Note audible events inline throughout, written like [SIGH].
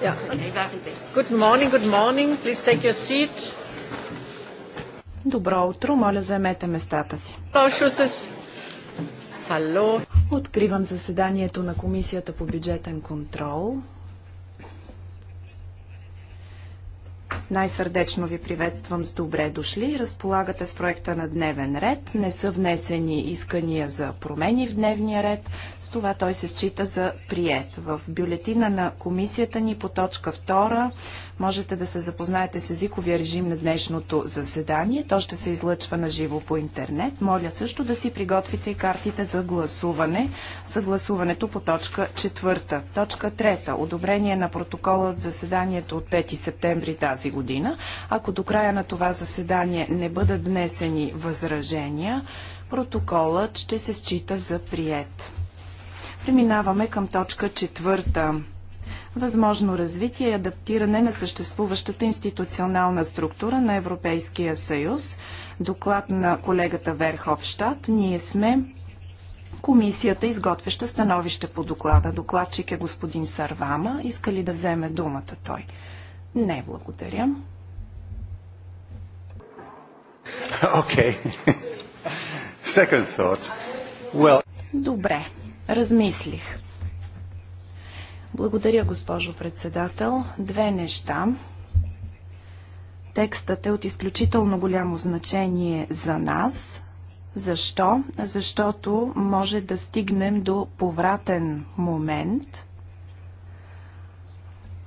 Yeah. Good morning, good morning. Please take your seat. Добро утро, моля заемете местата си. Hello. Откривам заседанието на Комисията по бюджетен контрол. Най-сърдечно ви приветствам с добре дошли. Разполагате с проекта на дневен ред. Не са внесени искания за промени в дневния ред. С това той се счита за прият. В бюлетина на комисията ни по точка 2 можете да се запознаете с езиковия режим на днешното заседание. То ще се излъчва на живо по интернет. Моля също да си приготвите и картите за гласуване, за гласуването по точка 4. Точка 3. Одобрение на протокола от заседанието от 5 септември тази година година. Ако до края на това заседание не бъдат внесени възражения, протоколът ще се счита за прият. Преминаваме към точка четвърта възможно развитие и адаптиране на съществуващата институционална структура на Европейския съюз. Доклад на колегата Верховщад. Ние сме комисията, изготвяща становище по доклада. Докладчик е господин Сарвама. Иска ли да вземе думата той? Не, благодаря. [LAUGHS] Okay. Second thoughts. Well... Добре, размислих. Благодаря, госпожо председател. Две неща. Текстът е от изключително голямо значение за нас. Защо? Защото може да стигнем до повратен момент –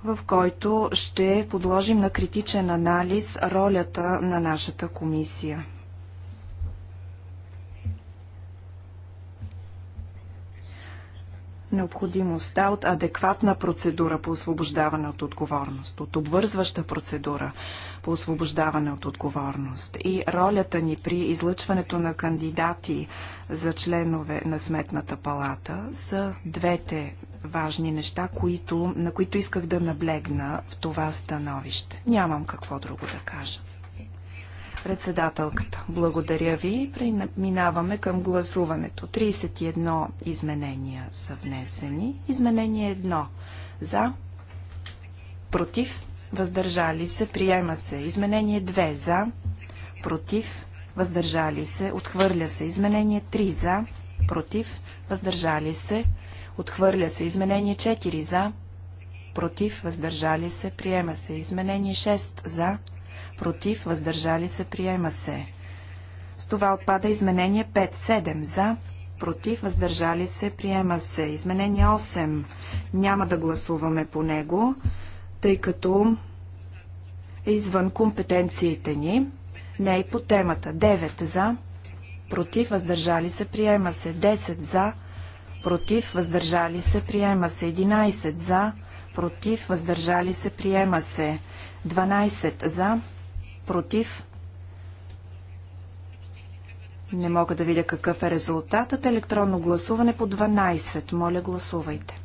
в който ще подложим на критичен анализ ролята на нашата комисия. необходимостта от адекватна процедура по освобождаване от отговорност, от обвързваща процедура по освобождаване от отговорност и ролята ни при излъчването на кандидати за членове на Сметната палата са двете важни неща, които, на които исках да наблегна в това становище. Нямам какво друго да кажа. Председателката, благодаря ви. Минаваме към гласуването. 31 изменения са внесени. Изменение 1. За. Против. Въздържали се. Приема се. Изменение 2. За. Против. Въздържали се. Отхвърля се. Изменение 3. За. Против. Въздържали се. Отхвърля се изменение 4 за, против, въздържали се, приема се. Изменение 6 за, против, въздържали се, приема се. С това отпада изменение 5, 7 за, против, въздържали се, приема се. Изменение 8 няма да гласуваме по него, тъй като е извън компетенциите ни. Не и по темата. 9 за, против, въздържали се, приема се. 10 за, против, въздържали се, приема се. 11 за, против, въздържали се, приема се. 12 за, против. Не мога да видя какъв е резултатът. Електронно гласуване по 12. Моля, гласувайте.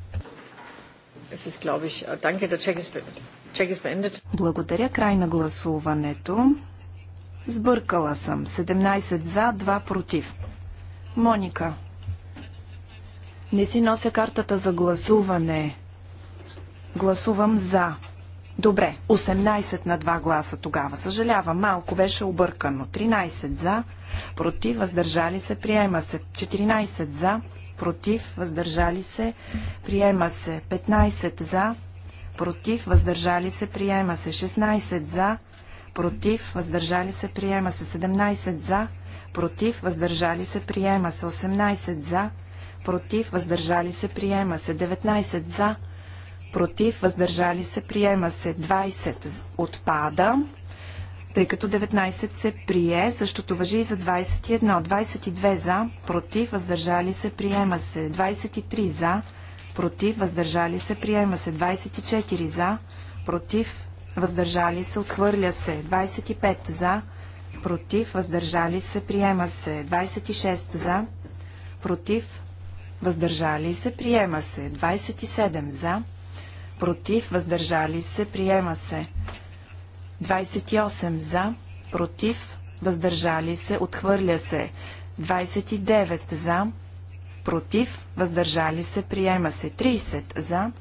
Äh, Благодаря. Край на гласуването. Сбъркала съм. 17 за, 2 против. Моника. Не си нося картата за гласуване. Гласувам за. Добре, 18 на 2 гласа тогава. Съжалявам, малко беше объркано. 13 за, против, въздържали се, приема се. 14 за, против, въздържали се, приема се. 15 за, против, въздържали се, приема се. 16 за, против, въздържали се, приема се. 17 за, против, въздържали се, приема се. 18 за, против, въздържали се, приема се. 19 за, против, въздържали се, приема се. 20 отпада, тъй като 19 се прие. Същото въжи и за 21. 22 за, против, въздържали се, приема се. 23 за, против, въздържали се, приема се. 24 за, против, въздържали се, отхвърля се. 25 за, против, въздържали се, приема се. 26 за, против, въздържали се, приема се. 27 за, против, въздържали се, приема се. 28 за, против, въздържали се, отхвърля се. 29 за, против, въздържали се, приема се. 30 за,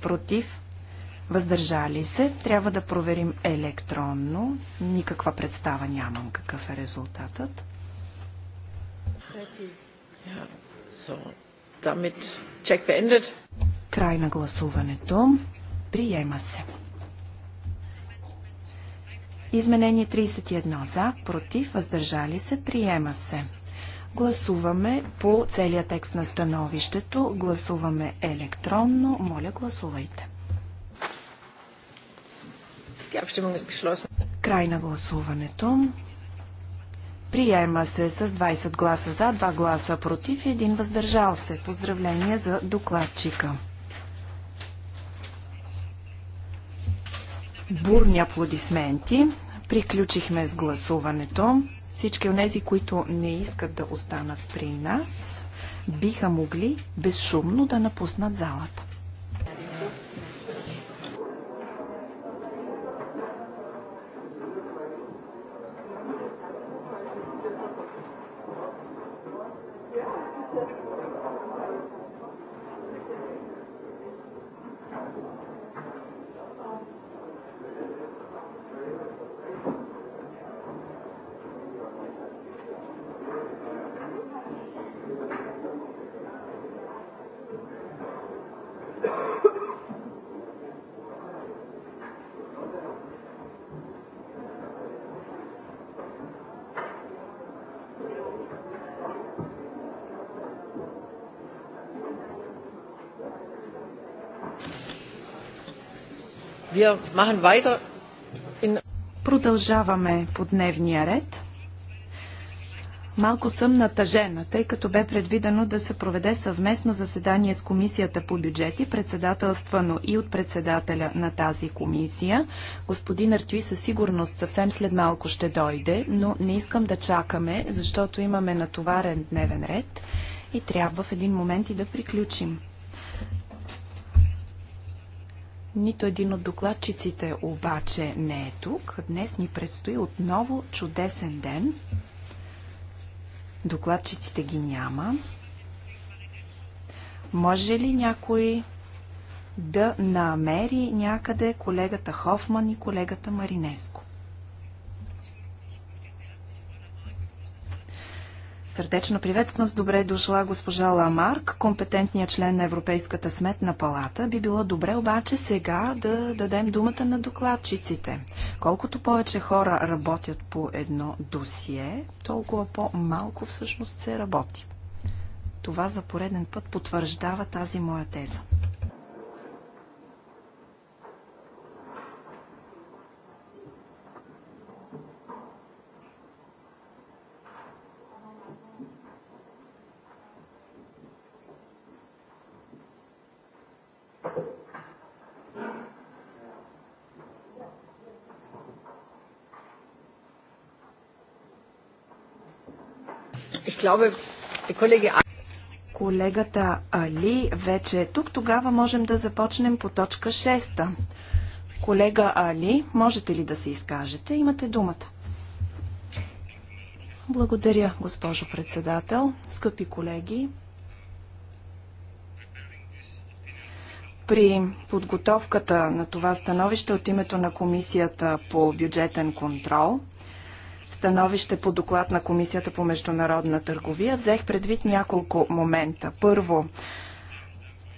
против, въздържали се. Трябва да проверим електронно. Никаква представа нямам какъв е резултатът. Yeah. So Damit check beendet. Край на гласуването. Приема се. Изменение 31 за, против, въздържали се, приема се. Гласуваме по целия текст на становището. Гласуваме електронно. Моля, гласувайте. Край на гласуването. Приема се с 20 гласа за, 2 гласа против и 1 въздържал се. Поздравление за докладчика. Бурни аплодисменти. Приключихме с гласуването. Всички от тези, които не искат да останат при нас, биха могли безшумно да напуснат залата. Продължаваме по дневния ред. Малко съм натъжена, тъй като бе предвидено да се проведе съвместно заседание с Комисията по бюджети, председателствано и от председателя на тази комисия. Господин Артюи със сигурност съвсем след малко ще дойде, но не искам да чакаме, защото имаме натоварен дневен ред и трябва в един момент и да приключим. Нито един от докладчиците обаче не е тук. Днес ни предстои отново чудесен ден. Докладчиците ги няма. Може ли някой да намери някъде колегата Хофман и колегата Маринеско? Сърдечно приветствам с добре дошла госпожа Ламарк, компетентният член на Европейската сметна палата. Би било добре обаче сега да дадем думата на докладчиците. Колкото повече хора работят по едно досие, толкова по-малко всъщност се работи. Това за пореден път потвърждава тази моя теза. glaube, Kollege Колегата Али вече е тук. Тогава можем да започнем по точка 6. Колега Али, можете ли да се изкажете? Имате думата. Благодаря, госпожо председател. Скъпи колеги, при подготовката на това становище от името на Комисията по бюджетен контрол становище по доклад на Комисията по международна търговия, взех предвид няколко момента. Първо,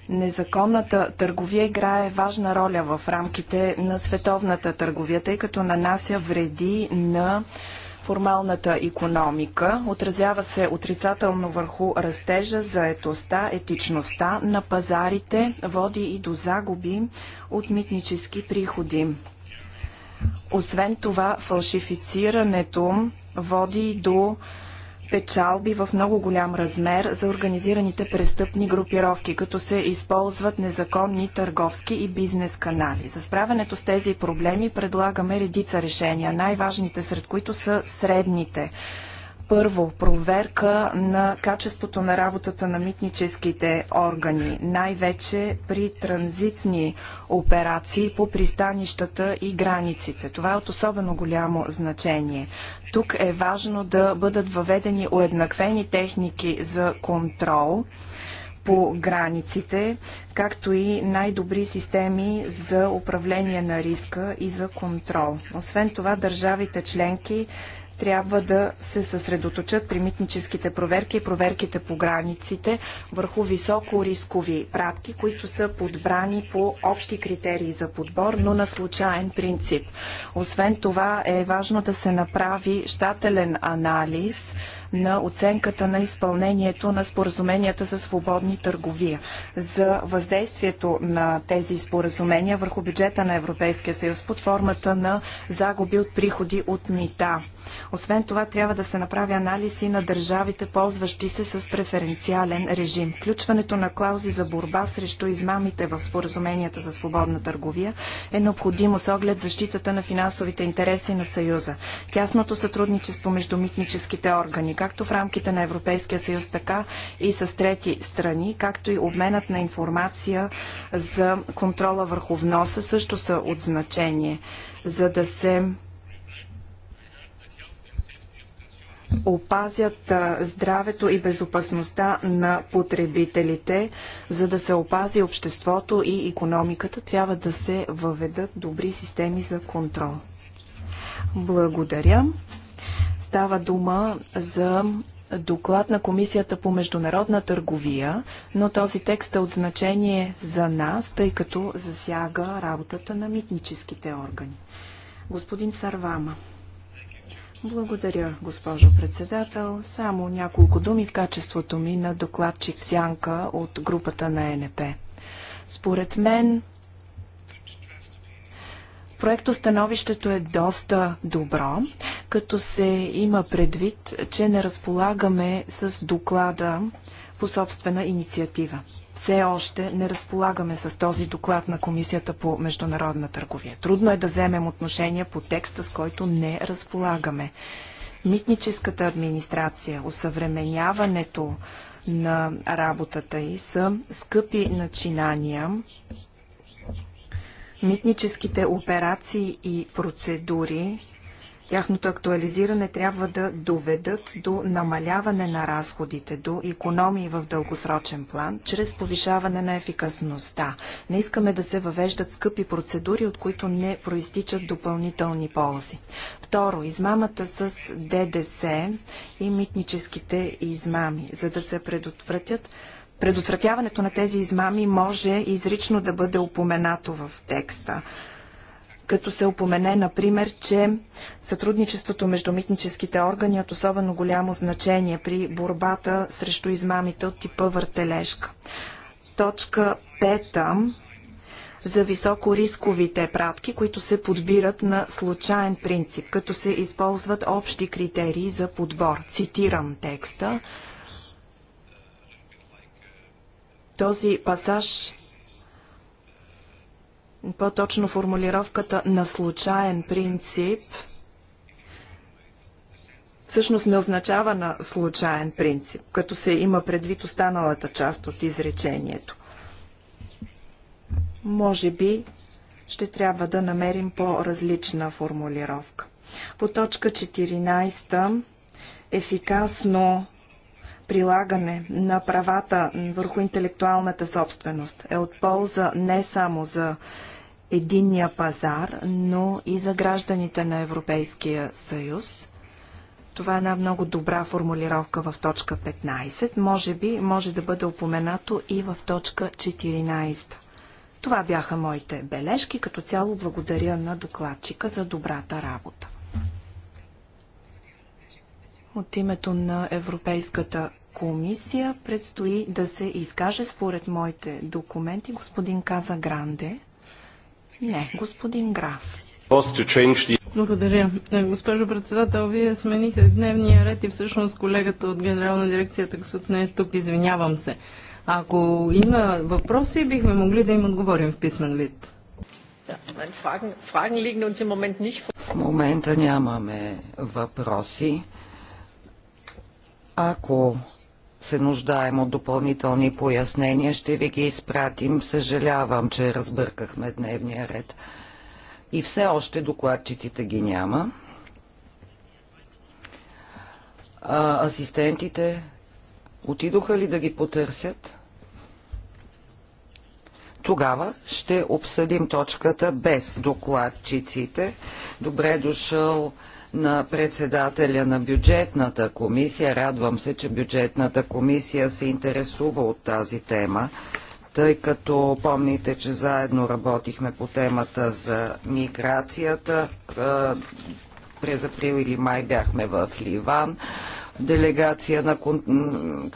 Незаконната търговия играе важна роля в рамките на световната търговия, тъй като нанася вреди на формалната економика, отразява се отрицателно върху растежа, заетостта, етичността на пазарите, води и до загуби от митнически приходи. Освен това, фалшифицирането води до печалби в много голям размер за организираните престъпни групировки, като се използват незаконни търговски и бизнес канали. За справянето с тези проблеми предлагаме редица решения, най-важните сред които са средните първо, проверка на качеството на работата на митническите органи, най-вече при транзитни операции по пристанищата и границите. Това е от особено голямо значение. Тук е важно да бъдат въведени уеднаквени техники за контрол по границите, както и най-добри системи за управление на риска и за контрол. Освен това, държавите членки трябва да се съсредоточат при митническите проверки и проверките по границите върху високо рискови пратки, които са подбрани по общи критерии за подбор, но на случайен принцип. Освен това е важно да се направи щателен анализ на оценката на изпълнението на споразуменията за свободни търговия, за въздействието на тези споразумения върху бюджета на Европейския съюз под формата на загуби от приходи от мита. Освен това, трябва да се направи анализ и на държавите, ползващи се с преференциален режим. Включването на клаузи за борба срещу измамите в споразуменията за свободна търговия е необходимо с оглед защитата на финансовите интереси на Съюза. Тясното сътрудничество между митническите органи, както в рамките на Европейския съюз, така и с трети страни, както и обменът на информация за контрола върху вноса също са от значение, за да се опазят здравето и безопасността на потребителите, за да се опази обществото и економиката, трябва да се въведат добри системи за контрол. Благодаря. Става дума за доклад на Комисията по международна търговия, но този текст е от значение за нас, тъй като засяга работата на митническите органи. Господин Сарвама. Благодаря, госпожо председател. Само няколко думи в качеството ми на докладчик сянка от групата на НП. Според мен Проекто становището е доста добро, като се има предвид, че не разполагаме с доклада по собствена инициатива. Все още не разполагаме с този доклад на Комисията по международна търговия. Трудно е да вземем отношение по текста, с който не разполагаме. Митническата администрация, осъвременяването на работата й са скъпи начинания, митническите операции и процедури, тяхното актуализиране трябва да доведат до намаляване на разходите, до економии в дългосрочен план, чрез повишаване на ефикасността. Не искаме да се въвеждат скъпи процедури, от които не проистичат допълнителни ползи. Второ, измамата с ДДС и митническите измами. За да се предотвратят Предотвратяването на тези измами може изрично да бъде упоменато в текста като се упомене, например, че сътрудничеството между митническите органи е от особено голямо значение при борбата срещу измамите от типа въртележка. Точка пета за високорисковите пратки, които се подбират на случайен принцип, като се използват общи критерии за подбор. Цитирам текста. Този пасаж, по-точно формулировката на случайен принцип, всъщност не означава на случайен принцип, като се има предвид останалата част от изречението. Може би ще трябва да намерим по-различна формулировка. По точка 14 ефикасно прилагане на правата върху интелектуалната собственост е от полза не само за единния пазар, но и за гражданите на Европейския съюз. Това е една много добра формулировка в точка 15. Може би може да бъде упоменато и в точка 14. Това бяха моите бележки. Като цяло благодаря на докладчика за добрата работа. От името на Европейската комисия предстои да се изкаже според моите документи господин Каза Гранде. Не, господин Граф. Благодаря. Госпожо председател, вие смените дневния ред и всъщност колегата от Генерална дирекция Таксот не е тук. Извинявам се. Ако има въпроси, бихме могли да им отговорим в писмен вид. В момента нямаме въпроси. Ако се нуждаем от допълнителни пояснения, ще ви ги изпратим. Съжалявам, че разбъркахме дневния ред. И все още докладчиците ги няма. А, асистентите отидоха ли да ги потърсят? Тогава ще обсъдим точката без докладчиците. Добре дошъл на председателя на бюджетната комисия. Радвам се, че бюджетната комисия се интересува от тази тема, тъй като помните, че заедно работихме по темата за миграцията. През април или май бяхме в Ливан делегация на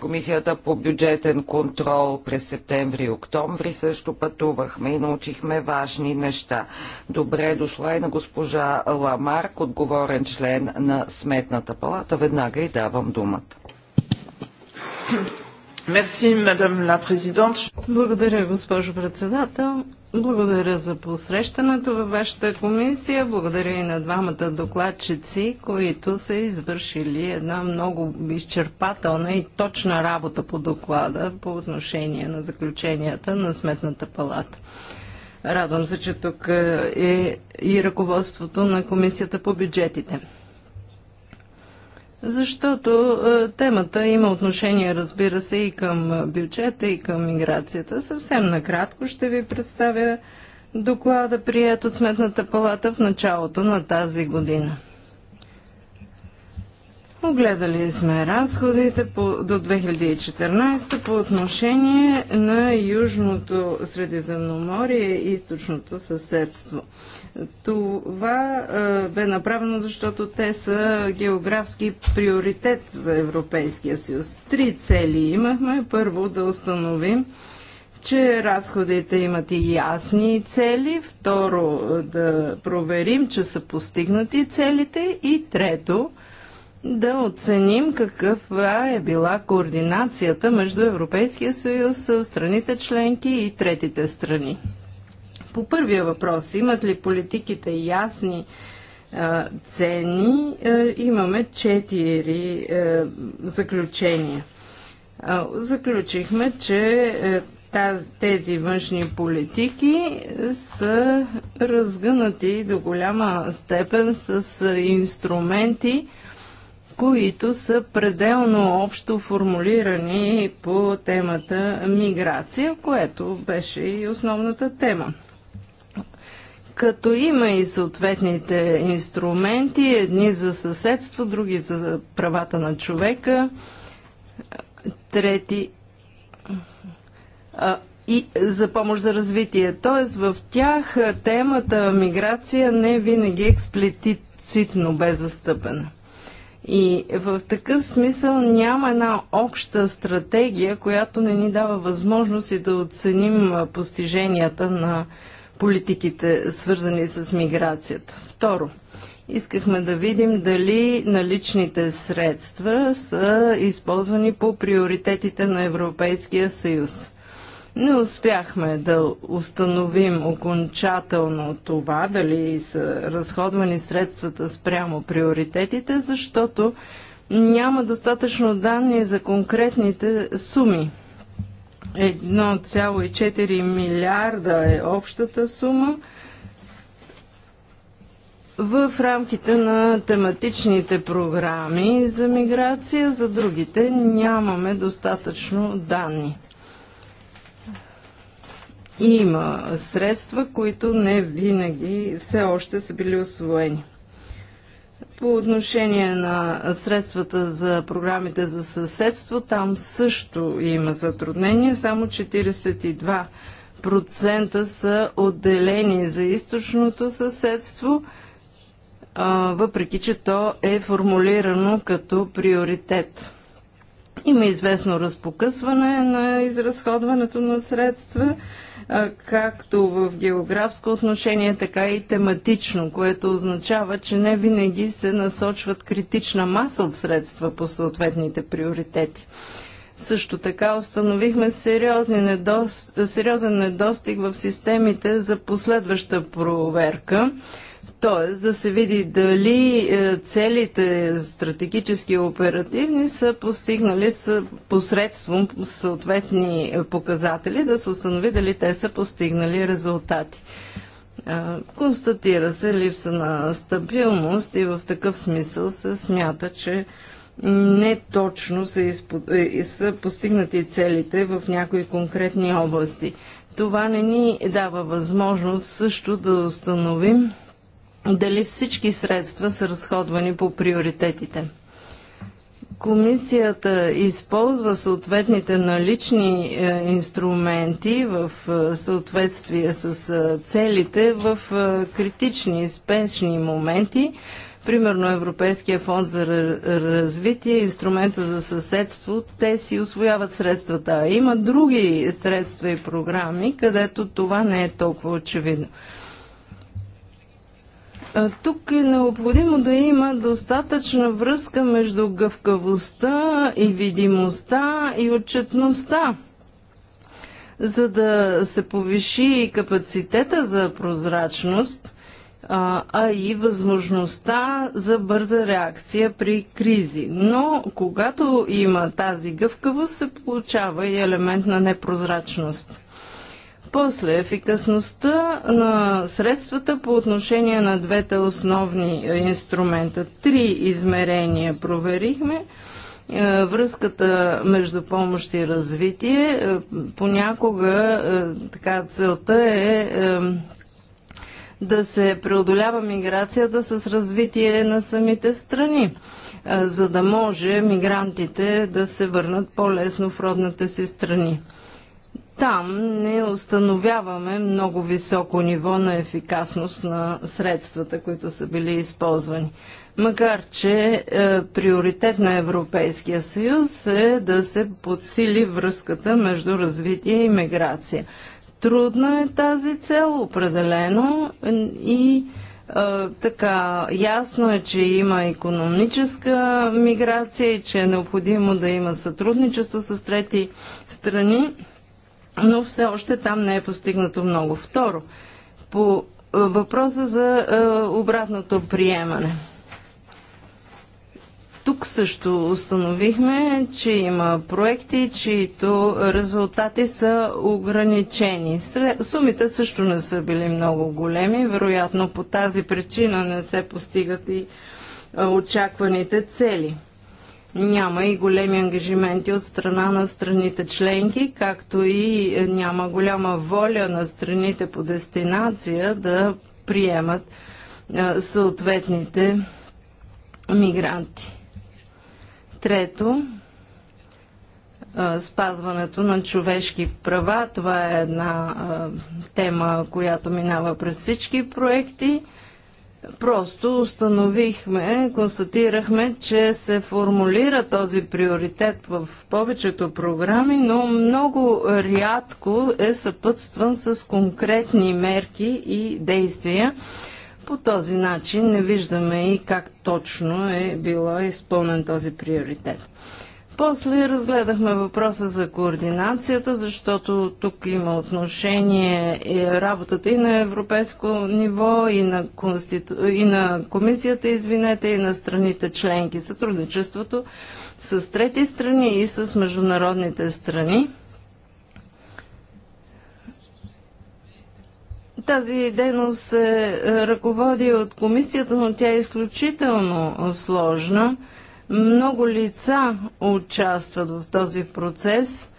Комисията по бюджетен контрол през септември и октомври. Също пътувахме и научихме важни неща. Добре дошла и на госпожа Ламарк, отговорен член на Сметната палата. Веднага и давам думата. Благодаря, госпожо председател. Благодаря за посрещането във вашата комисия. Благодаря и на двамата докладчици, които са извършили една много изчерпателна и точна работа по доклада по отношение на заключенията на Сметната палата. Радвам се, че тук е и ръководството на Комисията по бюджетите защото е, темата има отношение, разбира се, и към бюджета, и към миграцията. Съвсем накратко ще ви представя доклада, прият от Сметната палата в началото на тази година. Огледали сме разходите по, до 2014 по отношение на Южното Средиземноморие и източното съседство. Това е, бе направено, защото те са географски приоритет за Европейския съюз. Три цели имахме. Първо да установим че разходите имат и ясни цели, второ е, да проверим, че са постигнати целите и трето да оценим каква е била координацията между Европейския съюз, страните членки и третите страни. По първия въпрос, имат ли политиките ясни цени, имаме четири заключения. Заключихме, че тези външни политики са разгънати до голяма степен с инструменти, които са пределно общо формулирани по темата миграция, което беше и основната тема като има и съответните инструменти, едни за съседство, други за правата на човека, трети а, и за помощ за развитие. Тоест в тях темата миграция не винаги е експлицитно бе застъпена. И в такъв смисъл няма една обща стратегия, която не ни дава възможност и да оценим постиженията на политиките, свързани с миграцията. Второ, искахме да видим дали наличните средства са използвани по приоритетите на Европейския съюз. Не успяхме да установим окончателно това, дали са разходвани средствата спрямо приоритетите, защото няма достатъчно данни за конкретните суми. 1,4 милиарда е общата сума в рамките на тематичните програми за миграция, за другите нямаме достатъчно данни има средства, които не винаги все още са били освоени. По отношение на средствата за програмите за съседство, там също има затруднения, само 42% са отделени за източното съседство, въпреки че то е формулирано като приоритет. Има известно разпокъсване на изразходването на средства, както в географско отношение, така и тематично, което означава, че не винаги се насочват критична маса от средства по съответните приоритети. Също така установихме сериозни недост... сериозен недостиг в системите за последваща проверка Тоест да се види дали е, целите стратегически и оперативни са постигнали са посредством съответни е, показатели, да се установи дали те са постигнали резултати. Е, констатира се липса на стабилност и в такъв смисъл се смята, че не точно са, изпо... са постигнати целите в някои конкретни области. Това не ни дава възможност също да установим дали всички средства са разходвани по приоритетите. Комисията използва съответните налични е, инструменти в е, съответствие с е, целите в критични и спешни моменти. Примерно Европейския фонд за развитие, инструмента за съседство, те си освояват средствата. Има други средства и програми, където това не е толкова очевидно. Тук е необходимо да има достатъчна връзка между гъвкавостта и видимостта и отчетността, за да се повиши капацитета за прозрачност, а, а и възможността за бърза реакция при кризи. Но когато има тази гъвкавост, се получава и елемент на непрозрачност. После ефикасността на средствата по отношение на двете основни е, инструмента. Три измерения проверихме е, връзката между помощ и развитие. Е, понякога така целта е да се преодолява миграцията с развитие на самите страни, за да може мигрантите да се върнат по-лесно в родната си страни там не установяваме много високо ниво на ефикасност на средствата, които са били използвани. Макар, че е, приоритет на Европейския съюз е да се подсили връзката между развитие и миграция. Трудна е тази цел, определено, и е, така, ясно е, че има економическа миграция и че е необходимо да има сътрудничество с трети страни но все още там не е постигнато много. Второ, по е, въпроса за е, обратното приемане. Тук също установихме, че има проекти, чието резултати са ограничени. Сумите също не са били много големи, вероятно по тази причина не се постигат и е, очакваните цели – няма и големи ангажименти от страна на страните членки, както и няма голяма воля на страните по дестинация да приемат съответните мигранти. Трето, спазването на човешки права. Това е една тема, която минава през всички проекти. Просто установихме, констатирахме, че се формулира този приоритет в повечето програми, но много рядко е съпътстван с конкретни мерки и действия. По този начин не виждаме и как точно е било изпълнен този приоритет. После разгледахме въпроса за координацията, защото тук има отношение и работата и на европейско ниво, и на, конститу... и на комисията, извинете, и на страните членки. Сътрудничеството с трети страни и с международните страни. тази дейност се е, ръководи от комисията, но тя е изключително сложна. Много лица участват в този процес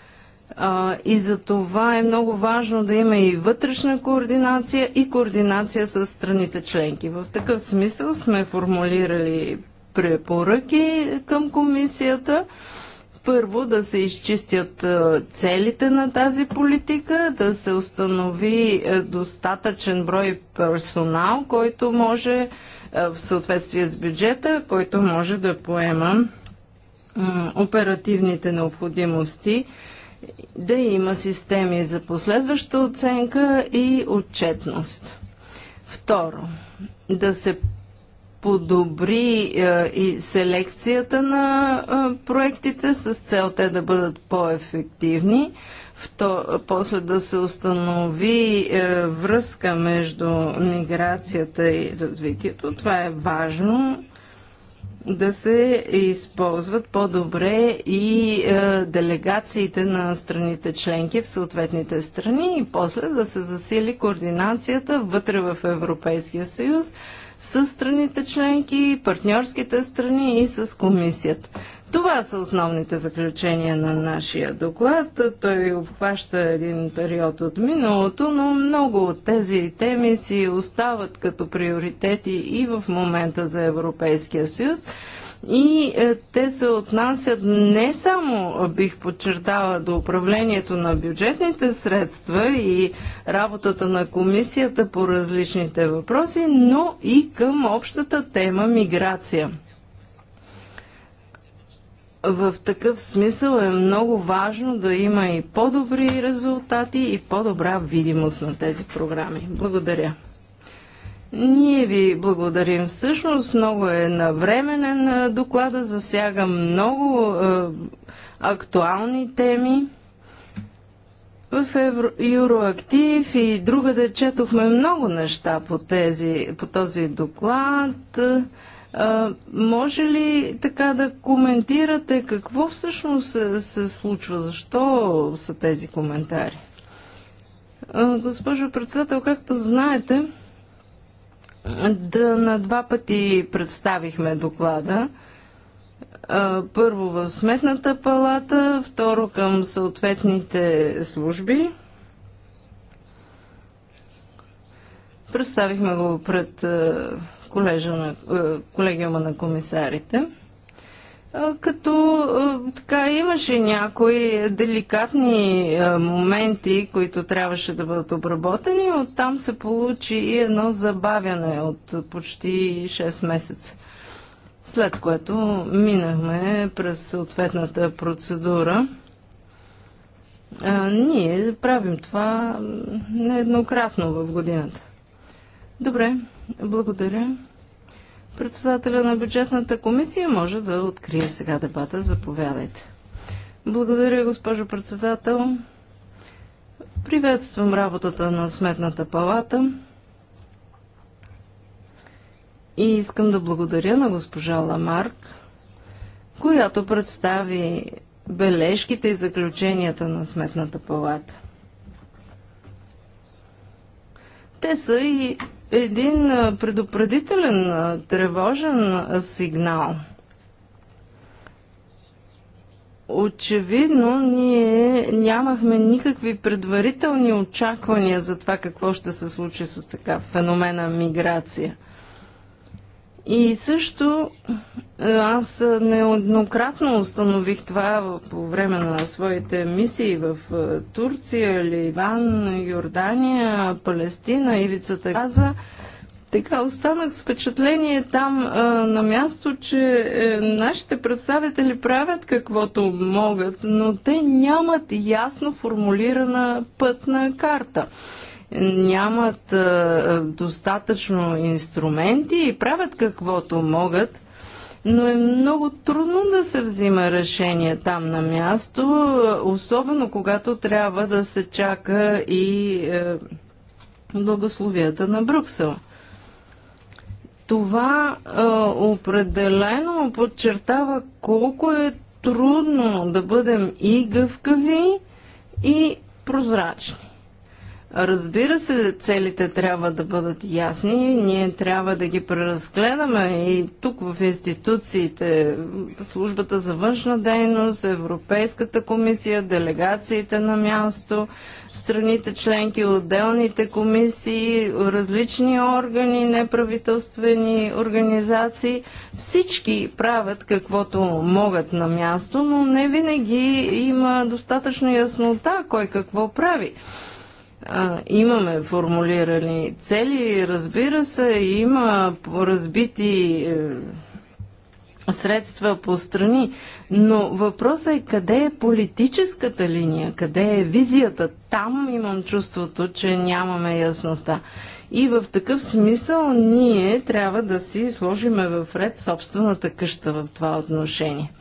а, и за това е много важно да има и вътрешна координация и координация с страните членки. В такъв смисъл сме формулирали препоръки към комисията първо да се изчистят е, целите на тази политика, да се установи е, достатъчен брой персонал, който може е, в съответствие с бюджета, който може да поема оперативните необходимости, да има системи за последваща оценка и отчетност. Второ, да се подобри е, и селекцията на е, проектите с цел те да бъдат по-ефективни. После да се установи е, връзка между миграцията и развитието. Това е важно да се използват по-добре и е, делегациите на страните членки в съответните страни и после да се засили координацията вътре в Европейския съюз с страните членки, партньорските страни и с комисията. Това са основните заключения на нашия доклад. Той обхваща един период от миналото, но много от тези теми си остават като приоритети и в момента за Европейския съюз и е, те се отнасят не само, бих подчертала, до управлението на бюджетните средства и работата на комисията по различните въпроси, но и към общата тема миграция. В такъв смисъл е много важно да има и по-добри резултати и по-добра видимост на тези програми. Благодаря. Ние ви благодарим. Всъщност много е навременен доклада, засяга много е, актуални теми. В Евро, Юроактив и другаде четохме много неща по, тези, по този доклад. може ли така да коментирате какво всъщност се, се случва? Защо са тези коментари? Госпожо председател, както знаете, да на два пъти представихме доклада. Първо в Сметната палата, второ към съответните служби. Представихме го пред колежа на, колегиума на комисарите като така имаше някои деликатни моменти, които трябваше да бъдат обработени. Оттам се получи и едно забавяне от почти 6 месеца. След което минахме през съответната процедура. А, ние правим това нееднократно в годината. Добре, благодаря. Председателя на бюджетната комисия може да открие сега дебата. Заповядайте. Благодаря, госпожо председател. Приветствам работата на Сметната палата и искам да благодаря на госпожа Ламарк, която представи бележките и заключенията на Сметната палата. Те са и един предупредителен, тревожен сигнал. Очевидно, ние нямахме никакви предварителни очаквания за това какво ще се случи с така феномена миграция. И също е, аз неоднократно установих това по време на своите мисии в е, Турция, Ливан, Йордания, Палестина, Ивицата Газа. Така останах с впечатление там а, е, на място, че е, нашите представители правят каквото могат, но те нямат ясно формулирана пътна карта нямат достатъчно инструменти и правят каквото могат, но е много трудно да се взима решение там на място, особено когато трябва да се чака и е, благословията на Брюксел. Това а, е, определено подчертава колко е трудно да бъдем и гъвкави, и прозрачни. Разбира се, целите трябва да бъдат ясни, ние трябва да ги преразгледаме и тук в институциите, службата за външна дейност, Европейската комисия, делегациите на място, страните членки, отделните комисии, различни органи, неправителствени организации. Всички правят каквото могат на място, но не винаги има достатъчно яснота кой какво прави а, имаме формулирани цели, разбира се, има разбити е, средства по страни, но въпросът е къде е политическата линия, къде е визията. Там имам чувството, че нямаме яснота. И в такъв смисъл ние трябва да си сложиме в ред собствената къща в това отношение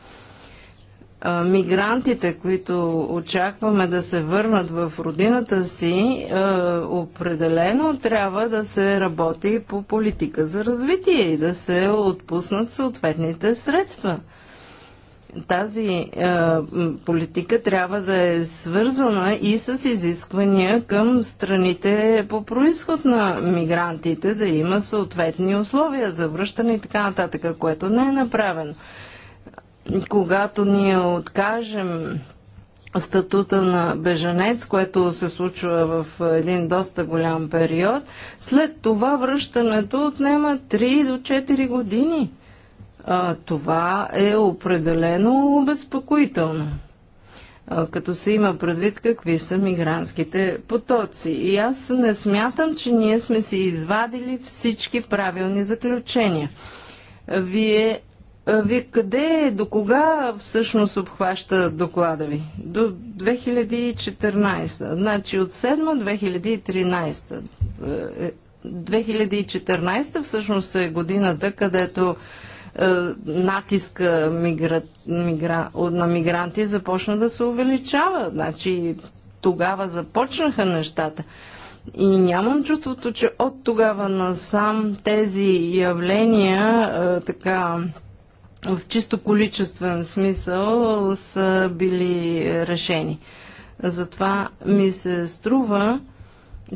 мигрантите, които очакваме да се върнат в родината си, определено трябва да се работи по политика за развитие и да се отпуснат съответните средства. Тази политика трябва да е свързана и с изисквания към страните по происход на мигрантите, да има съответни условия за връщане и така нататък, което не е направено когато ние откажем статута на бежанец, което се случва в един доста голям период, след това връщането отнема 3 до 4 години. А, това е определено обезпокоително като се има предвид какви са мигрантските потоци. И аз не смятам, че ние сме си извадили всички правилни заключения. Вие е, Вие къде, до кога всъщност обхваща доклада ви? До 2014. Значи от 7 2013. 2014 всъщност е годината, където е, натиска мигра... Мигра... на мигранти започна да се увеличава. Значи тогава започнаха нещата. И нямам чувството, че от тогава насам тези явления е, така в чисто количествен смисъл са били решени. Затова ми се струва,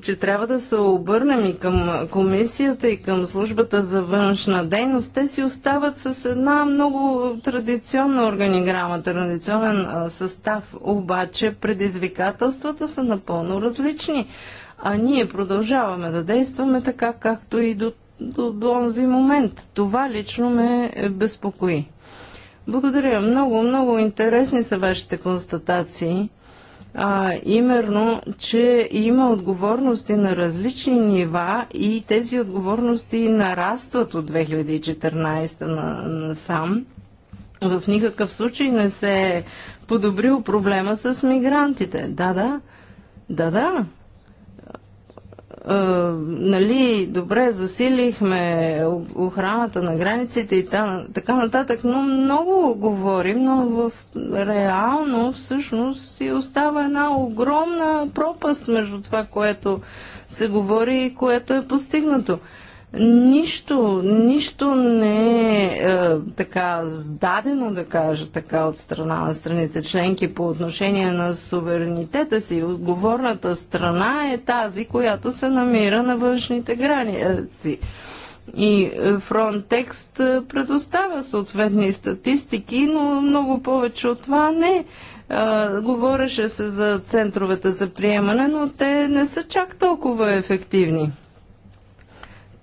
че трябва да се обърнем и към комисията, и към службата за външна дейност. Те си остават с една много традиционна органиграма, традиционен състав. Обаче предизвикателствата са напълно различни. А ние продължаваме да действаме така, както и до до, до онзи момент. Това лично ме безпокои. Благодаря. Много, много интересни са вашите констатации. А, именно, че има отговорности на различни нива и тези отговорности нарастват от 2014 на, на сам. В никакъв случай не се е подобрил проблема с мигрантите. Да, да. Да, да. Е, нали, добре, засилихме охраната на границите и така нататък, но много говорим, но в реално всъщност си остава една огромна пропаст между това, което се говори и което е постигнато. Нищо, нищо не е, е така сдадено, да кажа така, от страна на страните членки по отношение на суверенитета си. Отговорната страна е тази, която се намира на външните граници. И Frontex предоставя съответни статистики, но много повече от това не. Е, говореше се за центровете за приемане, но те не са чак толкова ефективни.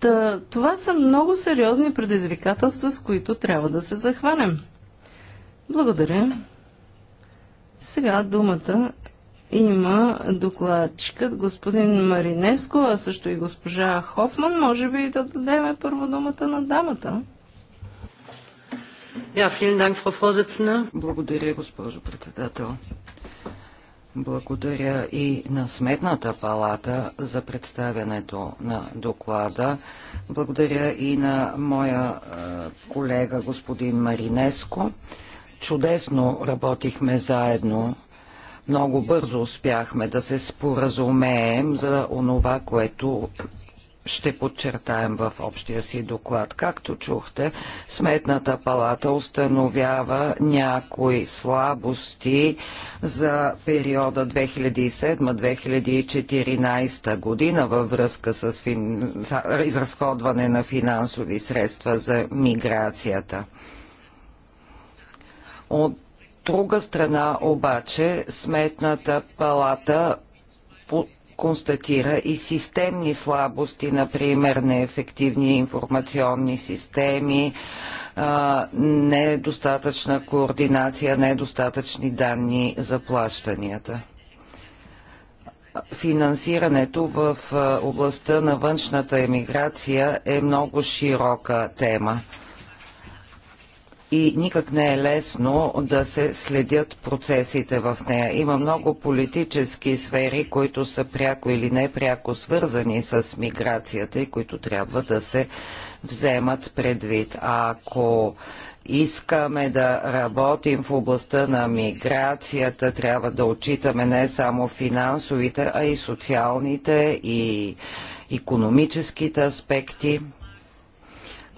Та, това са много сериозни предизвикателства, с които трябва да се захванем. Благодаря. Сега думата има докладчикът господин Маринеско, а също и госпожа Хофман. Може би да дадем първо думата на дамата. Благодаря, госпожо председател. Благодаря и на Сметната палата за представянето на доклада. Благодаря и на моя е, колега господин Маринеско. Чудесно работихме заедно. Много бързо успяхме да се споразумеем за онова, което ще подчертаем в общия си доклад. Както чухте, Сметната палата установява някои слабости за периода 2007-2014 година във връзка с фин... изразходване на финансови средства за миграцията. От друга страна обаче Сметната палата констатира и системни слабости, например неефективни информационни системи, недостатъчна координация, недостатъчни данни за плащанията финансирането в областта на външната емиграция е много широка тема и никак не е лесно да се следят процесите в нея. Има много политически сфери, които са пряко или непряко свързани с миграцията и които трябва да се вземат предвид. Ако искаме да работим в областта на миграцията, трябва да отчитаме не само финансовите, а и социалните и економическите аспекти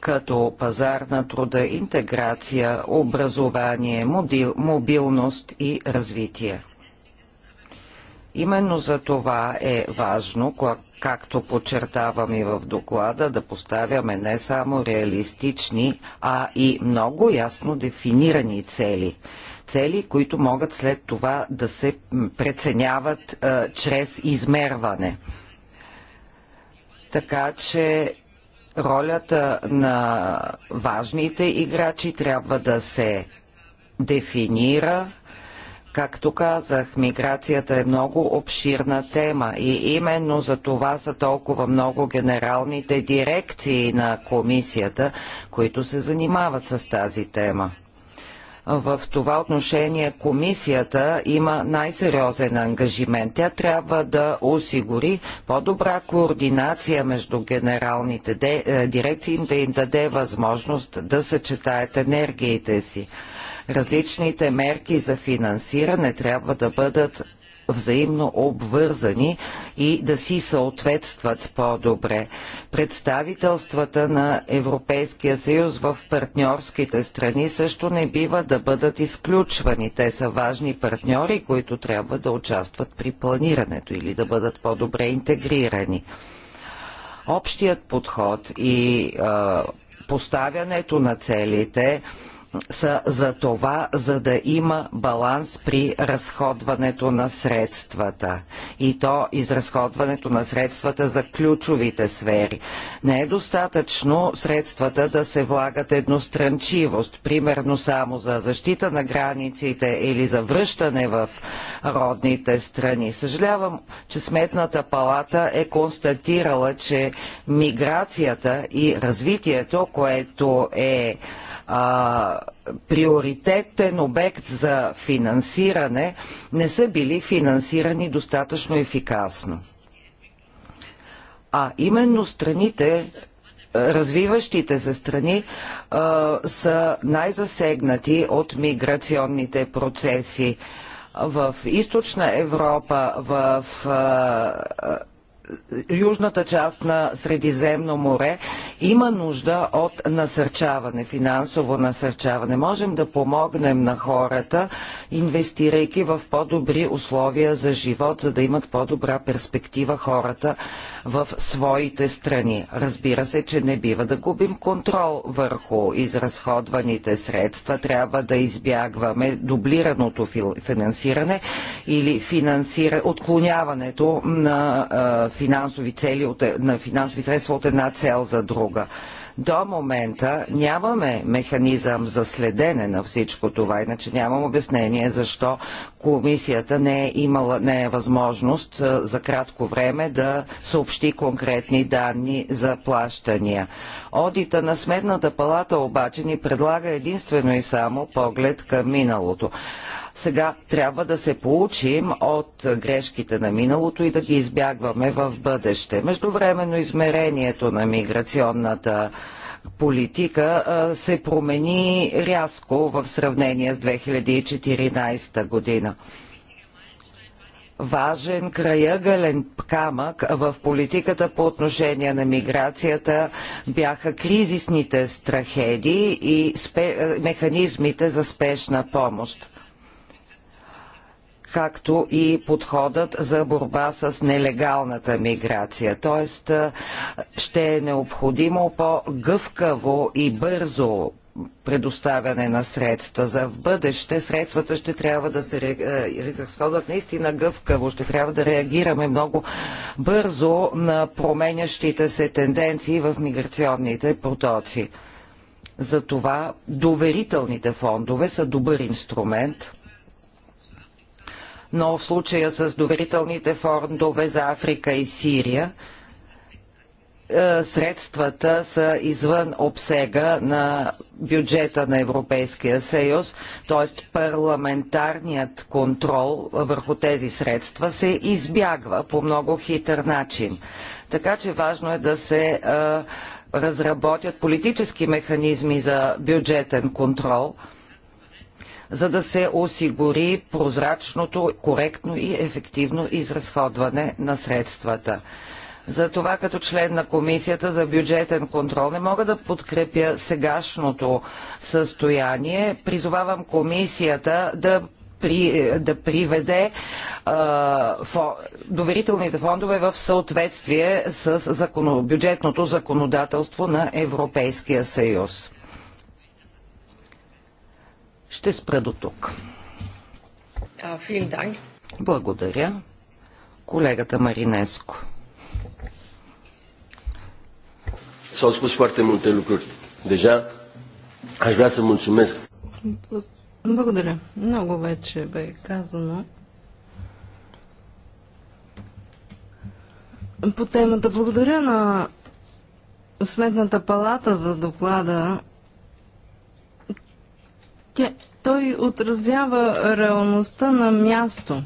като пазар на труда, интеграция, образование, мобилност и развитие. Именно за това е важно, както подчертавам и в доклада, да поставяме не само реалистични, а и много ясно дефинирани цели. Цели, които могат след това да се преценяват а, чрез измерване. Така че ролята на важните играчи трябва да се дефинира. Както казах, миграцията е много обширна тема и именно за това са толкова много генералните дирекции на комисията, които се занимават с тази тема в това отношение комисията има най-сериозен ангажимент. Тя трябва да осигури по-добра координация между генералните е, дирекции, да им даде възможност да съчетаят енергиите си. Различните мерки за финансиране трябва да бъдат взаимно обвързани и да си съответстват по-добре. Представителствата на Европейския съюз в партньорските страни също не бива да бъдат изключвани. Те са важни партньори, които трябва да участват при планирането или да бъдат по-добре интегрирани. Общият подход и а, поставянето на целите са за това, за да има баланс при разходването на средствата. И то изразходването на средствата за ключовите сфери. Не е достатъчно средствата да се влагат едностранчивост, примерно само за защита на границите или за връщане в родните страни. Съжалявам, че Сметната палата е констатирала, че миграцията и развитието, което е а, приоритетен обект за финансиране, не са били финансирани достатъчно ефикасно. А именно страните, развиващите се страни а, са най-засегнати от миграционните процеси. В източна Европа, в а, южната част на Средиземно море има нужда от насърчаване, финансово насърчаване. Можем да помогнем на хората, инвестирайки в по-добри условия за живот, за да имат по-добра перспектива хората в своите страни. Разбира се, че не бива да губим контрол върху изразходваните средства. Трябва да избягваме дублираното финансиране или финансира... отклоняването на финансови цели от, на финансови средства от една цел за друга. До момента нямаме механизъм за следене на всичко това, иначе нямам обяснение защо комисията не е имала не е възможност е, за кратко време да съобщи конкретни данни за плащания. Одита на Сметната палата обаче ни предлага единствено и само поглед към миналото. Сега трябва да се получим от грешките на миналото и да ги избягваме в бъдеще. Междувременно измерението на миграционната политика се промени рязко в сравнение с 2014 година важен краягален камък в политиката по отношение на миграцията бяха кризисните страхеди и спе... механизмите за спешна помощ както и подходът за борба с нелегалната миграция. Тоест ще е необходимо по-гъвкаво и бързо предоставяне на средства. За в бъдеще средствата ще трябва да се разходват наистина гъвкаво, ще трябва да реагираме много бързо на променящите се тенденции в миграционните протоци. Затова доверителните фондове са добър инструмент – но в случая с доверителните фондове за Африка и Сирия е, средствата са извън обсега на бюджета на Европейския съюз, т.е. парламентарният контрол върху тези средства се избягва по много хитър начин. Така че важно е да се е, разработят политически механизми за бюджетен контрол – за да се осигури прозрачното, коректно и ефективно изразходване на средствата. Затова като член на Комисията за бюджетен контрол не мога да подкрепя сегашното състояние. Призовавам Комисията да при, да приведе а, фо, доверителните фондове в съответствие с законо, бюджетното законодателство на Европейския съюз. Ще спра до тук. Благодаря. Колегата Маринеско. S-au spus foarte multe lucruri. Deja aș vrea să mulțumesc. Благодаря. Много вече бе казано. По темата благодаря на Сметната палата за доклада тя, той отразява реалността на място.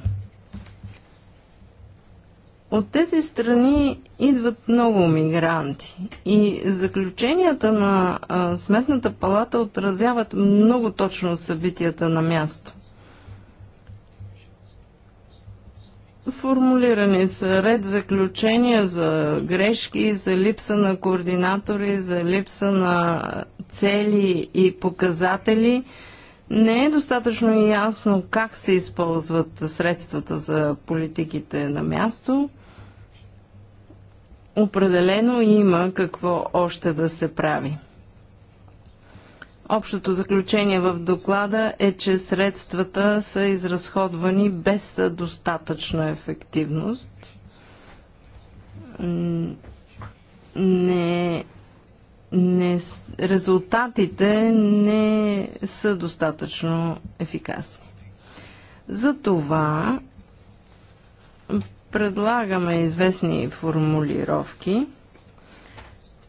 От тези страни идват много мигранти и заключенията на а, Сметната палата отразяват много точно събитията на място. Формулирани са ред заключения за грешки, за липса на координатори, за липса на цели и показатели – не е достатъчно ясно как се използват средствата за политиките на място. Определено има какво още да се прави. Общото заключение в доклада е, че средствата са изразходвани без достатъчна ефективност. Не е не, резултатите не са достатъчно ефикасни. Затова предлагаме известни формулировки.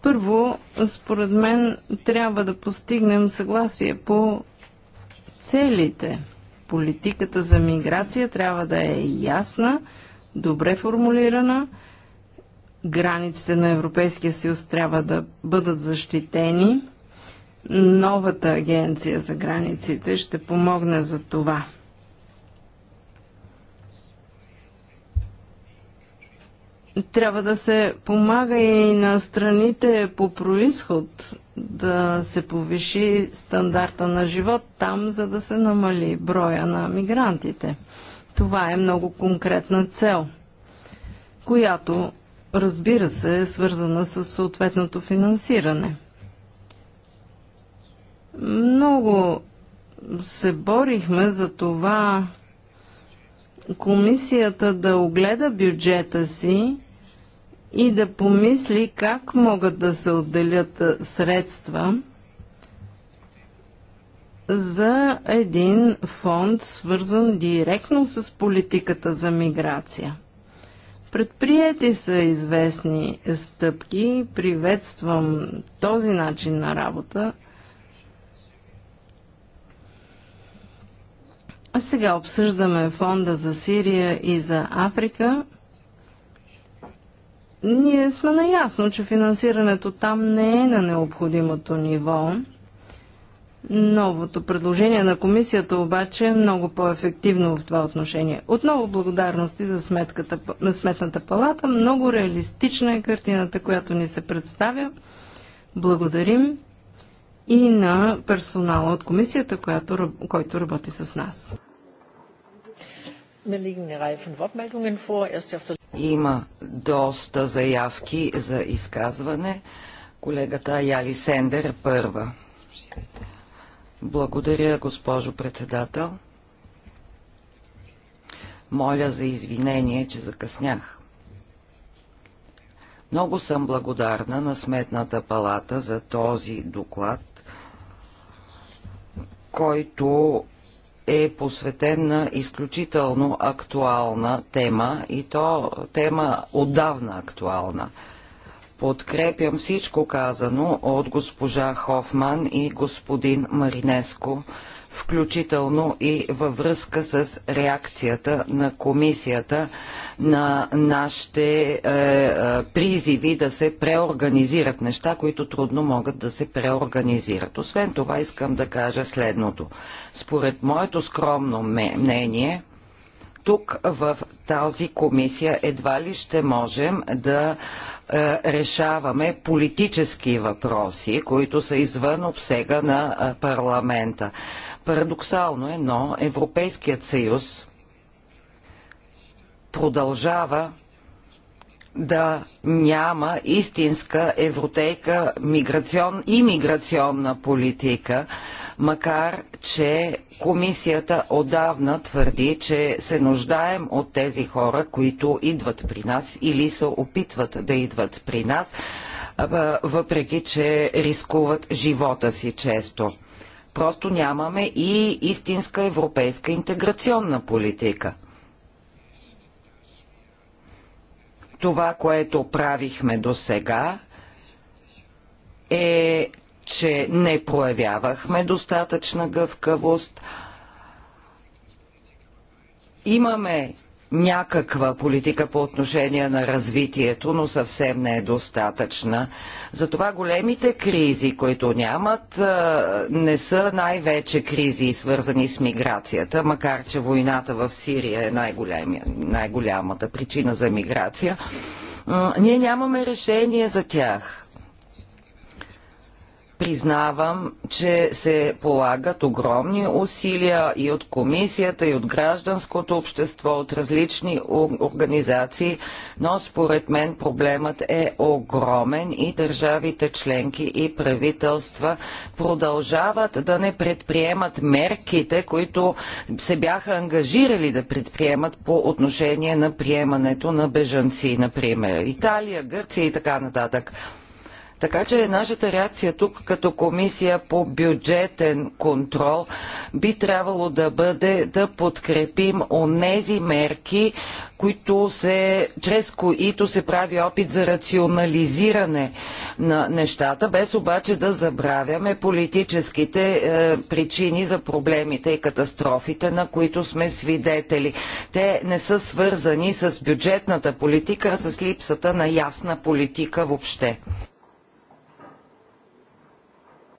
Първо, според мен, трябва да постигнем съгласие по целите. Политиката за миграция трябва да е ясна, добре формулирана – границите на Европейския съюз трябва да бъдат защитени. Новата агенция за границите ще помогне за това. Трябва да се помага и на страните по происход да се повиши стандарта на живот там, за да се намали броя на мигрантите. Това е много конкретна цел, която разбира се, е свързана с съответното финансиране. Много се борихме за това комисията да огледа бюджета си и да помисли как могат да се отделят средства за един фонд, свързан директно с политиката за миграция. Предприяти са известни стъпки. Приветствам този начин на работа. А сега обсъждаме фонда за Сирия и за Африка. Ние сме наясно, че финансирането там не е на необходимото ниво. Новото предложение на комисията обаче е много по-ефективно в това отношение. Отново благодарности за сметката, на сметната палата. Много реалистична е картината, която ни се представя. Благодарим и на персонала от комисията, която, който работи с нас. Има доста заявки за изказване. Колегата Яли Сендер първа. Благодаря, госпожо председател. Моля за извинение, че закъснях. Много съм благодарна на Сметната палата за този доклад, който е посветен на изключително актуална тема и то тема отдавна актуална – Подкрепям всичко казано от госпожа Хофман и господин Маринеско, включително и във връзка с реакцията на комисията на нашите е, е, призиви да се преорганизират неща, които трудно могат да се преорганизират. Освен това искам да кажа следното. Според моето скромно мнение, тук в тази комисия едва ли ще можем да е, решаваме политически въпроси, които са извън обсега на е, парламента. Парадоксално е, но Европейският съюз продължава да няма истинска евротейка миграцион и миграционна политика, макар че Комисията отдавна твърди, че се нуждаем от тези хора, които идват при нас или се опитват да идват при нас, въпреки че рискуват живота си често. Просто нямаме и истинска европейска интеграционна политика. Това, което правихме до сега, е че не проявявахме достатъчна гъвкавост. Имаме някаква политика по отношение на развитието, но съвсем не е достатъчна. Затова големите кризи, които нямат, не са най-вече кризи, свързани с миграцията, макар че войната в Сирия е най-голямата причина за миграция. Ние нямаме решение за тях. Признавам, че се полагат огромни усилия и от комисията, и от гражданското общество, от различни организации, но според мен проблемът е огромен и държавите членки и правителства продължават да не предприемат мерките, които се бяха ангажирали да предприемат по отношение на приемането на бежанци, например. Италия, Гърция и така нататък. Така че нашата реакция тук като комисия по бюджетен контрол би трябвало да бъде да подкрепим онези мерки, които се, чрез които се прави опит за рационализиране на нещата, без обаче да забравяме политическите е, причини за проблемите и катастрофите, на които сме свидетели. Те не са свързани с бюджетната политика, а с липсата на ясна политика въобще.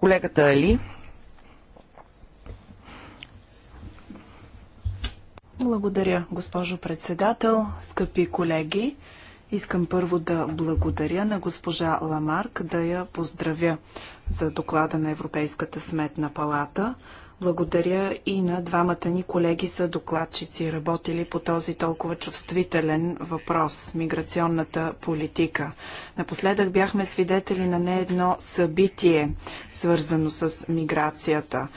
Колегата Али. Благодаря, госпожо председател, скъпи колеги. Искам първо да благодаря на госпожа Ламарк, да я поздравя за доклада на Европейската сметна палата. Благодаря и на двамата ни колеги са докладчици, работили по този толкова чувствителен въпрос – миграционната политика. Напоследък бяхме свидетели на не едно събитие, свързано с миграцията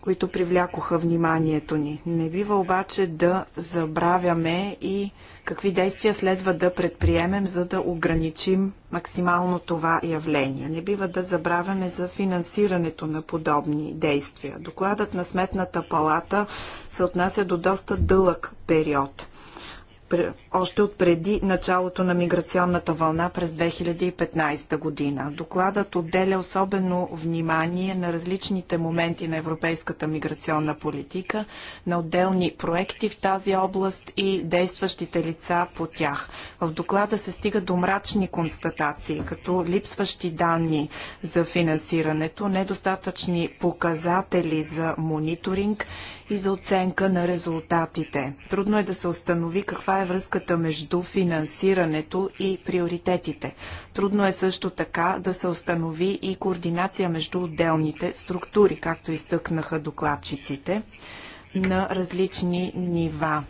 които привлякоха вниманието ни. Не бива обаче да забравяме и какви действия следва да предприемем, за да ограничим максимално това явление. Не бива да забравяме за финансирането на подобни действия. Докладът на Сметната палата се отнася до доста дълъг период – още от преди началото на миграционната вълна през 2015 година. Докладът отделя особено внимание на различните моменти на европейската миграционна политика, на отделни проекти в тази област и действащите лица по тях. В доклада се стига до мрачни констатации, като липсващи данни за финансирането, недостатъчни показатели за мониторинг и за оценка на резултатите. Трудно е да се установи каква е връзката между финансирането и приоритетите. Трудно е също така да се установи и координация между отделните структури, както изтъкнаха докладчиците, на различни нива.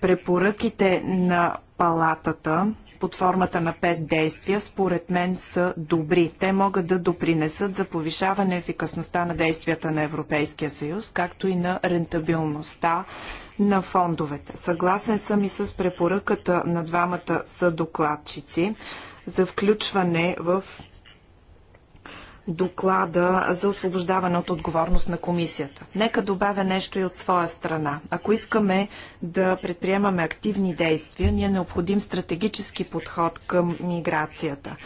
Препоръките на палатата под формата на пет действия, според мен са добри. Те могат да допринесат за повишаване ефикасността на действията на Европейския съюз, както и на рентабилността на фондовете. Съгласен съм и с препоръката на двамата съдокладчици за включване в доклада за освобождаване от отговорност на комисията. Нека добавя нещо и от своя страна. Ако искаме да предприемаме активни действия, ние е необходим стратегически подход към миграцията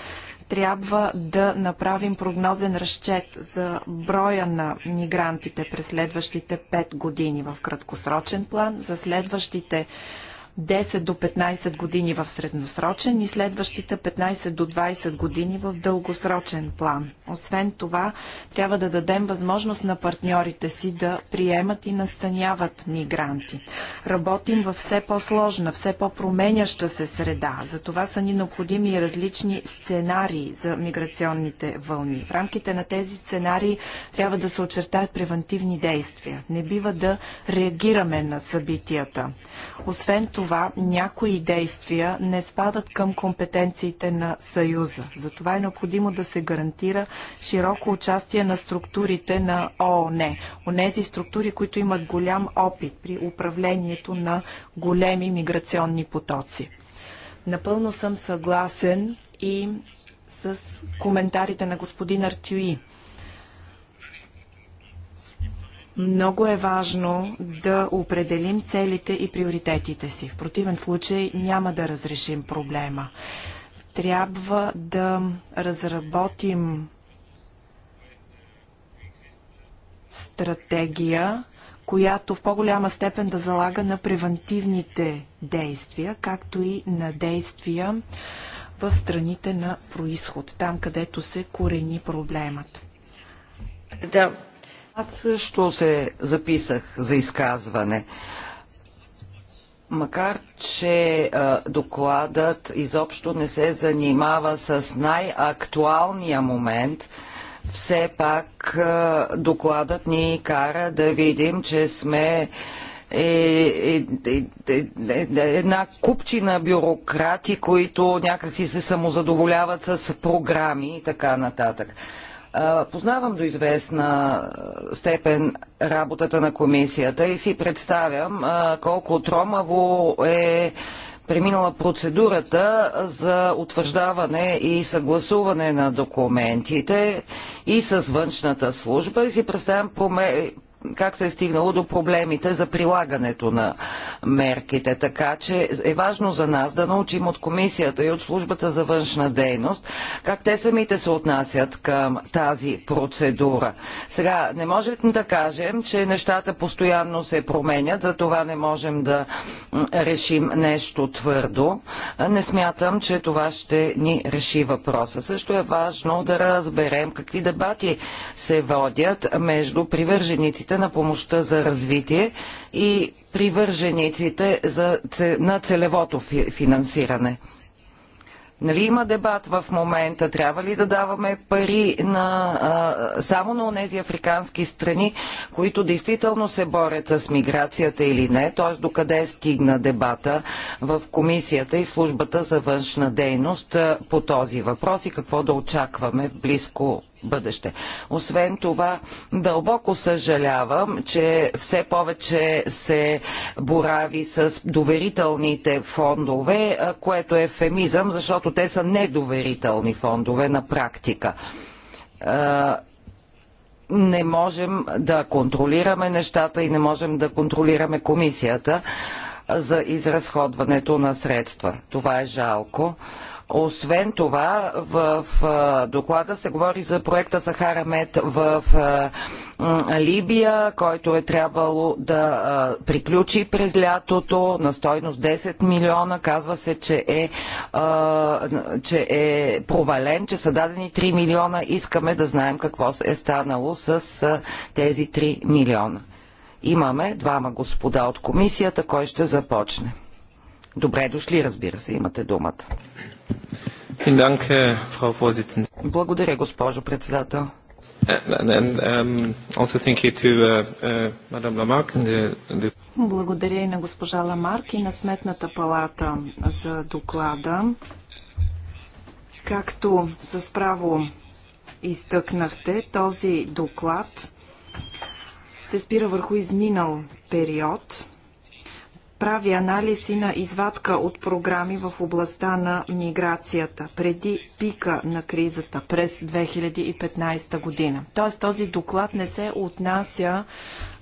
трябва да направим прогнозен разчет за броя на мигрантите през следващите 5 години в краткосрочен план, за следващите 10 до 15 години в средносрочен и следващите 15 до 20 години в дългосрочен план. Освен това, трябва да дадем възможност на партньорите си да приемат и настаняват мигранти. Работим в все по-сложна, все по-променяща се среда. За това са ни необходими различни сценарии за миграционните вълни. В рамките на тези сценарии трябва да се очертаят превентивни действия. Не бива да реагираме на събитията. Освен това, това някои действия не спадат към компетенциите на Съюза. Затова е необходимо да се гарантира широко участие на структурите на ООН. Онези структури, които имат голям опит при управлението на големи миграционни потоци. Напълно съм съгласен и с коментарите на господин Артюи много е важно да определим целите и приоритетите си. В противен случай няма да разрешим проблема. Трябва да разработим стратегия, която в по-голяма степен да залага на превентивните действия, както и на действия в страните на происход, там където се корени проблемът. Да. Аз също се записах за изказване. Макар, че а, докладът изобщо не се занимава с най-актуалния момент, все пак а, докладът ни кара да видим, че сме е, е, е, една купчина бюрократи, които някакси се самозадоволяват с програми и така нататък. Познавам до известна степен работата на комисията и си представям колко тромаво е преминала процедурата за утвърждаване и съгласуване на документите и с външната служба и си представям как се е стигнало до проблемите за прилагането на мерките. Така че е важно за нас да научим от комисията и от службата за външна дейност как те самите се отнасят към тази процедура. Сега не можем да кажем, че нещата постоянно се променят, за това не можем да решим нещо твърдо. Не смятам, че това ще ни реши въпроса. Също е важно да разберем какви дебати се водят между привържениците привържениците на помощта за развитие и привържениците за, на целевото финансиране. Нали има дебат в момента, трябва ли да даваме пари на, а, само на тези африкански страни, които действително се борят с миграцията или не, т.е. докъде стигна дебата в комисията и службата за външна дейност по този въпрос и какво да очакваме в близко бъдеще. Освен това, дълбоко съжалявам, че все повече се борави с доверителните фондове, което е фемизъм, защото те са недоверителни фондове на практика не можем да контролираме нещата и не можем да контролираме комисията за изразходването на средства. Това е жалко. Освен това, в доклада се говори за проекта Сахара Мед в Либия, който е трябвало да приключи през лятото на стойност 10 милиона. Казва се, че е, че е провален, че са дадени 3 милиона. Искаме да знаем какво е станало с тези 3 милиона. Имаме двама господа от комисията, кой ще започне. Добре дошли, разбира се, имате думата. Äh, Благодаря, госпожо председател. Um, uh, uh, Благодаря и на госпожа Ламарк и на Сметната палата за доклада. Както с право изтъкнахте, този доклад се спира върху изминал период – прави анализ и на извадка от програми в областта на миграцията преди пика на кризата през 2015 година. Тоест този доклад не се отнася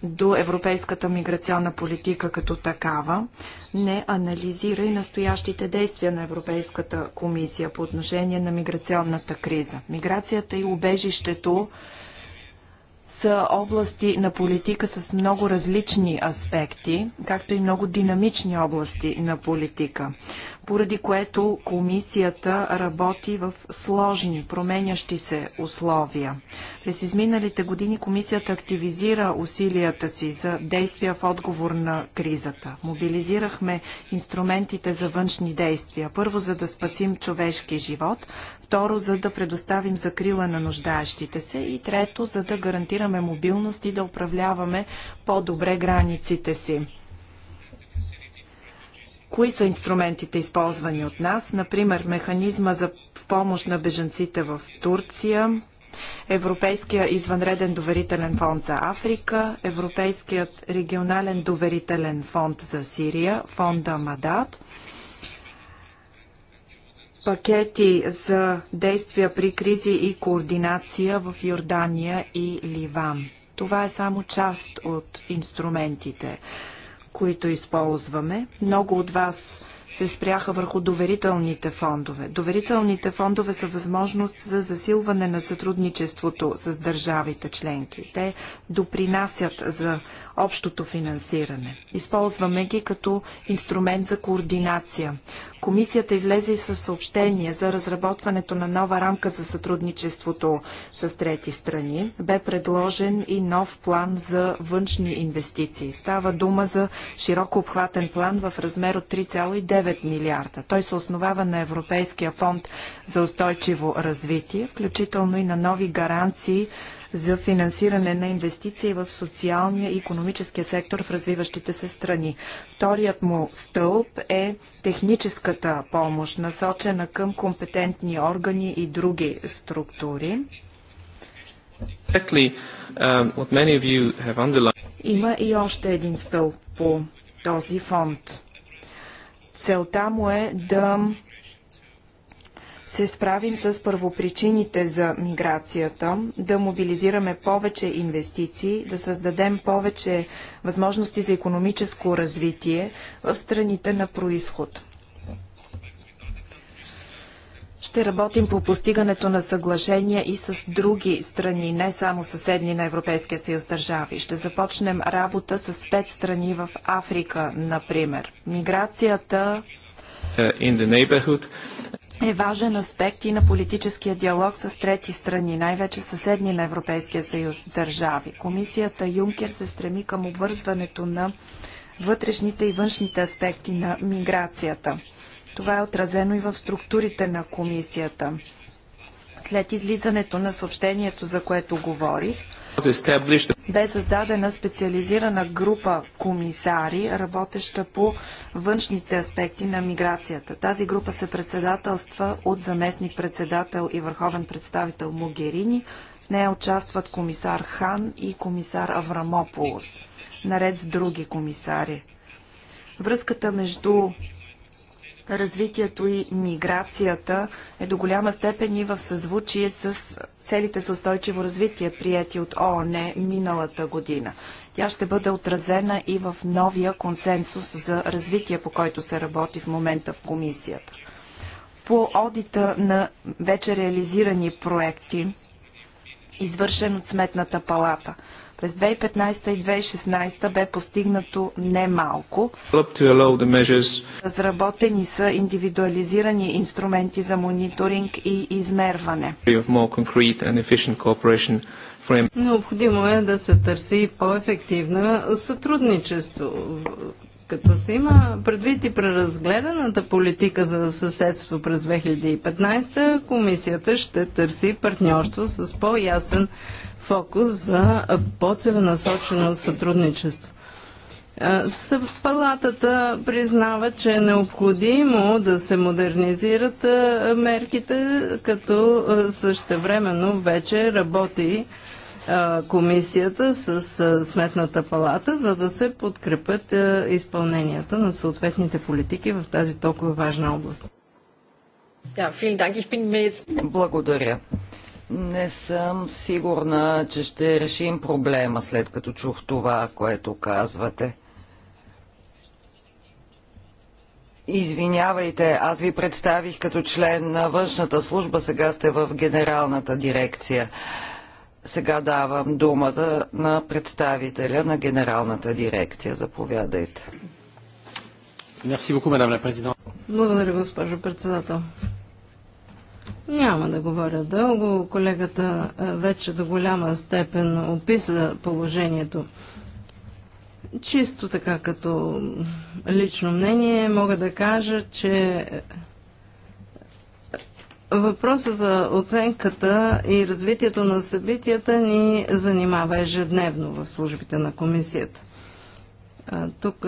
до европейската миграционна политика като такава, не анализира и настоящите действия на Европейската комисия по отношение на миграционната криза. Миграцията и убежището са области на политика с много различни аспекти, както и много динамични области на политика, поради което комисията работи в сложни, променящи се условия. През изминалите години комисията активизира усилията си за действия в отговор на кризата. Мобилизирахме инструментите за външни действия. Първо, за да спасим човешки живот, второ, за да предоставим закрила на нуждаещите се и трето, за да гарантираме мобилност и да управляваме по-добре границите си. Кои са инструментите използвани от нас? Например, механизма за помощ на беженците в Турция, Европейския извънреден доверителен фонд за Африка, Европейският регионален доверителен фонд за Сирия, фонда МАДАТ – пакети за действия при кризи и координация в Йордания и Ливан. Това е само част от инструментите, които използваме. Много от вас се спряха върху доверителните фондове. Доверителните фондове са възможност за засилване на сътрудничеството с държавите членки. Те допринасят за общото финансиране. Използваме ги като инструмент за координация. Комисията излезе и със съобщение за разработването на нова рамка за сътрудничеството с трети страни. Бе предложен и нов план за външни инвестиции. Става дума за широко обхватен план в размер от 3,9 милиарда. Той се основава на Европейския фонд за устойчиво развитие, включително и на нови гаранции за финансиране на инвестиции в социалния и економическия сектор в развиващите се страни. Вторият му стълб е техническата помощ, насочена към компетентни органи и други структури. Um, Има и още един стълб по този фонд. Целта му е да се справим с първопричините за миграцията, да мобилизираме повече инвестиции, да създадем повече възможности за економическо развитие в страните на происход. Ще работим по постигането на съглашения и с други страни, не само съседни на Европейския съюз държави. Ще започнем работа с пет страни в Африка, например. Миграцията е, е важен аспект и на политическия диалог с трети страни, най-вече съседни на Европейския съюз държави. Комисията Юнкер се стреми към обвързването на вътрешните и външните аспекти на миграцията. Това е отразено и в структурите на комисията. След излизането на съобщението, за което говорих, бе създадена специализирана група комисари, работеща по външните аспекти на миграцията. Тази група се председателства от заместник-председател и върховен представител Могерини. В нея участват комисар Хан и комисар Аврамополос, наред с други комисари. Връзката между развитието и миграцията е до голяма степен и в съзвучие с целите за устойчиво развитие, прияти от ООН миналата година. Тя ще бъде отразена и в новия консенсус за развитие, по който се работи в момента в комисията. По одита на вече реализирани проекти, извършен от Сметната палата – през 2015 и 2016 бе постигнато немалко. Разработени са индивидуализирани инструменти за мониторинг и измерване. Необходимо е да се търси по-ефективно сътрудничество като се има предвид и преразгледаната политика за съседство през 2015, комисията ще търси партньорство с по-ясен фокус за по-целенасочено сътрудничество. Палатата признава, че е необходимо да се модернизират мерките, като същевременно вече работи комисията с Сметната палата, за да се подкрепят изпълненията на съответните политики в тази толкова важна област. Благодаря. Не съм сигурна, че ще решим проблема, след като чух това, което казвате. Извинявайте, аз ви представих като член на външната служба, сега сте в генералната дирекция. Сега давам думата на представителя на генералната дирекция. Заповядайте. Благодаря, госпожо председател. Няма да говоря дълго. Колегата е, вече до голяма степен описа положението. Чисто така като лично мнение мога да кажа, че е, въпросът за оценката и развитието на събитията ни занимава ежедневно в службите на комисията. Е, тук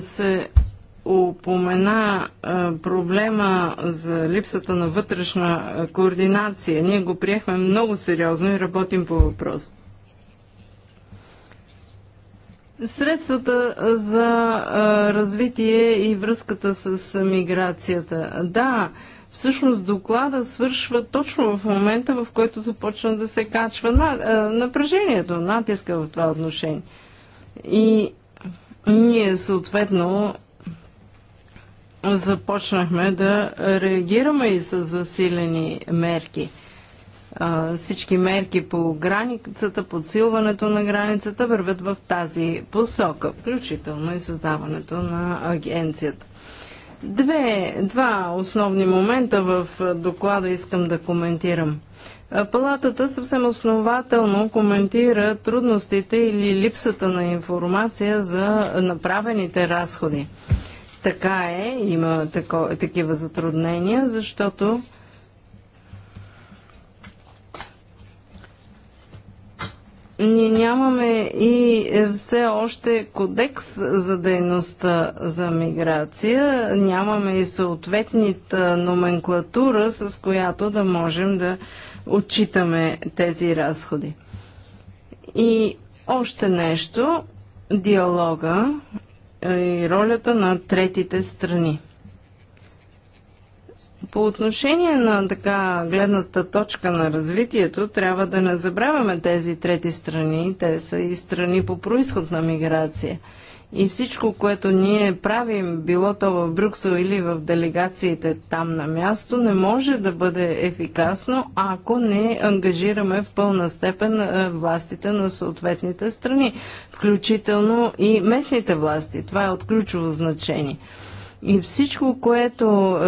се упомена проблема за липсата на вътрешна координация. Ние го приехме много сериозно и работим по въпрос. Средствата за развитие и връзката с миграцията. Да, всъщност доклада свършва точно в момента, в който започна да се качва напрежението, натиска в това отношение. И ние съответно започнахме да реагираме и с засилени мерки. Всички мерки по границата, подсилването на границата вървят в тази посока, включително и създаването на агенцията. Две, два основни момента в доклада искам да коментирам. Палатата съвсем основателно коментира трудностите или липсата на информация за направените разходи. Така е, има тако, такива затруднения, защото ние нямаме и все още кодекс за дейността за миграция, нямаме и съответната номенклатура, с която да можем да отчитаме тези разходи. И още нещо, диалога е и ролята на третите страни. По отношение на така гледната точка на развитието, трябва да не забравяме тези трети страни. Те са и страни по происход на миграция. И всичко, което ние правим, било то в Брюксел или в делегациите там на място, не може да бъде ефикасно, ако не ангажираме в пълна степен властите на съответните страни, включително и местните власти. Това е от ключово значение. И всичко, което е,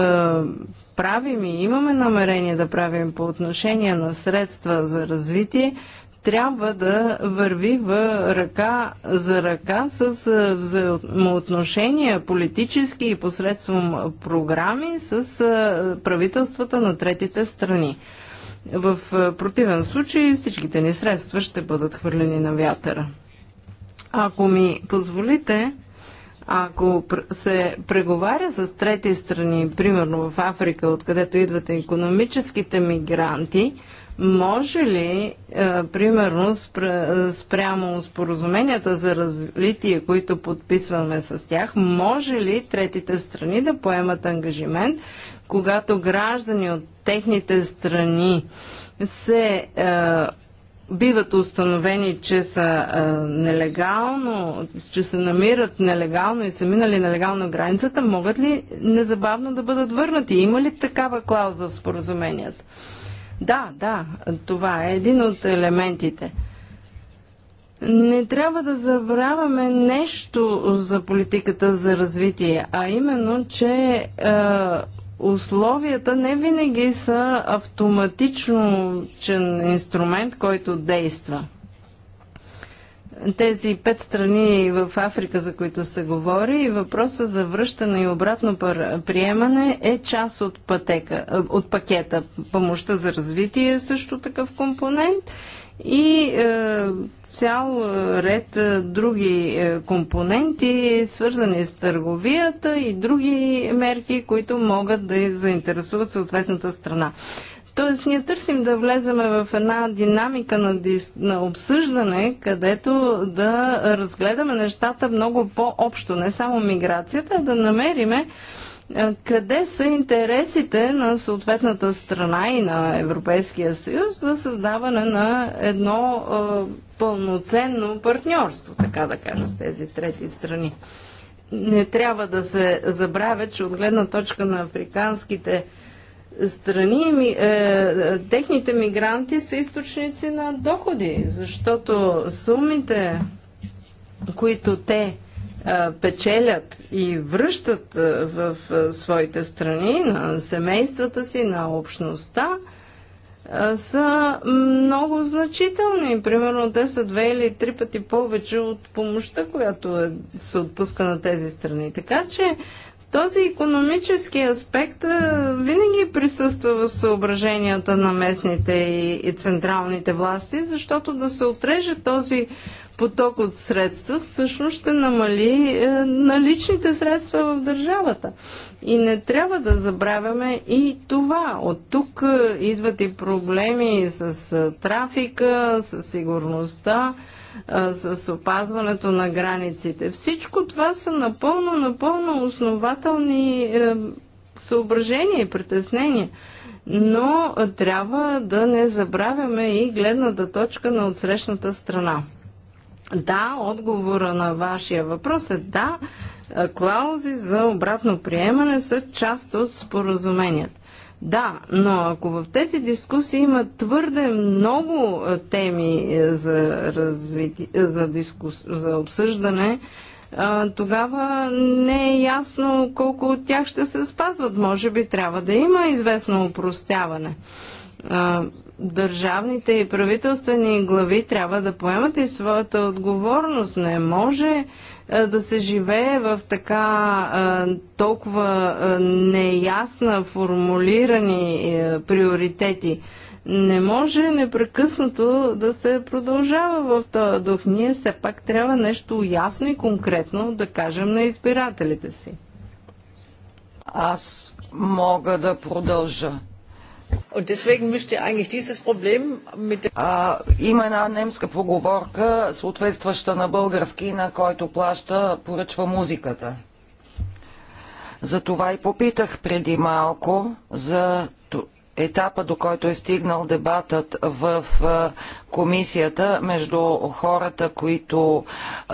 правим и имаме намерение да правим по отношение на средства за развитие, трябва да върви в ръка за ръка с взаимоотношения политически и посредством програми с правителствата на третите страни. В противен случай всичките ни средства ще бъдат хвърлени на вятъра. Ако ми позволите, ако се преговаря с трети страни, примерно в Африка, откъдето идват економическите мигранти, може ли, е, примерно, спрямо споразуменията за развитие, които подписваме с тях, може ли третите страни да поемат ангажимент, когато граждани от техните страни се е, биват установени, че са е, нелегално, че се намират нелегално и са минали нелегално границата, могат ли незабавно да бъдат върнати? Има ли такава клауза в споразуменията? Да, да, това е един от елементите. Не трябва да забравяме нещо за политиката за развитие, а именно, че е, условията не винаги са автоматичен инструмент, който действа тези пет страни в Африка, за които се говори, и въпроса за връщане и обратно приемане е част от, пътека, е, от пакета. Помощта за развитие е също такъв компонент и е, цял ред е, други е, компоненти, свързани с търговията и други мерки, които могат да заинтересуват съответната страна. Тоест, ние търсим да влеземе в една динамика на, дис... на обсъждане, където да разгледаме нещата много по-общо, не само миграцията, а да намериме е, къде са интересите на съответната страна и на Европейския съюз за създаване на едно е, пълноценно партньорство, така да кажа, с тези трети страни. Не трябва да се забравя, че от гледна точка на африканските страни ми, е, техните мигранти са източници на доходи, защото сумите, които те е, печелят и връщат е, в е, своите страни, на семействата си, на общността, са много значителни. Примерно те са две или три пъти повече от помощта, която е, се отпуска на тези страни. Така че този економически аспект винаги присъства в съображенията на местните и, централните власти, защото да се отреже този поток от средства, всъщност ще намали е, наличните средства в държавата. И не трябва да забравяме и това. От тук е, идват и проблеми с е, трафика, с сигурността, с опазването на границите. Всичко това са напълно, напълно основателни съображения и притеснения но трябва да не забравяме и гледната точка на отсрещната страна. Да, отговора на вашия въпрос е да. Клаузи за обратно приемане са част от споразуменията. Да, но ако в тези дискусии има твърде много е, теми е, за, развити, е, за, дискус, за обсъждане, тогава не е ясно колко от тях ще се спазват. Може би трябва да има известно упростяване държавните и правителствени глави трябва да поемат и своята отговорност. Не може да се живее в така толкова неясна формулирани приоритети. Не може непрекъснато да се продължава в този дух. Ние все пак трябва нещо ясно и конкретно да кажем на избирателите си. Аз мога да продължа. А, има една немска поговорка, съответстваща на български, на който плаща, поръчва музиката. Затова и попитах преди малко за етапа, до който е стигнал дебатът в комисията между хората, които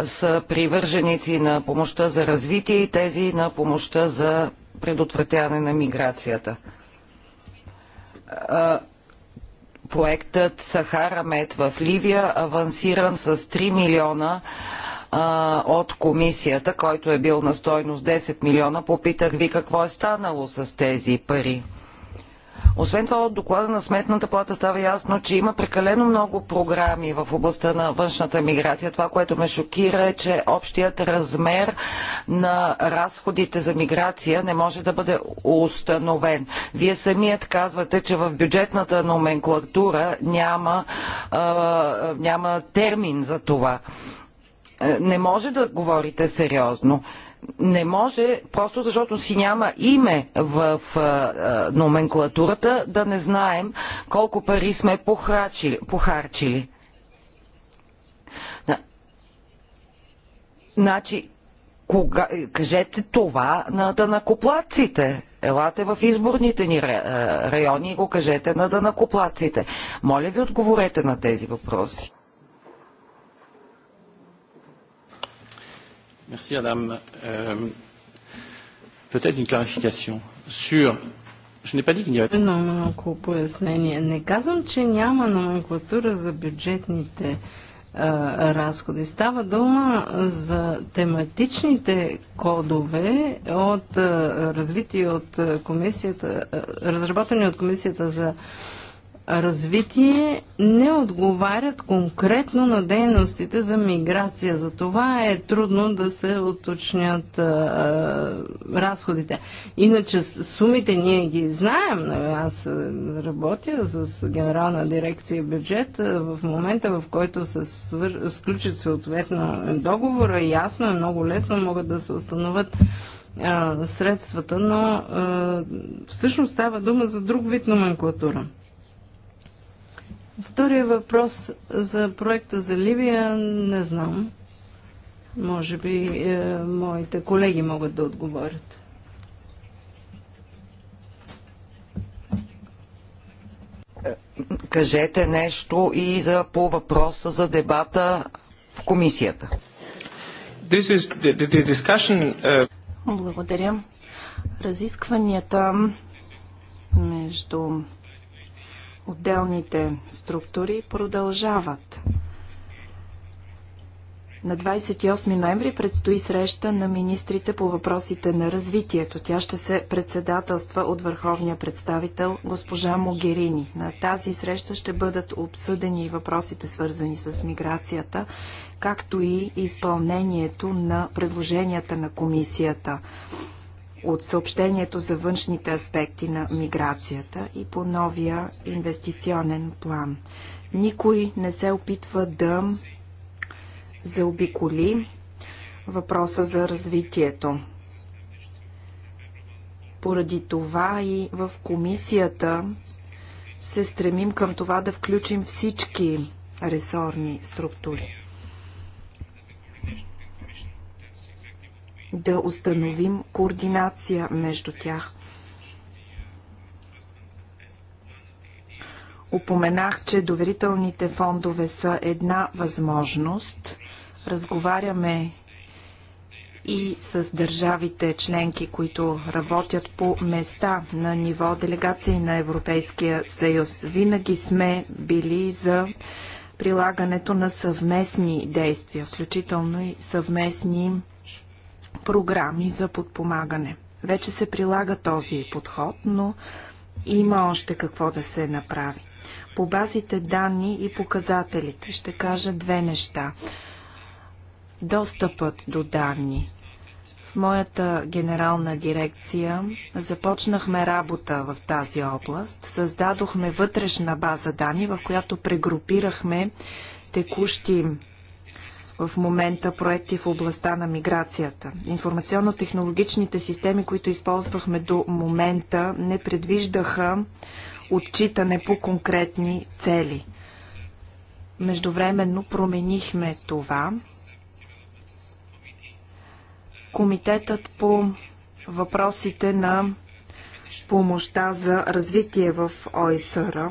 са привърженици на помощта за развитие и тези на помощта за предотвратяване на миграцията проектът Сахара Мед в Ливия, авансиран с 3 милиона от комисията, който е бил на стойност 10 милиона. Попитах ви какво е станало с тези пари. Освен това, от доклада на Сметната плата става ясно, че има прекалено много програми в областта на външната миграция. Това, което ме шокира е, че общият размер на разходите за миграция не може да бъде установен. Вие самият казвате, че в бюджетната номенклатура няма, а, няма термин за това. Е, не може да говорите сериозно не може, просто защото си няма име в а, номенклатурата, да не знаем колко пари сме похарчили. похарчили. Значи, кога, кажете това на данакоплаците. Елате в изборните ни райони и го кажете на данакоплаците. Моля ви, отговорете на тези въпроси. Merci, Madame. Euh, Peut-être une clarification sur. Je n'ai pas dit qu'il n'y avait. Едно малко пояснение. Не казвам, че няма номенклатура за бюджетните разходи. Става дума за тематичните кодове от развитие от комисията, а, разработени от комисията за а, развитие не отговарят конкретно на дейностите за миграция. За това е трудно да се уточнят а, разходите. Иначе сумите ние ги знаем. Аз работя с Генерална дирекция бюджет в момента, в който се свър... сключат съответно договора. Ясно е, много лесно могат да се установят средствата, но всъщност става дума за друг вид номенклатура. Втория въпрос за проекта за Ливия не знам. Може би е, моите колеги могат да отговорят. Кажете нещо и за, по въпроса за дебата в комисията. This is the, the discussion, uh... Благодаря. Разискванията между отделните структури продължават. На 28 ноември предстои среща на министрите по въпросите на развитието. Тя ще се председателства от върховния представител госпожа Могерини. На тази среща ще бъдат обсъдени и въпросите свързани с миграцията, както и изпълнението на предложенията на комисията от съобщението за външните аспекти на миграцията и по новия инвестиционен план. Никой не се опитва да заобиколи въпроса за развитието. Поради това и в комисията се стремим към това да включим всички ресорни структури. да установим координация между тях. Упоменах, че доверителните фондове са една възможност. Разговаряме и с държавите членки, които работят по места на ниво делегации на Европейския съюз. Винаги сме били за прилагането на съвместни действия, включително и съвместни програми за подпомагане. Вече се прилага този подход, но има още какво да се направи. По базите данни и показателите ще кажа две неща. Достъпът до данни. В моята генерална дирекция започнахме работа в тази област. Създадохме вътрешна база данни, в която прегрупирахме текущи в момента проекти в областта на миграцията. Информационно-технологичните системи, които използвахме до момента, не предвиждаха отчитане по конкретни цели. Междувременно променихме това. Комитетът по въпросите на помощта за развитие в ОИСРА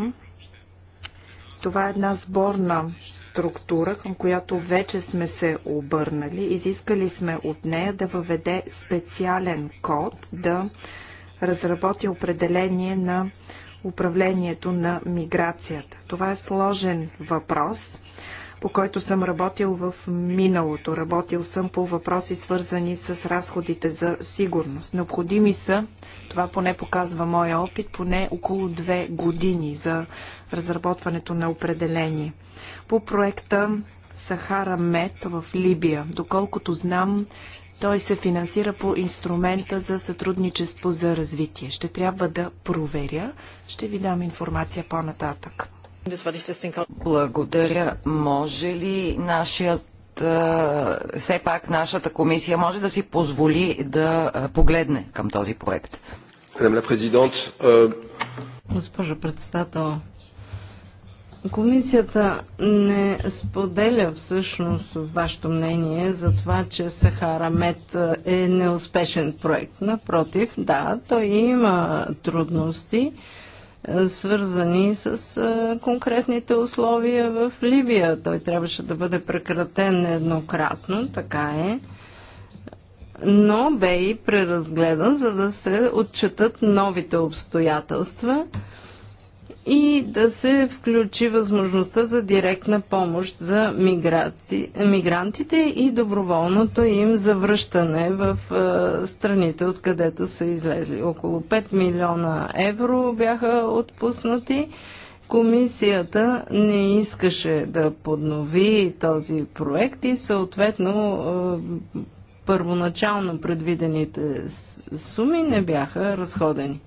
това е една сборна структура, към която вече сме се обърнали. Изискали сме от нея да въведе специален код, да разработи определение на управлението на миграцията. Това е сложен въпрос, по който съм работил в миналото. Работил съм по въпроси свързани с разходите за сигурност. Необходими са, това поне показва моя опит, поне около две години за разработването на определение. По проекта Сахара Мед в Либия. Доколкото знам, той се финансира по инструмента за сътрудничество за развитие. Ще трябва да проверя. Ще ви дам информация по-нататък. Благодаря. Може ли нашият все пак нашата комисия може да си позволи да погледне към този проект. Euh, Госпожо председател, Комисията не споделя всъщност вашето мнение за това, че Сахара Мед е, е неуспешен проект. Напротив, да, той има трудности, е, свързани с е, конкретните условия в Либия. Той трябваше да бъде прекратен еднократно, така е но бе и преразгледан, за да се отчетат новите обстоятелства и да се включи възможността за директна помощ за мигранти, мигрантите и доброволното им завръщане в е, страните, откъдето са излезли. Около 5 милиона евро бяха отпуснати. Комисията не искаше да поднови този проект и съответно е, първоначално предвидените суми не бяха разходени.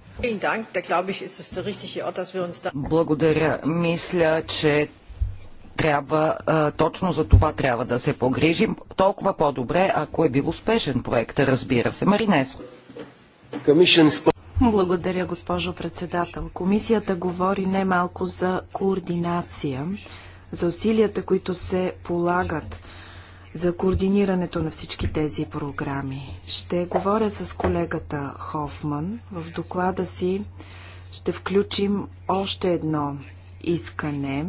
Благодаря. Мисля, че трябва, точно за това трябва да се погрижим. Толкова по-добре, ако е бил успешен проект, разбира се. Маринес. Благодаря, госпожо председател. Комисията говори немалко за координация, за усилията, които се полагат за координирането на всички тези програми. Ще говоря с колегата Хофман. В доклада си ще включим още едно искане.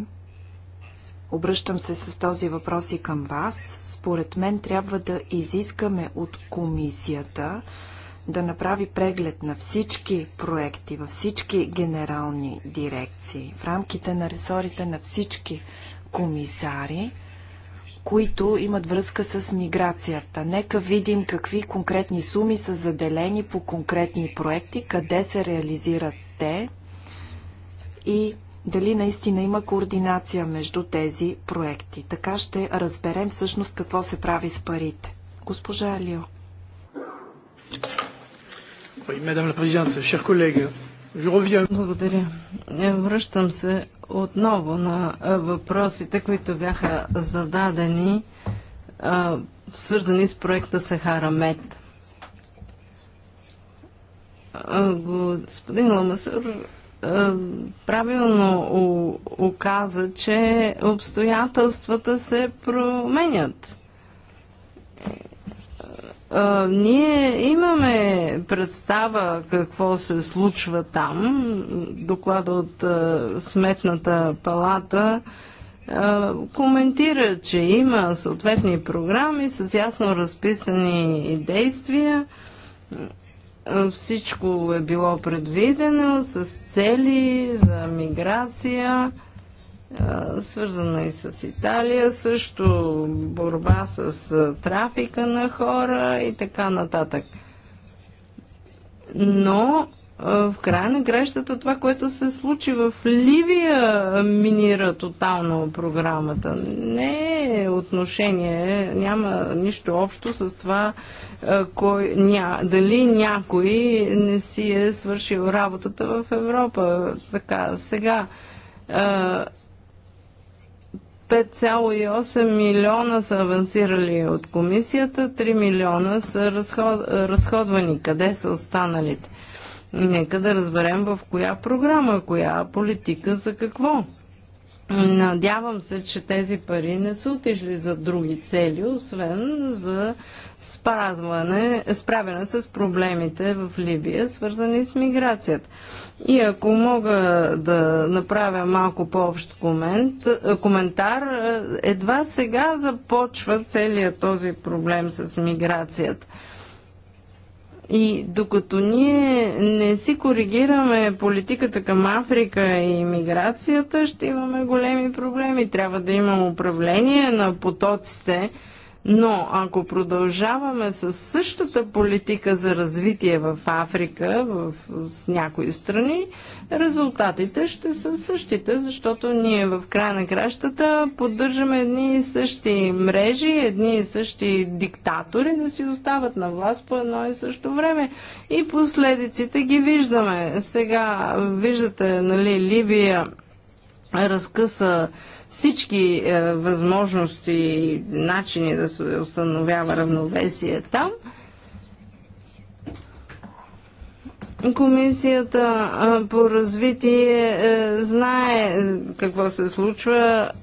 Обръщам се с този въпрос и към вас. Според мен трябва да изискаме от комисията да направи преглед на всички проекти във всички генерални дирекции, в рамките на ресорите на всички комисари, които имат връзка с миграцията. Нека видим какви конкретни суми са заделени по конкретни проекти, къде се реализират те и дали наистина има координация между тези проекти. Така ще разберем всъщност какво се прави с парите. Госпожа Алио. Oui, madame la présidente, chers collègues, благодаря. Е, връщам се отново на е, въпросите, които бяха зададени, е, свързани с проекта Сахара Мед. Господин Ламасур правилно оказа, че обстоятелствата се променят а, ние имаме представа какво се случва там. Доклада от а, Сметната палата а, коментира, че има съответни програми с ясно разписани действия. Всичко е било предвидено с цели за миграция свързана и с Италия, също борба с трафика на хора и така нататък. Но в края на грещата това, което се случи в Ливия, минира тотално програмата. Не е отношение, няма нищо общо с това кой, ня, дали някой не си е свършил работата в Европа. Така, сега 5,8 милиона са авансирали от комисията, 3 милиона са разход, разходвани. Къде са останалите? Нека да разберем в коя програма, коя политика, за какво. Надявам се, че тези пари не са отишли за други цели, освен за спразване, справяне с проблемите в Либия, свързани с миграцията. И ако мога да направя малко по-общ комент, е, коментар, е, едва сега започва целият този проблем с миграцията. И докато ние не си коригираме политиката към Африка и миграцията, ще имаме големи проблеми. Трябва да имаме управление на потоците, но ако продължаваме с същата политика за развитие в Африка, в, с някои страни, резултатите ще са същите, защото ние в края на кращата поддържаме едни и същи мрежи, едни и същи диктатори да си остават на власт по едно и също време. И последиците ги виждаме. Сега виждате, нали, Либия разкъса всички е, възможности и начини да се установява равновесие там. Комисията е, по развитие е, знае какво се случва. Е,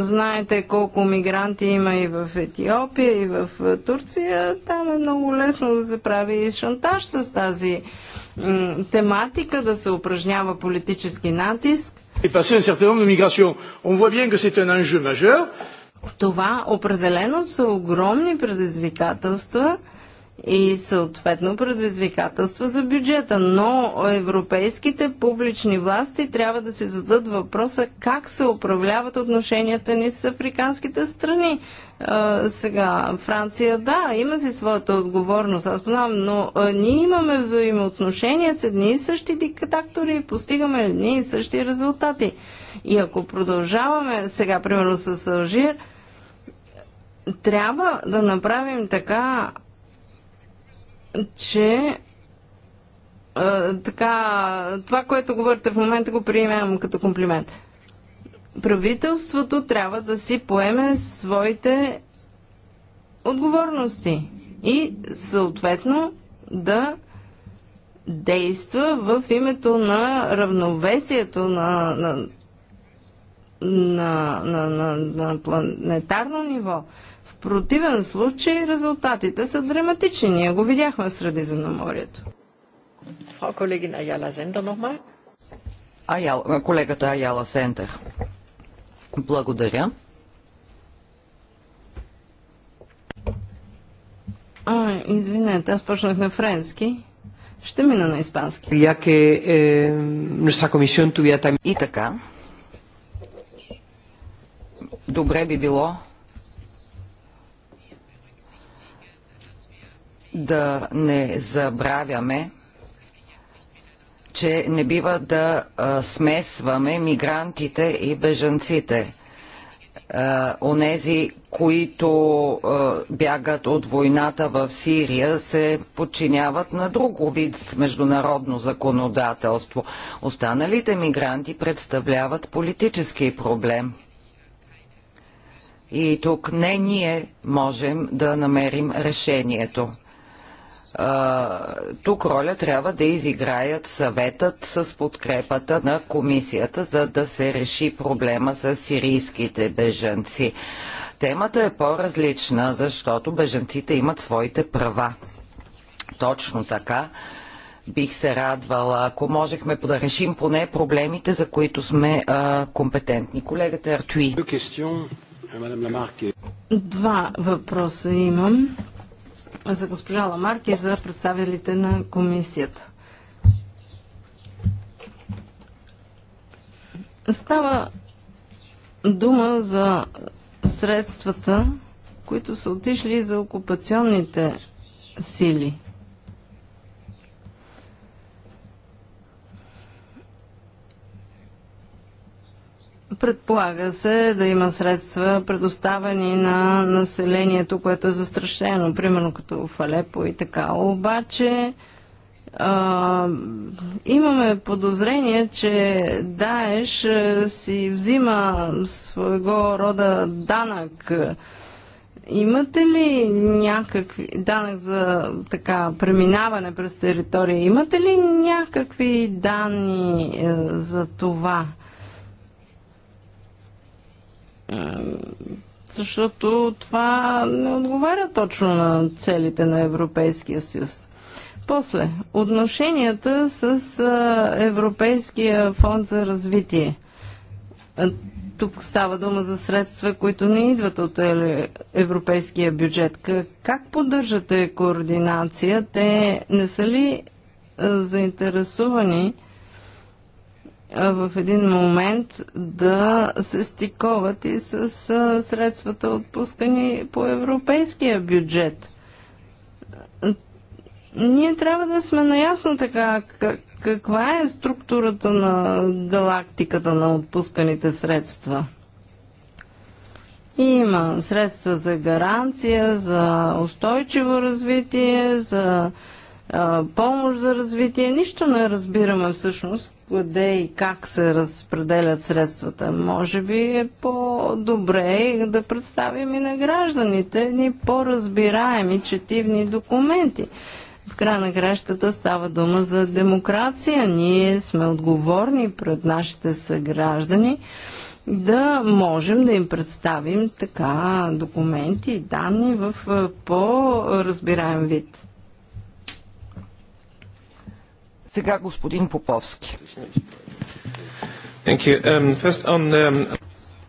знаете колко мигранти има и в Етиопия, и в е, Турция. Там е много лесно да се прави и шантаж с тази тематика, да се упражнява политически натиск Dépasser un certain nombre de migrations. On voit bien que c'est un enjeu majeur. Това определено са огромни предизвикателства и съответно предизвикателства за бюджета. Но европейските публични власти трябва да си зададат въпроса как се управляват отношенията ни с африканските страни. А, сега, Франция, да, има си своята отговорност, аз знам, но а, ние имаме взаимоотношения с едни и същи диктатори и постигаме едни и същи резултати. И ако продължаваме сега, примерно с Алжир, трябва да направим така, че а, така, това, което говорите в момента, го приемам като комплимент. Правителството трябва да си поеме своите отговорности и съответно да действа в името на равновесието на, на, на, на, на, на планетарно ниво противен случай резултатите са драматични. Ние го видяхме в Средиземноморието. Фрау колегин Аяла Зендер нохмал. Аял, колегата Аяла Сентер. Благодаря. А, извинете, аз почнах на френски. Ще мина на испански. Е, И така. Добре би било да не забравяме, че не бива да а, смесваме мигрантите и бежанците. онези, които а, бягат от войната в Сирия, се подчиняват на друго вид международно законодателство. Останалите мигранти представляват политически проблем. И тук не ние можем да намерим решението а, тук роля трябва да изиграят съветът с подкрепата на комисията, за да се реши проблема с сирийските бежанци. Темата е по-различна, защото бежанците имат своите права. Точно така бих се радвала, ако можехме да решим поне проблемите, за които сме а, компетентни. Колегата Артуи. Два въпроса имам за госпожа Ламарк и за представителите на комисията. Става дума за средствата, които са отишли за окупационните сили. Предполага се да има средства предоставени на населението, което е застрашено, примерно като в Алепо и така. Обаче а, имаме подозрение, че Даеш си взима своего рода данък. Имате ли някакви данък за така преминаване през територия? Имате ли някакви данни е, за това? Е, защото това не отговаря точно на целите на Европейския съюз. После, отношенията с Европейския фонд за развитие. Е, тук става дума за средства, които не идват от е, европейския бюджет. Как поддържате координация? Те не са ли заинтересувани в един момент да се стиковат и с средствата отпускани по европейския бюджет. Ние трябва да сме наясно така каква е структурата на галактиката на отпусканите средства. Има средства за гаранция, за устойчиво развитие, за помощ за развитие. Нищо не разбираме всъщност къде и как се разпределят средствата. Може би е по-добре да представим и на гражданите ни по-разбираеми четивни документи. В края на кращата става дума за демокрация. Ние сме отговорни пред нашите съграждани да можем да им представим така документи и данни в по-разбираем вид. Сега господин Поповски. Um, um,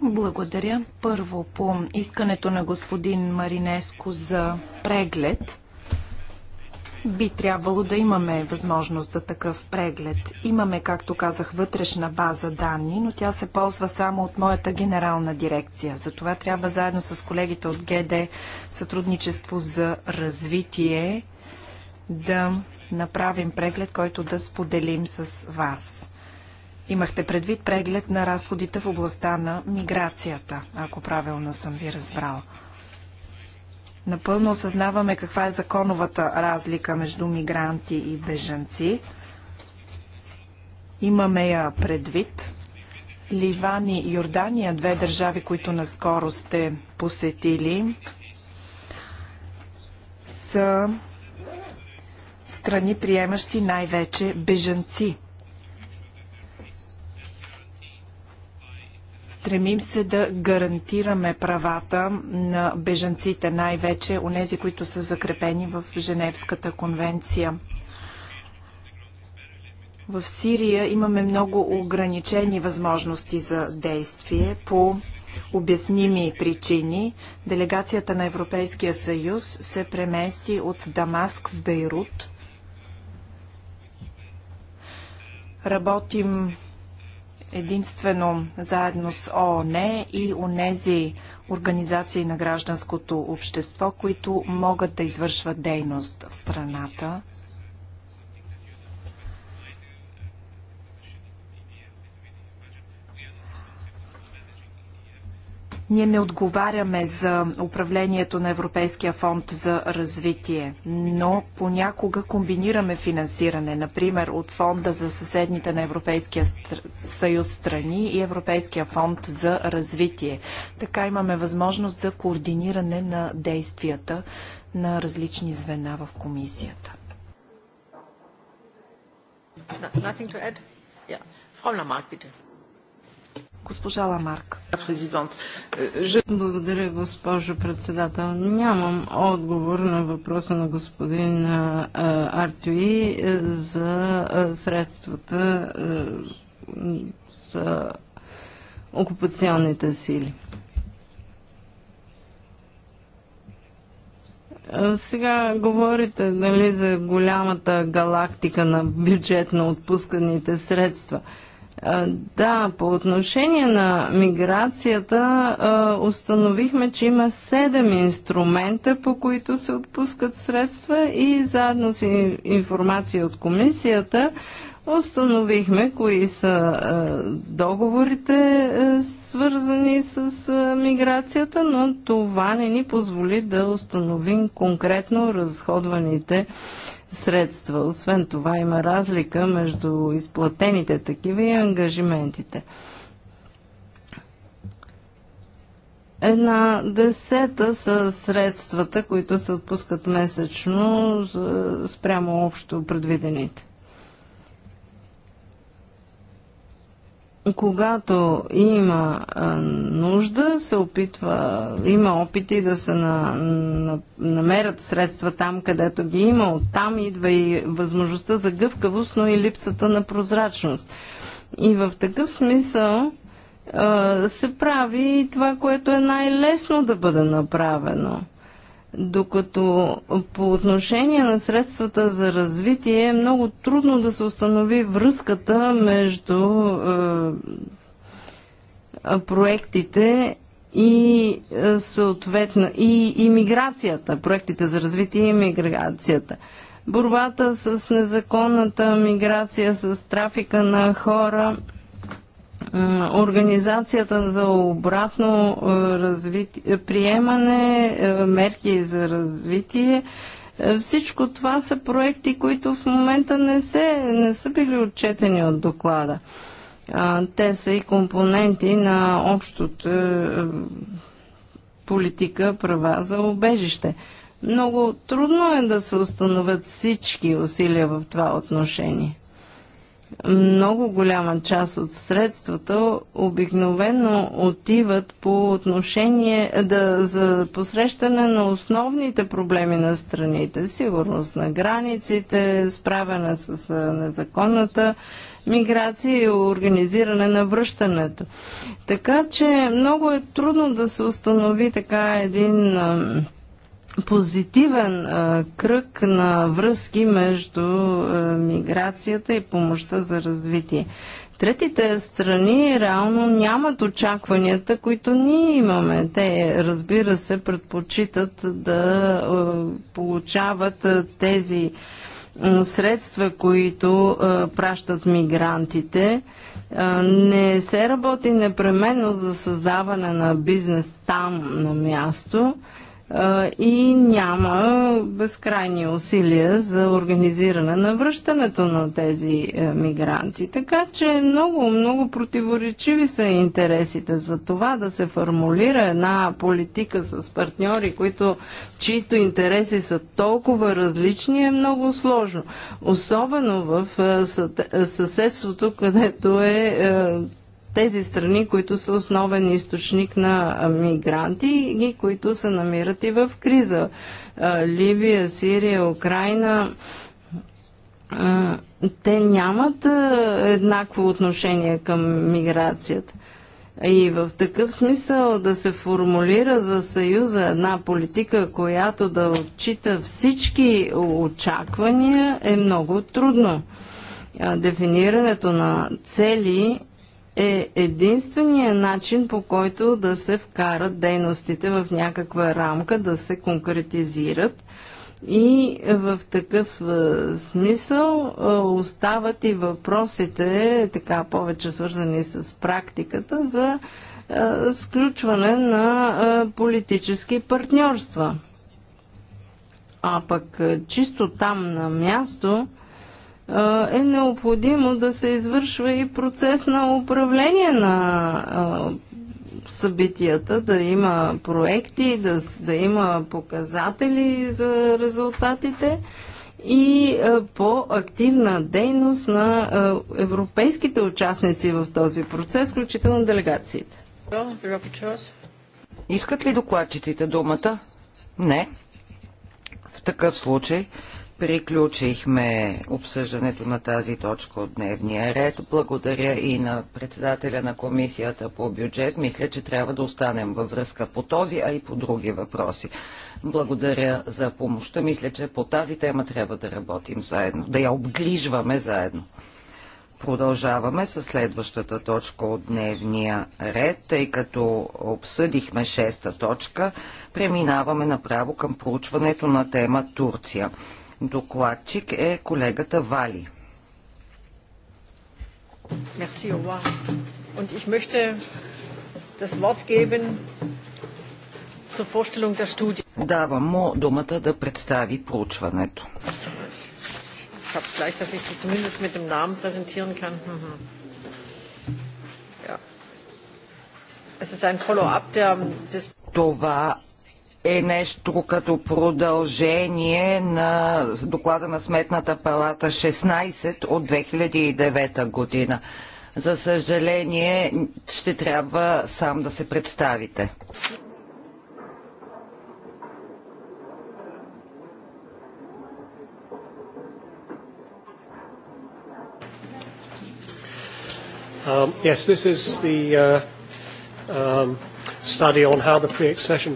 Благодаря. Първо по искането на господин Маринеско за преглед. Би трябвало да имаме възможност за такъв преглед. Имаме, както казах, вътрешна база данни, но тя се ползва само от моята генерална дирекция. Затова трябва заедно с колегите от ГД Сътрудничество за развитие да направим преглед, който да споделим с вас. Имахте предвид преглед на разходите в областта на миграцията, ако правилно съм ви разбрал. Напълно осъзнаваме каква е законовата разлика между мигранти и бежанци. Имаме я предвид. Ливан и Йордания, две държави, които наскоро сте посетили, са страни, приемащи най-вече бежанци. Стремим се да гарантираме правата на бежанците, най-вече онези, които са закрепени в Женевската конвенция. В Сирия имаме много ограничени възможности за действие по обясними причини. Делегацията на Европейския съюз се премести от Дамаск в Бейрут. Работим единствено заедно с ООН и онези организации на гражданското общество, които могат да извършват дейност в страната. Ние не отговаряме за управлението на Европейския фонд за развитие, но понякога комбинираме финансиране, например от фонда за съседните на Европейския съюз страни и Европейския фонд за развитие. Така имаме възможност за координиране на действията на различни звена в комисията. Nothing to add? Yeah. Frau Lamarck, bitte. Госпожа Ламарк. Е, Благодаря, госпожо председател. Нямам отговор на въпроса на господин е, е, Артюи за средствата за окупационните сили. Сега говорите нали, за голямата галактика на бюджетно отпусканите средства – да, по отношение на миграцията установихме, че има седем инструмента, по които се отпускат средства и заедно с информация от комисията установихме кои са договорите свързани с миграцията, но това не ни позволи да установим конкретно разходваните средства средства. Освен това има разлика между изплатените такива и ангажиментите. Една десета са средствата, които се отпускат месечно спрямо общо предвидените. когато има нужда, се опитва, има опити да се на, на, намерят средства там, където ги има. Оттам идва и възможността за гъвкавост, но и липсата на прозрачност. И в такъв смисъл се прави това, което е най-лесно да бъде направено – докато по отношение на средствата за развитие е много трудно да се установи връзката между е, проектите и е, съответно и имиграцията, проектите за развитие и имиграцията. Борбата с незаконната миграция, с трафика на хора – е, Организацията за обратно е, развитие, приемане, е, мерки за развитие. Всичко това са проекти, които в момента не, се, не са били отчетени от доклада. Те са и компоненти на общото политика права за обежище. Много трудно е да се установят всички усилия в това отношение много голяма част от средствата обикновено отиват по отношение да, за посрещане на основните проблеми на страните. Сигурност на границите, справяне с незаконната миграция и организиране на връщането. Така че много е трудно да се установи така един позитивен а, кръг на връзки между а, миграцията и помощта за развитие. Третите страни реално нямат очакванията, които ние имаме. Те, разбира се, предпочитат да а, получават а, тези средства, които а, пращат мигрантите. А, не се работи непременно за създаване на бизнес там на място и няма безкрайни усилия за организиране на връщането на тези е, мигранти. Така че много, много противоречиви са интересите за това да се формулира една политика с партньори, които, чието интереси са толкова различни, е много сложно. Особено в е, съседството, където е, е тези страни, които са основен източник на мигранти и които се намират и в криза. Ливия, Сирия, Украина те нямат еднакво отношение към миграцията. И в такъв смисъл да се формулира за Съюза една политика, която да отчита всички очаквания е много трудно. Дефинирането на цели е единствения начин по който да се вкарат дейностите в някаква рамка, да се конкретизират. И в такъв е, смисъл е, остават и въпросите, така повече свързани с практиката, за е, сключване на политически партньорства. А пък чисто там на място – е необходимо да се извършва и процес на управление на събитията, да има проекти, да, да има показатели за резултатите и по-активна дейност на европейските участници в този процес, включително делегациите. Искат ли докладчиците думата? Не. В такъв случай Приключихме обсъждането на тази точка от дневния ред. Благодаря и на председателя на комисията по бюджет. Мисля, че трябва да останем във връзка по този, а и по други въпроси. Благодаря за помощта. Мисля, че по тази тема трябва да работим заедно, да я обгрижваме заедно. Продължаваме с следващата точка от дневния ред, тъй като обсъдихме шеста точка, преминаваме направо към проучването на тема Турция. Докладчик е колегата Вали. Merci, Owa. Und ich möchte das Wort geben zur Vorstellung der Studie. Давам му думата да представи проучването. Ich habe es gleich, dass ich sie zumindest mit dem Namen präsentieren kann. Es ist ein Follow-up der... Das... Това е нещо като продължение на доклада на Сметната палата 16 от 2009 година. За съжаление, ще трябва сам да се представите. Um, yes, this is the uh, um, study on how the pre-accession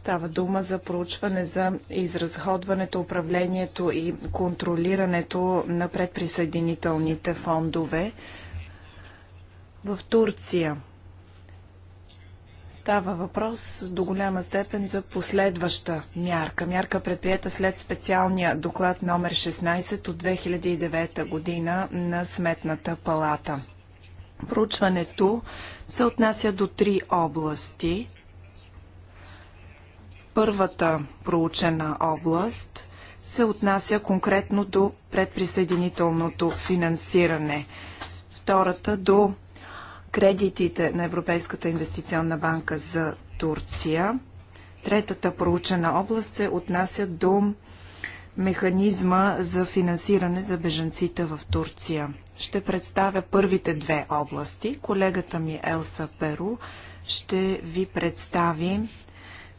Става дума за проучване за изразходването, управлението и контролирането на предприсъединителните фондове в Турция. Става въпрос с до голяма степен за последваща мярка. Мярка предприета след специалния доклад номер 16 от 2009 година на Сметната палата. Проучването се отнася до три области Първата проучена област се отнася конкретно до предприсъединителното финансиране. Втората до кредитите на Европейската инвестиционна банка за Турция. Третата проучена област се отнася до механизма за финансиране за бежанците в Турция. Ще представя първите две области. Колегата ми Елса Перу ще ви представи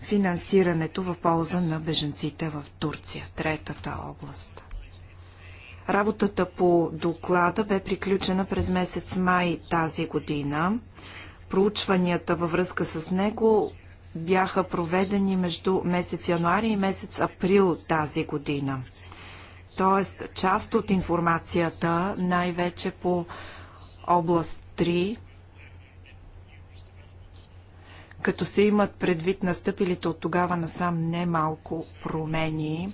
финансирането в полза на беженците в Турция, третата област. Работата по доклада бе приключена през месец май тази година. Проучванията във връзка с него бяха проведени между месец януари и месец април тази година. Тоест, част от информацията, най-вече по област 3, като се имат предвид настъпилите от тогава насам немалко промени,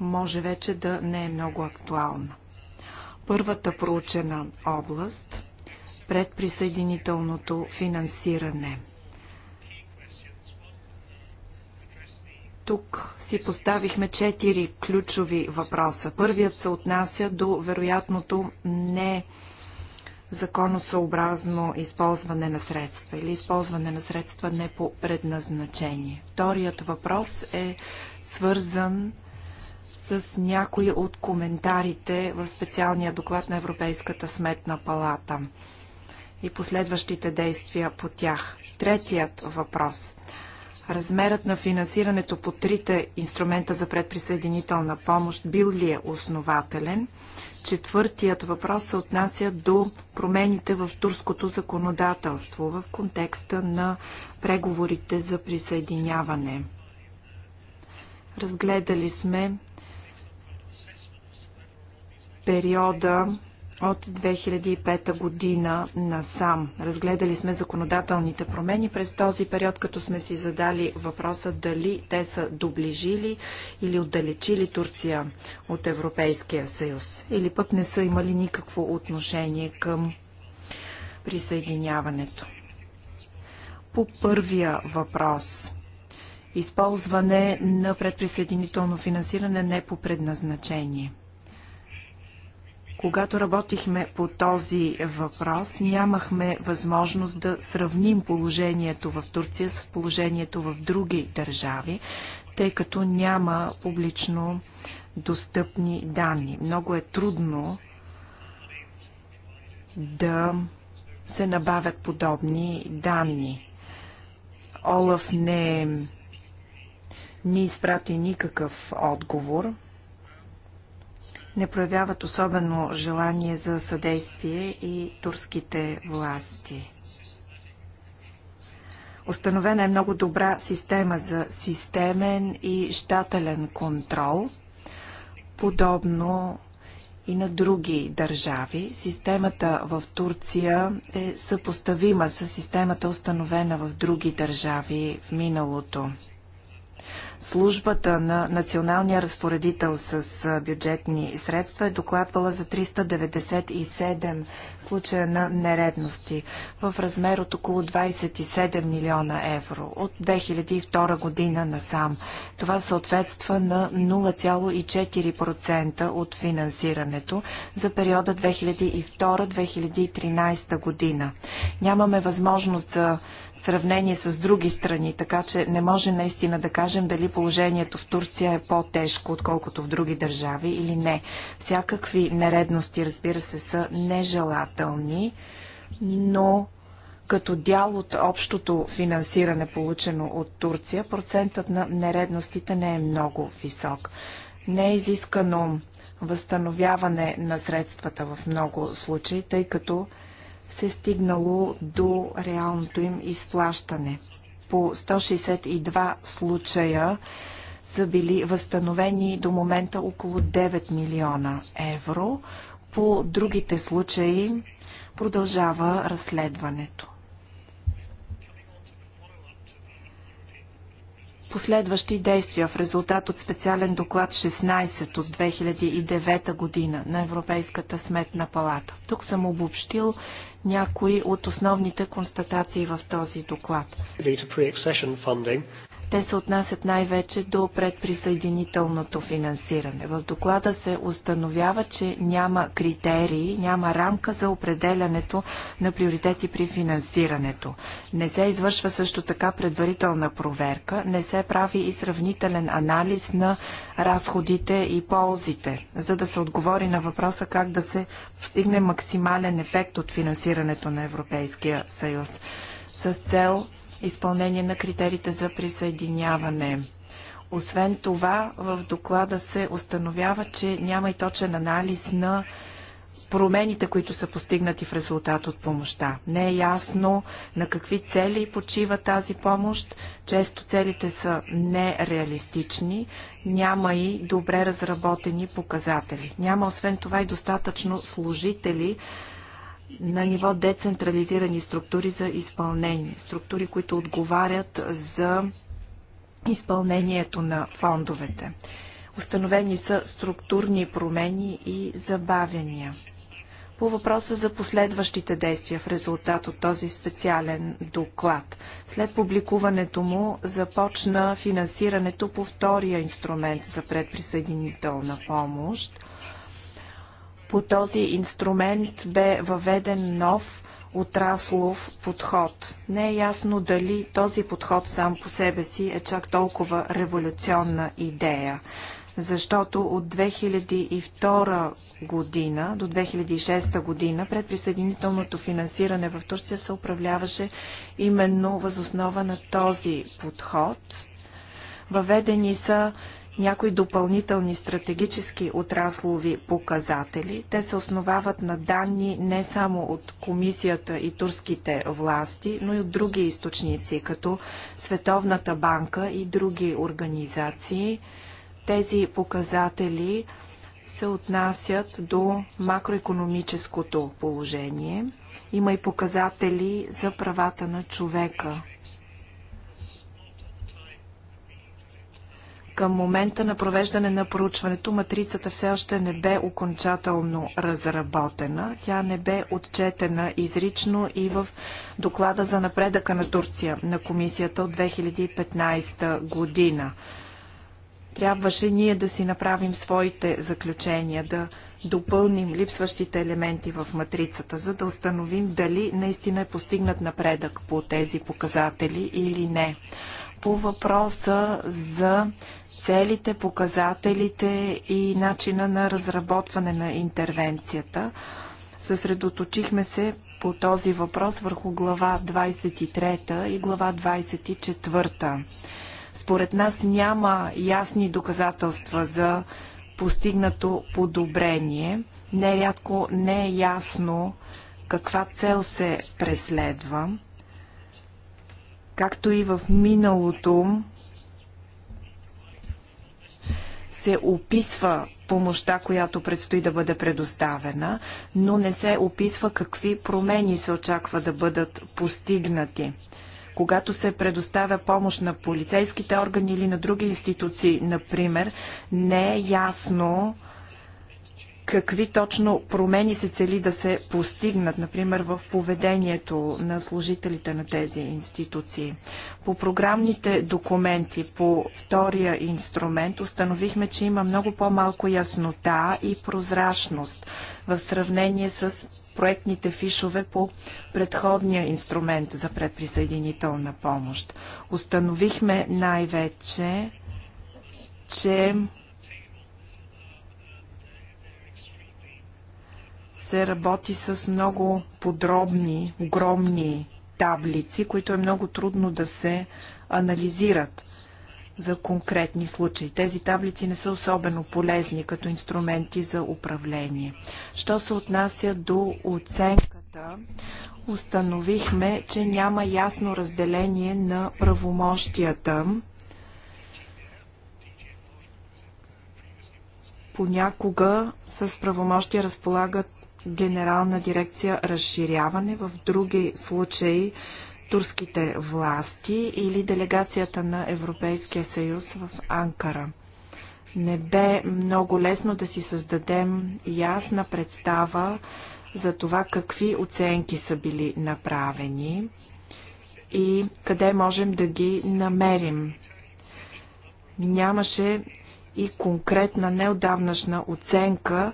може вече да не е много актуална. Първата проучена област – предприсъединителното финансиране. Тук си поставихме четири ключови въпроса. Първият се отнася до вероятното не законосъобразно използване на средства или използване на средства не по предназначение. Вторият въпрос е свързан с някои от коментарите в специалния доклад на Европейската сметна палата и последващите действия по тях. Третият въпрос – размерът на финансирането по трите инструмента за предприсъединителна помощ бил ли е основателен? Четвъртият въпрос се отнася до промените в турското законодателство в контекста на преговорите за присъединяване. Разгледали сме периода от 2005 година насам. Разгледали сме законодателните промени през този период, като сме си задали въпроса дали те са доближили или отдалечили Турция от Европейския съюз, или пък не са имали никакво отношение към присъединяването. По първия въпрос използване на предприсъединително финансиране не по предназначение – когато работихме по този въпрос, нямахме възможност да сравним положението в Турция с положението в други държави, тъй като няма публично достъпни данни. Много е трудно да се набавят подобни данни. Олаф не ни изпрати никакъв отговор – не проявяват особено желание за съдействие и турските власти. Установена е много добра система за системен и щателен контрол, подобно и на други държави. Системата в Турция е съпоставима с системата установена в други държави в миналото. Службата на националния разпоредител с бюджетни средства е докладвала за 397 случая на нередности в размер от около 27 милиона евро от 2002 година насам. Това съответства на 0,4% от финансирането за периода 2002-2013 година. Нямаме възможност за сравнение с други страни, така че не може наистина да кажем дали положението в Турция е по-тежко, отколкото в други държави или не. Всякакви нередности, разбира се, са нежелателни, но като дял от общото финансиране, получено от Турция, процентът на нередностите не е много висок. Не е изискано възстановяване на средствата в много случаи, тъй като се стигнало до реалното им изплащане. По 162 случая са били възстановени до момента около 9 милиона евро. По другите случаи продължава разследването. последващи действия в резултат от специален доклад 16 от 2009 година на Европейската сметна палата. Тук съм обобщил някои от основните констатации в този доклад. Те се отнасят най-вече до предприсъединителното финансиране. В доклада се установява, че няма критерии, няма рамка за определянето на приоритети при финансирането. Не се извършва също така предварителна проверка, не се прави и сравнителен анализ на разходите и ползите, за да се отговори на въпроса как да се постигне максимален ефект от финансирането на Европейския съюз с цел изпълнение на критериите за присъединяване. Освен това, в доклада се установява, че няма и точен анализ на промените, които са постигнати в резултат от помощта. Не е ясно на какви цели почива тази помощ. Често целите са нереалистични. Няма и добре разработени показатели. Няма освен това и достатъчно служители, на ниво децентрализирани структури за изпълнение. Структури, които отговарят за изпълнението на фондовете. Установени са структурни промени и забавяния. По въпроса за последващите действия в резултат от този специален доклад. След публикуването му започна финансирането по втория инструмент за предприсъединителна помощ. По този инструмент бе въведен нов отраслов подход. Не е ясно дали този подход сам по себе си е чак толкова революционна идея защото от 2002 година до 2006 година предприсъединителното финансиране в Турция се управляваше именно възоснова на този подход. Въведени са някои допълнителни стратегически отраслови показатели. Те се основават на данни не само от комисията и турските власти, но и от други източници, като Световната банка и други организации. Тези показатели се отнасят до макроекономическото положение. Има и показатели за правата на човека – Към момента на провеждане на проучването матрицата все още не бе окончателно разработена. Тя не бе отчетена изрично и в доклада за напредъка на Турция на комисията от 2015 година. Трябваше ние да си направим своите заключения, да допълним липсващите елементи в матрицата, за да установим дали наистина е постигнат напредък по тези показатели или не по въпроса за целите, показателите и начина на разработване на интервенцията. Съсредоточихме се по този въпрос върху глава 23 и глава 24. Според нас няма ясни доказателства за постигнато подобрение. Нерядко не е ясно каква цел се преследва. Както и в миналото се описва помощта, която предстои да бъде предоставена, но не се описва какви промени се очаква да бъдат постигнати когато се предоставя помощ на полицейските органи или на други институции, например, не е ясно какви точно промени се цели да се постигнат, например в поведението на служителите на тези институции. По програмните документи по втория инструмент установихме, че има много по-малко яснота и прозрачност в сравнение с проектните фишове по предходния инструмент за предприсъединителна помощ. Установихме най-вече, че се работи с много подробни, огромни таблици, които е много трудно да се анализират за конкретни случаи. Тези таблици не са особено полезни като инструменти за управление. Що се отнася до оценката, установихме, че няма ясно разделение на правомощията. Понякога с правомощия разполагат генерална дирекция разширяване, в други случаи турските власти или делегацията на Европейския съюз в Анкара. Не бе много лесно да си създадем ясна представа за това какви оценки са били направени и къде можем да ги намерим. Нямаше и конкретна неодавнашна оценка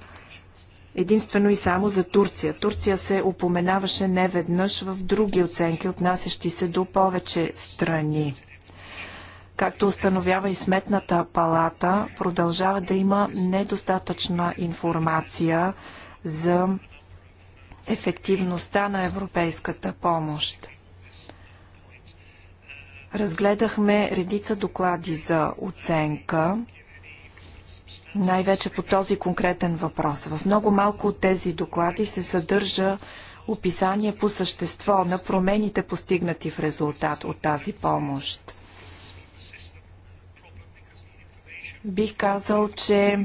единствено и само за Турция. Турция се упоменаваше неведнъж в други оценки, отнасящи се до повече страни. Както установява и Сметната палата, продължава да има недостатъчна информация за ефективността на европейската помощ. Разгледахме редица доклади за оценка най-вече по този конкретен въпрос. В много малко от тези доклади се съдържа описание по същество на промените постигнати в резултат от тази помощ. Бих казал, че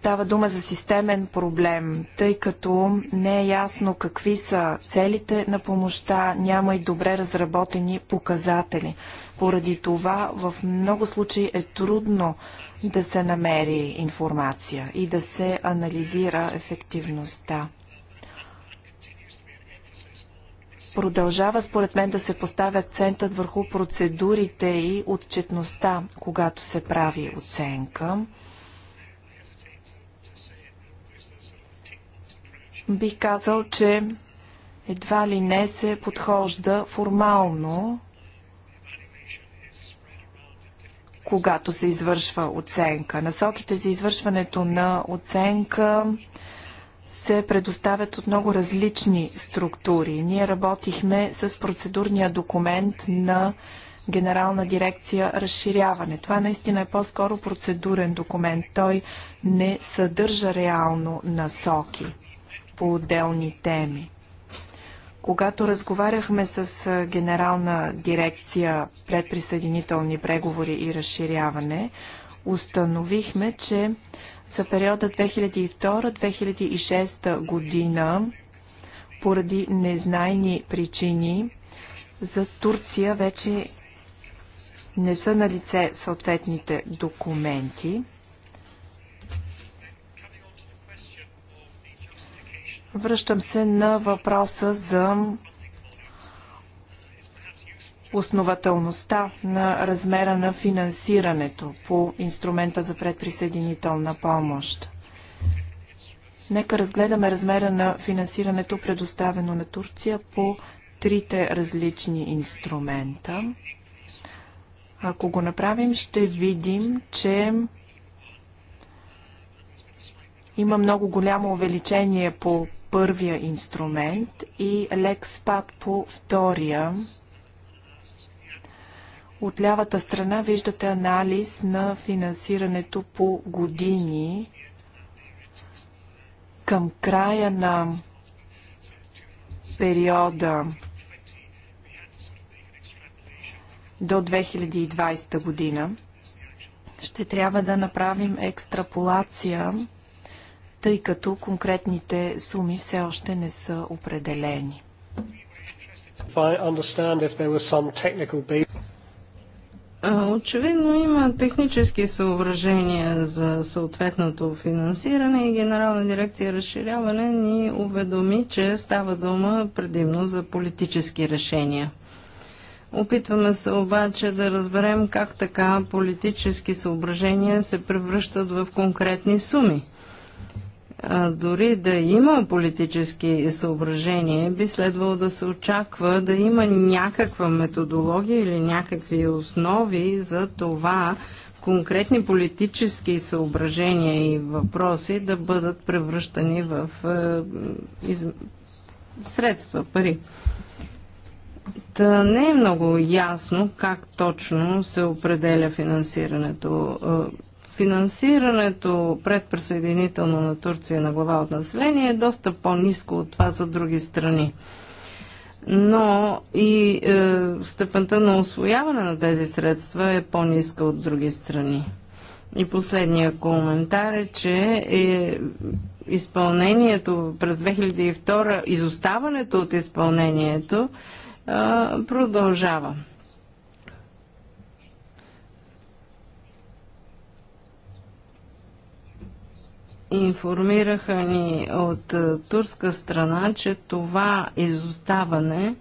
Става дума за системен проблем, тъй като не е ясно какви са целите на помощта, няма и добре разработени показатели. Поради това в много случаи е трудно да се намери информация и да се анализира ефективността продължава според мен да се поставя акцентът върху процедурите и отчетността, когато се прави оценка. Бих казал, че едва ли не се подхожда формално, когато се извършва оценка. Насоките за извършването на оценка се предоставят от много различни структури. Ние работихме с процедурния документ на Генерална дирекция разширяване. Това наистина е по-скоро процедурен документ. Той не съдържа реално насоки по отделни теми. Когато разговаряхме с Генерална дирекция предприсъединителни преговори и разширяване, установихме, че за периода 2002-2006 година поради незнайни причини за Турция вече не са на лице съответните документи. Връщам се на въпроса за основателността на размера на финансирането по инструмента за предприсъединителна помощ. Нека разгледаме размера на финансирането, предоставено на Турция по трите различни инструмента. Ако го направим, ще видим, че има много голямо увеличение по първия инструмент и спад по втория. От лявата страна виждате анализ на финансирането по години. Към края на периода до 2020 година ще трябва да направим екстраполация тъй като конкретните суми все още не са определени. Очевидно има технически съображения за съответното финансиране и Генерална дирекция разширяване ни уведоми, че става дума предимно за политически решения. Опитваме се обаче да разберем как така политически съображения се превръщат в конкретни суми а, дори да има политически съображения, би следвало да се очаква да има някаква методология или някакви основи за това конкретни политически съображения и въпроси да бъдат превръщани в е, из... средства, пари. Та не е много ясно как точно се определя финансирането. Е, финансирането предприсъединително на Турция на глава от население е доста по-низко от това за други страни. Но и е, степента на освояване на тези средства е по-ниска от други страни. И последния коментар е, че е, изпълнението през 2002, изоставането от изпълнението е, продължава. Информираха ни от е, турска страна, че това изоставане,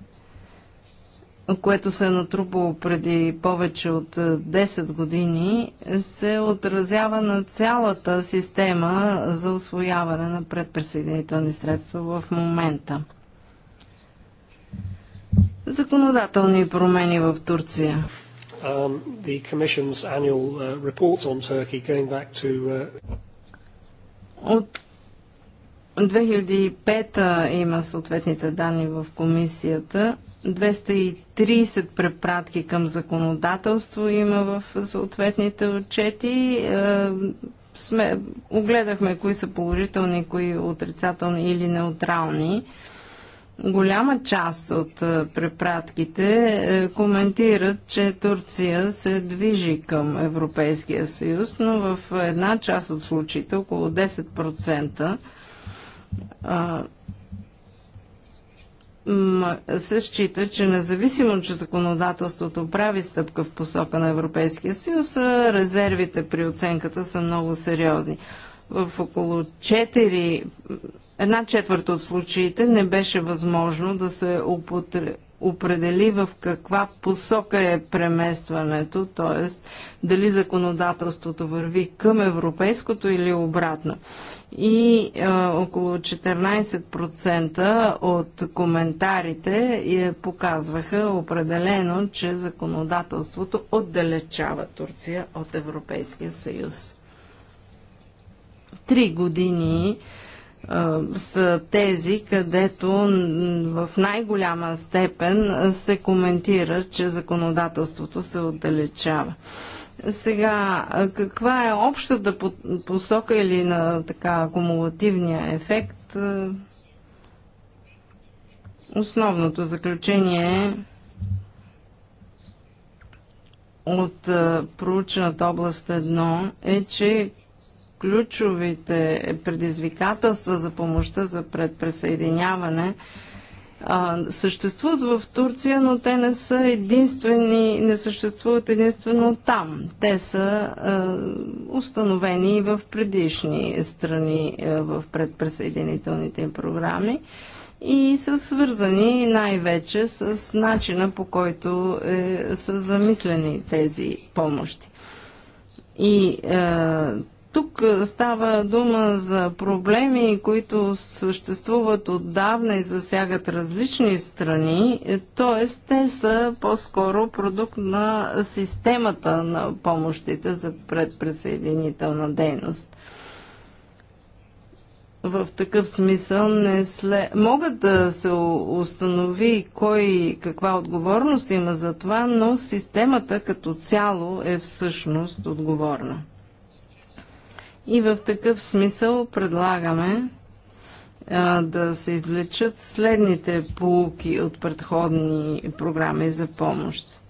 което се е натрупало преди повече от 10 е, години, се отразява на цялата система за освояване на предприсъединителни средства в момента. Законодателни промени в Турция. Um, the Commission's annual uh, reports on Turkey going back to uh... От 2005 има съответните данни в комисията. 230 препратки към законодателство има в съответните отчети. Е, сме, огледахме кои са положителни, кои отрицателни или неутрални голяма част от е, препратките е, коментират, че Турция се движи към Европейския съюз, но в една част от случаите, около 10%, се счита, че независимо, че законодателството прави стъпка в посока на Европейския съюз, резервите при оценката са много сериозни в около 4, една четвърта от случаите не беше възможно да се определи в каква посока е преместването, т.е. дали законодателството върви към европейското или обратно. И е, около 14% от коментарите е, показваха определено, че законодателството отдалечава Турция от Европейския съюз три години са тези, където в най-голяма степен се коментира, че законодателството се отдалечава. Сега, каква е общата посока или на така кумулативния ефект? Основното заключение е от проучената област едно е, че ключовите предизвикателства за помощта за предпресъединяване съществуват в Турция, но те не са единствени, не съществуват единствено там. Те са установени и в предишни страни в предпресъединителните им програми и са свързани най-вече с начина по който е, са замислени тези помощи. И е, тук става дума за проблеми, които съществуват отдавна и засягат различни страни, т.е. те са по-скоро продукт на системата на помощите за предприсъединителна дейност. В такъв смисъл не след... могат да се установи кой каква отговорност има за това, но системата като цяло е всъщност отговорна. И в такъв смисъл предлагаме а, да се извлечат следните полуки от предходни програми за помощ.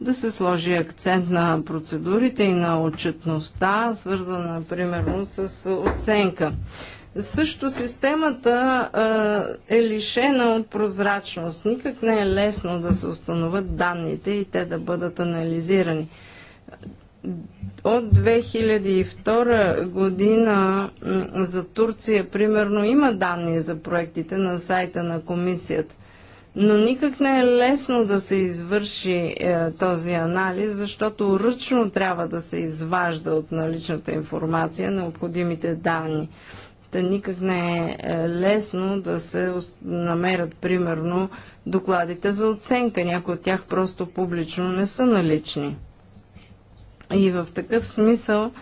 Да се сложи акцент на процедурите и на отчетността, свързана примерно с оценка. Също системата а, е лишена от прозрачност. Никак не е лесно да се установят данните и те да бъдат анализирани от 2002 година за Турция, примерно, има данни за проектите на сайта на комисията. Но никак не е лесно да се извърши е, този анализ, защото ръчно трябва да се изважда от наличната информация необходимите данни. Та никак не е, е лесно да се намерят, примерно, докладите за оценка. Някои от тях просто публично не са налични. И в такъв смисъл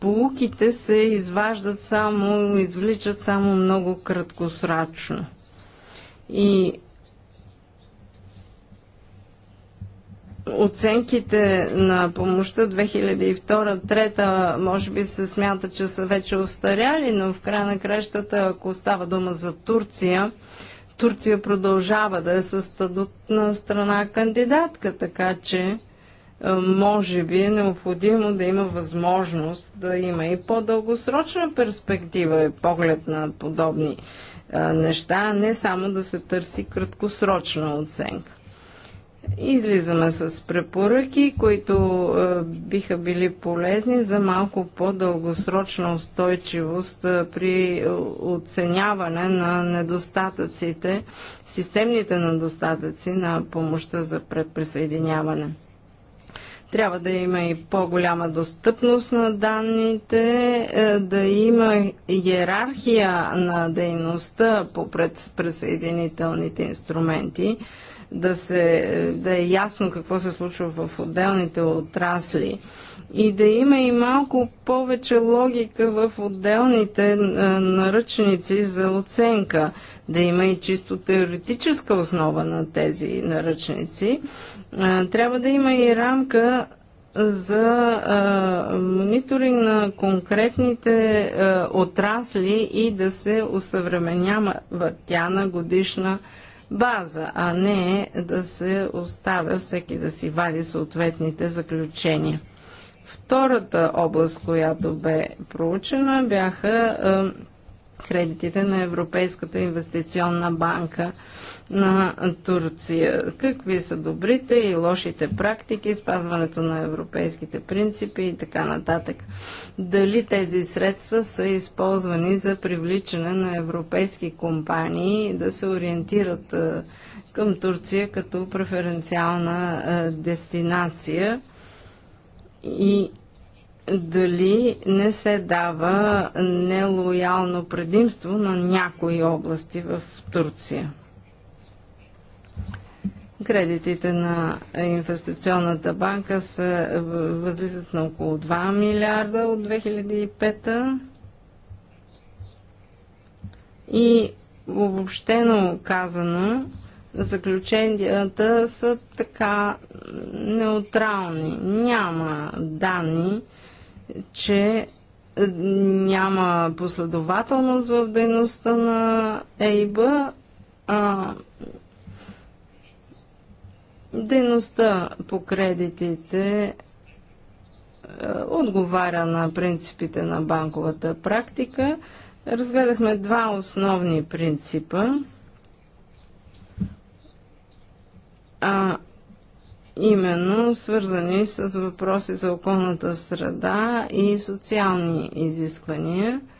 полуките се изваждат само, извличат само много краткосрачно. И оценките на помощта 2002-2003 може би се смята, че са вече устаряли, но в края на кращата, ако става дума за Турция, Турция продължава да е със на страна кандидатка, така че е, може би е необходимо да има възможност да има и по-дългосрочна перспектива и поглед на подобни е, неща, а не само да се търси краткосрочна оценка. Излизаме с препоръки, които е, биха били полезни за малко по-дългосрочна устойчивост при оценяване на недостатъците, системните недостатъци на помощта за предприсъединяване. Трябва да има и по-голяма достъпност на данните, е, да има иерархия на дейността по предсъединителните инструменти, да, се, да е ясно какво се случва в отделните отрасли и да има и малко повече логика в отделните е, наръчници за оценка, да има и чисто теоретическа основа на тези наръчници трябва да има и рамка за а, мониторинг на конкретните а, отрасли и да се усъвременява тя на годишна база, а не да се оставя всеки да си вади съответните заключения. Втората област, която бе проучена, бяха а, кредитите на Европейската инвестиционна банка на Турция. Какви са добрите и лошите практики, спазването на европейските принципи и така нататък. Дали тези средства са използвани за привличане на европейски компании да се ориентират към Турция като преференциална дестинация и дали не се дава нелоялно предимство на някои области в Турция. Кредитите на инвестиционната банка са, възлизат на около 2 милиарда от 2005 -та. и обобщено казано, заключенията са така неутрални. Няма данни, че няма последователност в дейността на ЕИБА, а Дейността по кредитите е, отговаря на принципите на банковата практика. Разгледахме два основни принципа. А именно свързани с въпроси за околната среда и социални изисквания –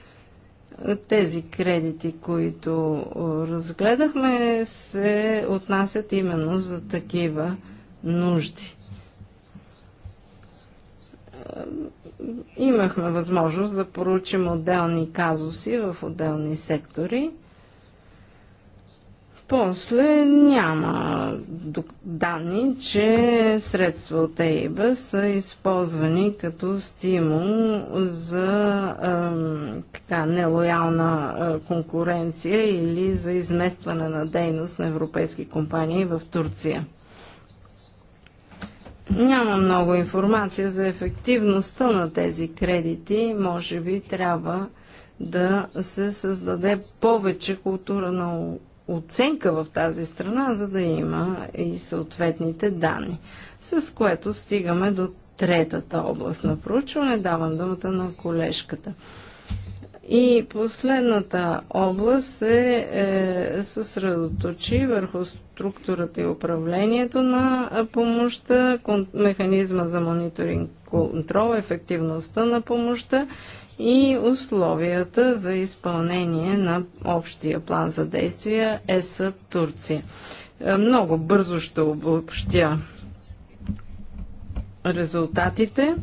тези кредити, които разгледахме, се отнасят именно за такива нужди. Имахме възможност да поручим отделни казуси в отделни сектори – после няма данни, че средства от ЕИБА са използвани като стимул за е, така, нелоялна конкуренция или за изместване на дейност на европейски компании в Турция. Няма много информация за ефективността на тези кредити. Може би трябва да се създаде повече култура на оценка в тази страна, за да има и съответните данни. С което стигаме до третата област на проучване. Давам думата на колежката. И последната област се е, съсредоточи върху структурата и управлението на помощта, механизма за мониторинг, контрол, ефективността на помощта и условията за изпълнение на общия план за действия ЕС Турция. Е, много бързо ще обобщя резултатите.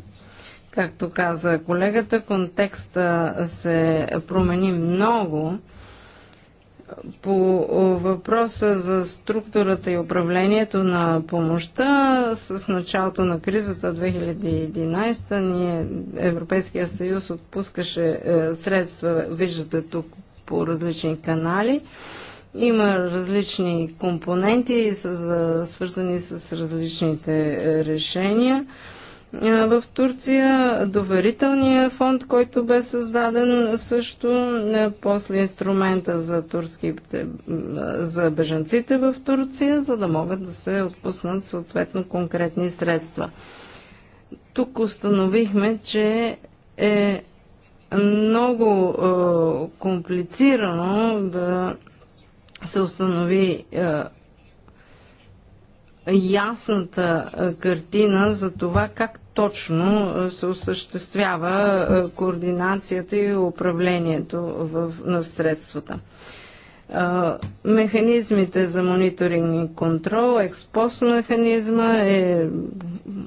Както каза колегата, контекста се промени много по въпроса за структурата и управлението на помощта, с началото на кризата 2011 ние, Европейския съюз отпускаше е, средства, виждате тук по различни канали. Има различни компоненти, свързани с различните е, решения. В Турция доверителният фонд, който бе създаден също, е, после инструмента за, турските, за бежанците в Турция, за да могат да се отпуснат съответно конкретни средства. Тук установихме, че е много е, комплицирано да се установи е, ясната е, картина за това как точно се осъществява координацията и управлението в, на средствата. Механизмите за мониторинг и контрол, експост механизма е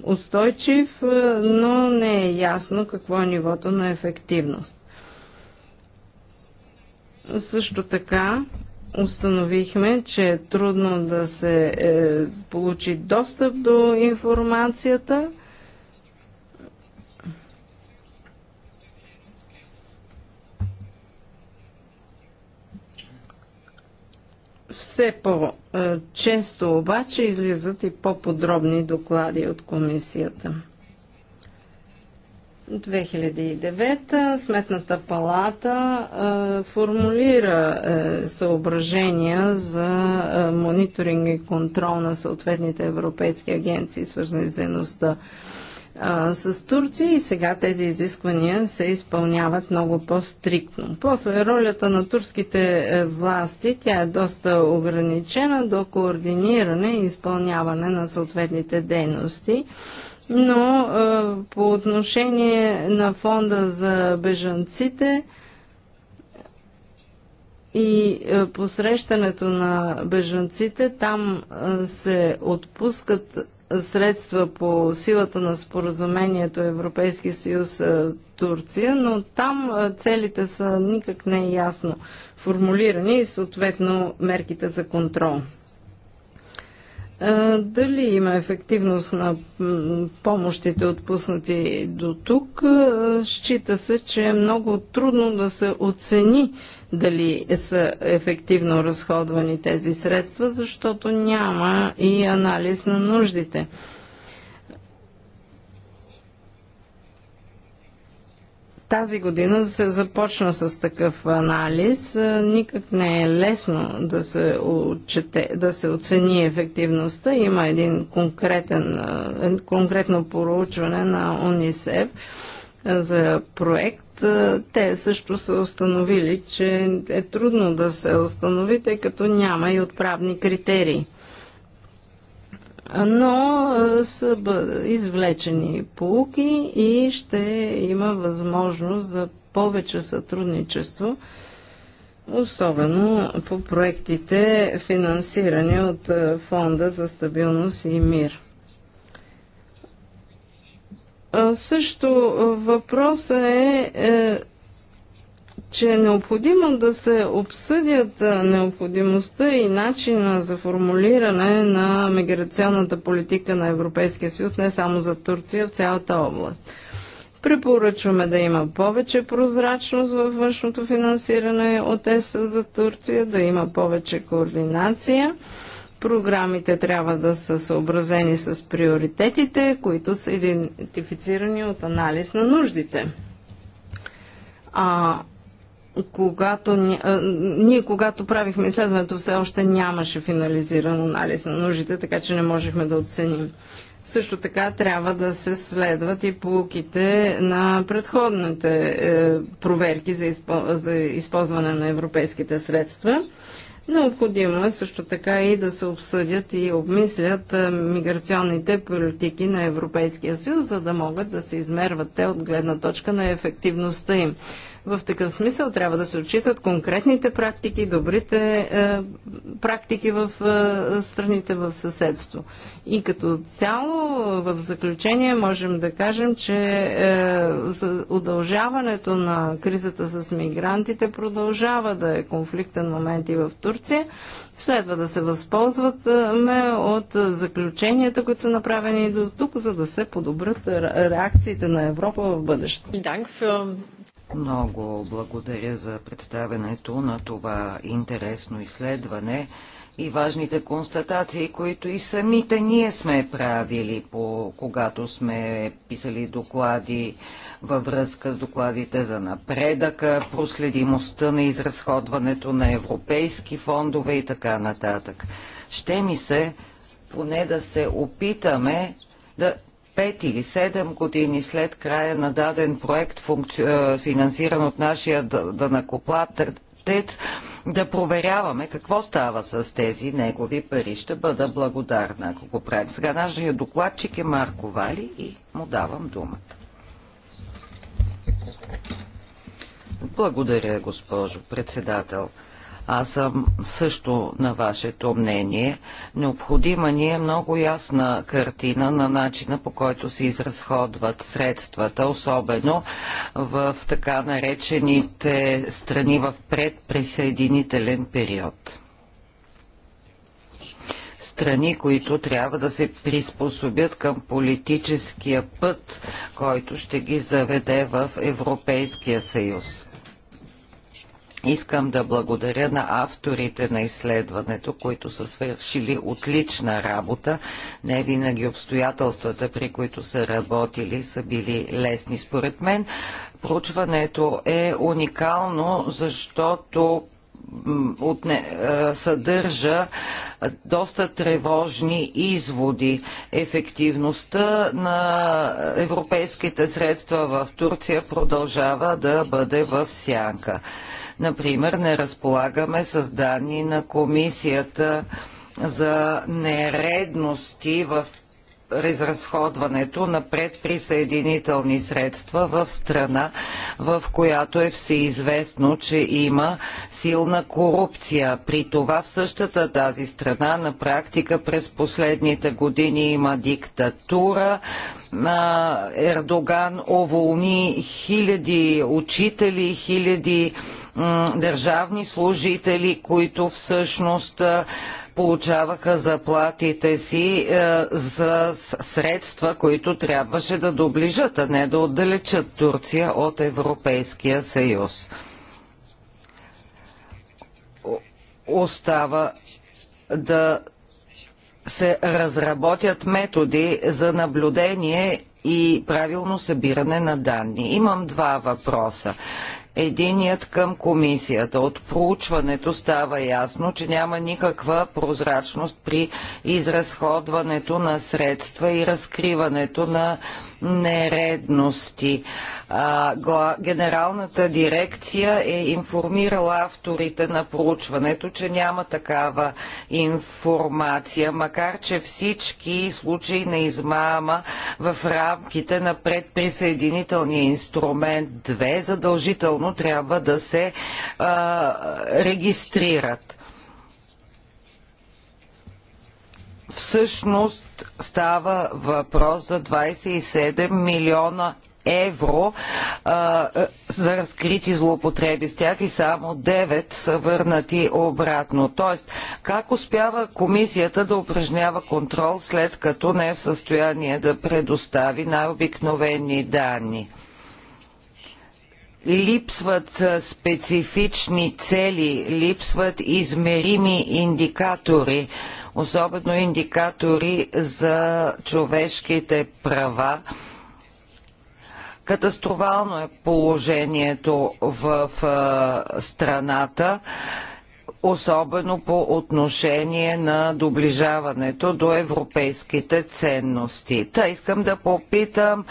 устойчив, но не е ясно какво е нивото на ефективност. Също така установихме, че е трудно да се е, получи достъп до информацията – Все по-често обаче излизат и по-подробни доклади от комисията. 2009 Сметната палата е, формулира е, съображения за е, мониторинг и контрол на съответните европейски агенции, свързани с дейността а, с Турция и сега тези изисквания се изпълняват много по-стриктно. После ролята на турските е, власти, тя е доста ограничена до координиране и изпълняване на съответните дейности. Но а, е, по отношение на фонда за бежанците, и е, посрещането на бежанците там се отпускат средства по силата на споразумението Европейски съюз е, Турция, но там е, целите са никак не ясно формулирани и съответно мерките за контрол. Дали има ефективност на помощите отпуснати до тук, счита се, че е много трудно да се оцени дали са ефективно разходвани тези средства, защото няма и анализ на нуждите. Тази година се започна с такъв анализ. Никак не е лесно да се, отчете, да се оцени ефективността. Има един конкретен, конкретно проучване на УНИСЕФ за проект. Те също са установили, че е трудно да се установи, тъй като няма и отправни критерии но са извлечени полуки и ще има възможност за повече сътрудничество, особено по проектите, финансирани от Фонда за стабилност и мир. Също въпросът е, е че е необходимо да се обсъдят необходимостта и начина за формулиране на миграционната политика на Европейския съюз, не само за Турция, в цялата област. Препоръчваме да има повече прозрачност във външното финансиране от ЕС за Турция, да има повече координация. Програмите трябва да са съобразени с приоритетите, които са идентифицирани от анализ на нуждите. А когато, ние когато правихме изследването, все още нямаше финализиран анализ на нуждите, така че не можехме да оценим. Също така трябва да се следват и полуките на предходните е, проверки за, изпо, за използване на европейските средства. Необходимо е също така и да се обсъдят и обмислят е, миграционните политики на Европейския съюз, за да могат да се измерват те от гледна точка на ефективността им. В такъв смисъл трябва да се отчитат конкретните практики, добрите е, практики в е, страните в съседство. И като цяло в заключение можем да кажем, че е, за удължаването на кризата с мигрантите продължава да е конфликтен момент и в Турция. Следва да се възползваме от заключенията, които са направени до тук, за да се подобрят реакциите на Европа в бъдеще. Много благодаря за представенето на това интересно изследване и важните констатации, които и самите ние сме правили, по, когато сме писали доклади във връзка с докладите за напредъка, проследимостта на изразходването на европейски фондове и така нататък. Ще ми се поне да се опитаме да 5 или 7 години след края на даден проект, финансиран от нашия дънакоплатец, да проверяваме какво става с тези негови пари. Ще бъда благодарна, ако го правим. Сега нашия докладчик е Марко Вали и му давам думата. Благодаря, госпожо председател. Аз съм също на вашето мнение. Необходима ни е много ясна картина на начина по който се изразходват средствата, особено в така наречените страни в предприсъединителен период страни, които трябва да се приспособят към политическия път, който ще ги заведе в Европейския съюз. Искам да благодаря на авторите на изследването, които са свършили отлична работа. Не винаги обстоятелствата, при които са работили, са били лесни. Според мен проучването е уникално, защото отне, съдържа доста тревожни изводи. Ефективността на европейските средства в Турция продължава да бъде в сянка. Например, не разполагаме с данни на комисията за нередности в изразходването на предприсъединителни средства в страна, в която е всеизвестно, че има силна корупция. При това в същата тази страна на практика през последните години има диктатура. Ердоган уволни хиляди учители, хиляди държавни служители, които всъщност получаваха заплатите си за средства, които трябваше да доближат, а не да отдалечат Турция от Европейския съюз. Остава да се разработят методи за наблюдение и правилно събиране на данни. Имам два въпроса единият към комисията. От проучването става ясно, че няма никаква прозрачност при изразходването на средства и разкриването на нередности. генералната дирекция е информирала авторите на проучването, че няма такава информация, макар че всички случаи на измама в рамките на предприсъединителния инструмент 2 задължително задължително трябва да се а, регистрират. Всъщност става въпрос за 27 милиона евро а, за разкрити злоупотреби с тях и само 9 са върнати обратно. Тоест, как успява комисията да упражнява контрол след като не е в състояние да предостави най-обикновени данни? липсват специфични цели, липсват измерими индикатори, особено индикатори за човешките права. Катастрофално е положението в страната особено по отношение на доближаването до европейските ценности. Та искам да попитам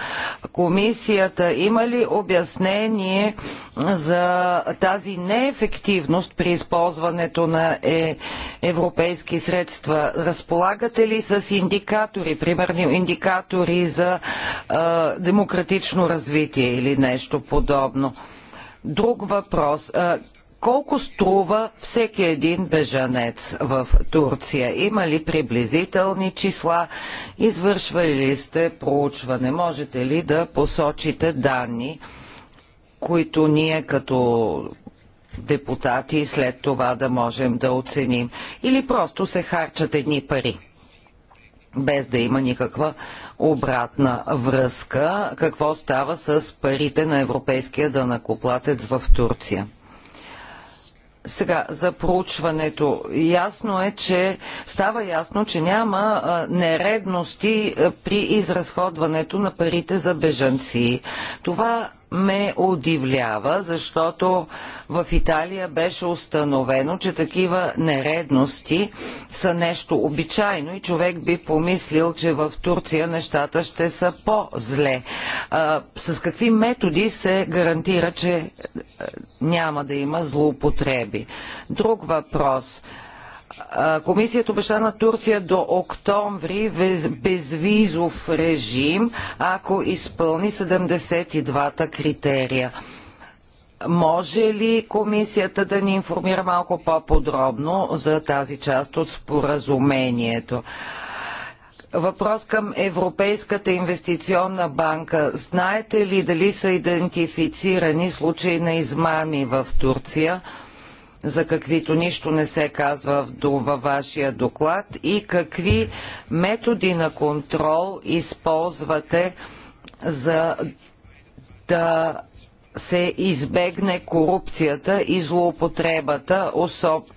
комисията, има ли обяснение за тази неефективност при използването на е, европейски средства? Разполагате ли с индикатори, примерно индикатори за е, демократично развитие или нещо подобно? Друг въпрос колко струва всеки един бежанец в Турция? Има ли приблизителни числа? Извършвали ли сте проучване? Можете ли да посочите данни, които ние като депутати след това да можем да оценим? Или просто се харчат едни пари? без да има никаква обратна връзка. Какво става с парите на европейския данакоплатец в Турция? Сега, за проучването. Ясно е, че става ясно, че няма нередности при изразходването на парите за бежанци. Това ме удивлява, защото в Италия беше установено, че такива нередности са нещо обичайно и човек би помислил, че в Турция нещата ще са по-зле. с какви методи се гарантира, че няма да има злоупотреби? Друг въпрос – Комисията обеща на Турция до октомври безвизов режим, ако изпълни 72-та критерия. Може ли комисията да ни информира малко по-подробно за тази част от споразумението? Въпрос към Европейската инвестиционна банка. Знаете ли дали са идентифицирани случаи на измами в Турция? за каквито нищо не се казва във вашия доклад и какви методи на контрол използвате за да се избегне корупцията и злоупотребата, особено.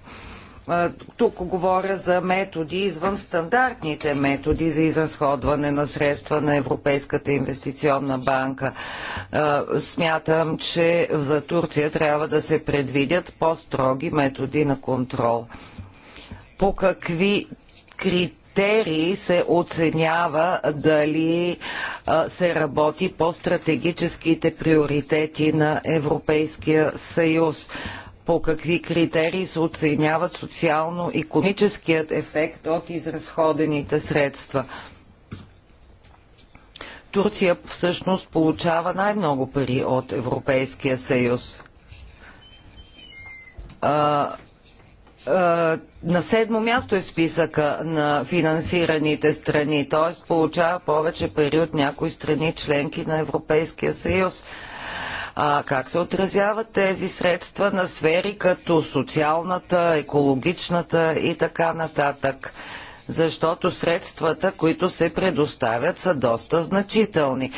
Тук говоря за методи извън стандартните методи за изразходване на средства на Европейската инвестиционна банка. Смятам, че за Турция трябва да се предвидят по-строги методи на контрол. По какви критерии се оценява дали се работи по стратегическите приоритети на Европейския съюз по какви критерии се оценяват социално-економическият ефект от изразходените средства. Турция всъщност получава най-много пари от Европейския съюз. А, а, на седмо място е списъка на финансираните страни, т.е. получава повече пари от някои страни членки на Европейския съюз. А как се отразяват тези средства на сфери като социалната, екологичната и така нататък? защото средствата, които се предоставят, са доста значителни.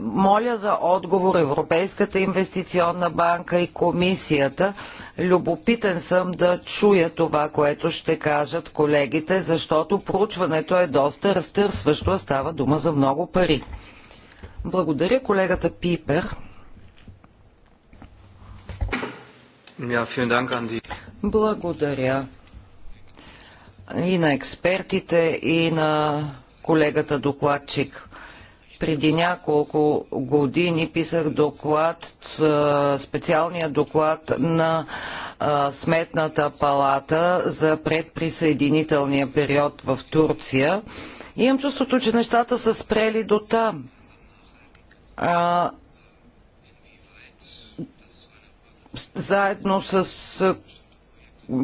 Моля за отговор Европейската инвестиционна банка и комисията. Любопитен съм да чуя това, което ще кажат колегите, защото проучването е доста разтърсващо, а става дума за много пари. Благодаря колегата Пипер. Благодаря и на експертите, и на колегата докладчик. Преди няколко години писах доклад, специалния доклад на Сметната палата за предприсъединителния период в Турция. И имам чувството, че нещата са спрели до там. заедно с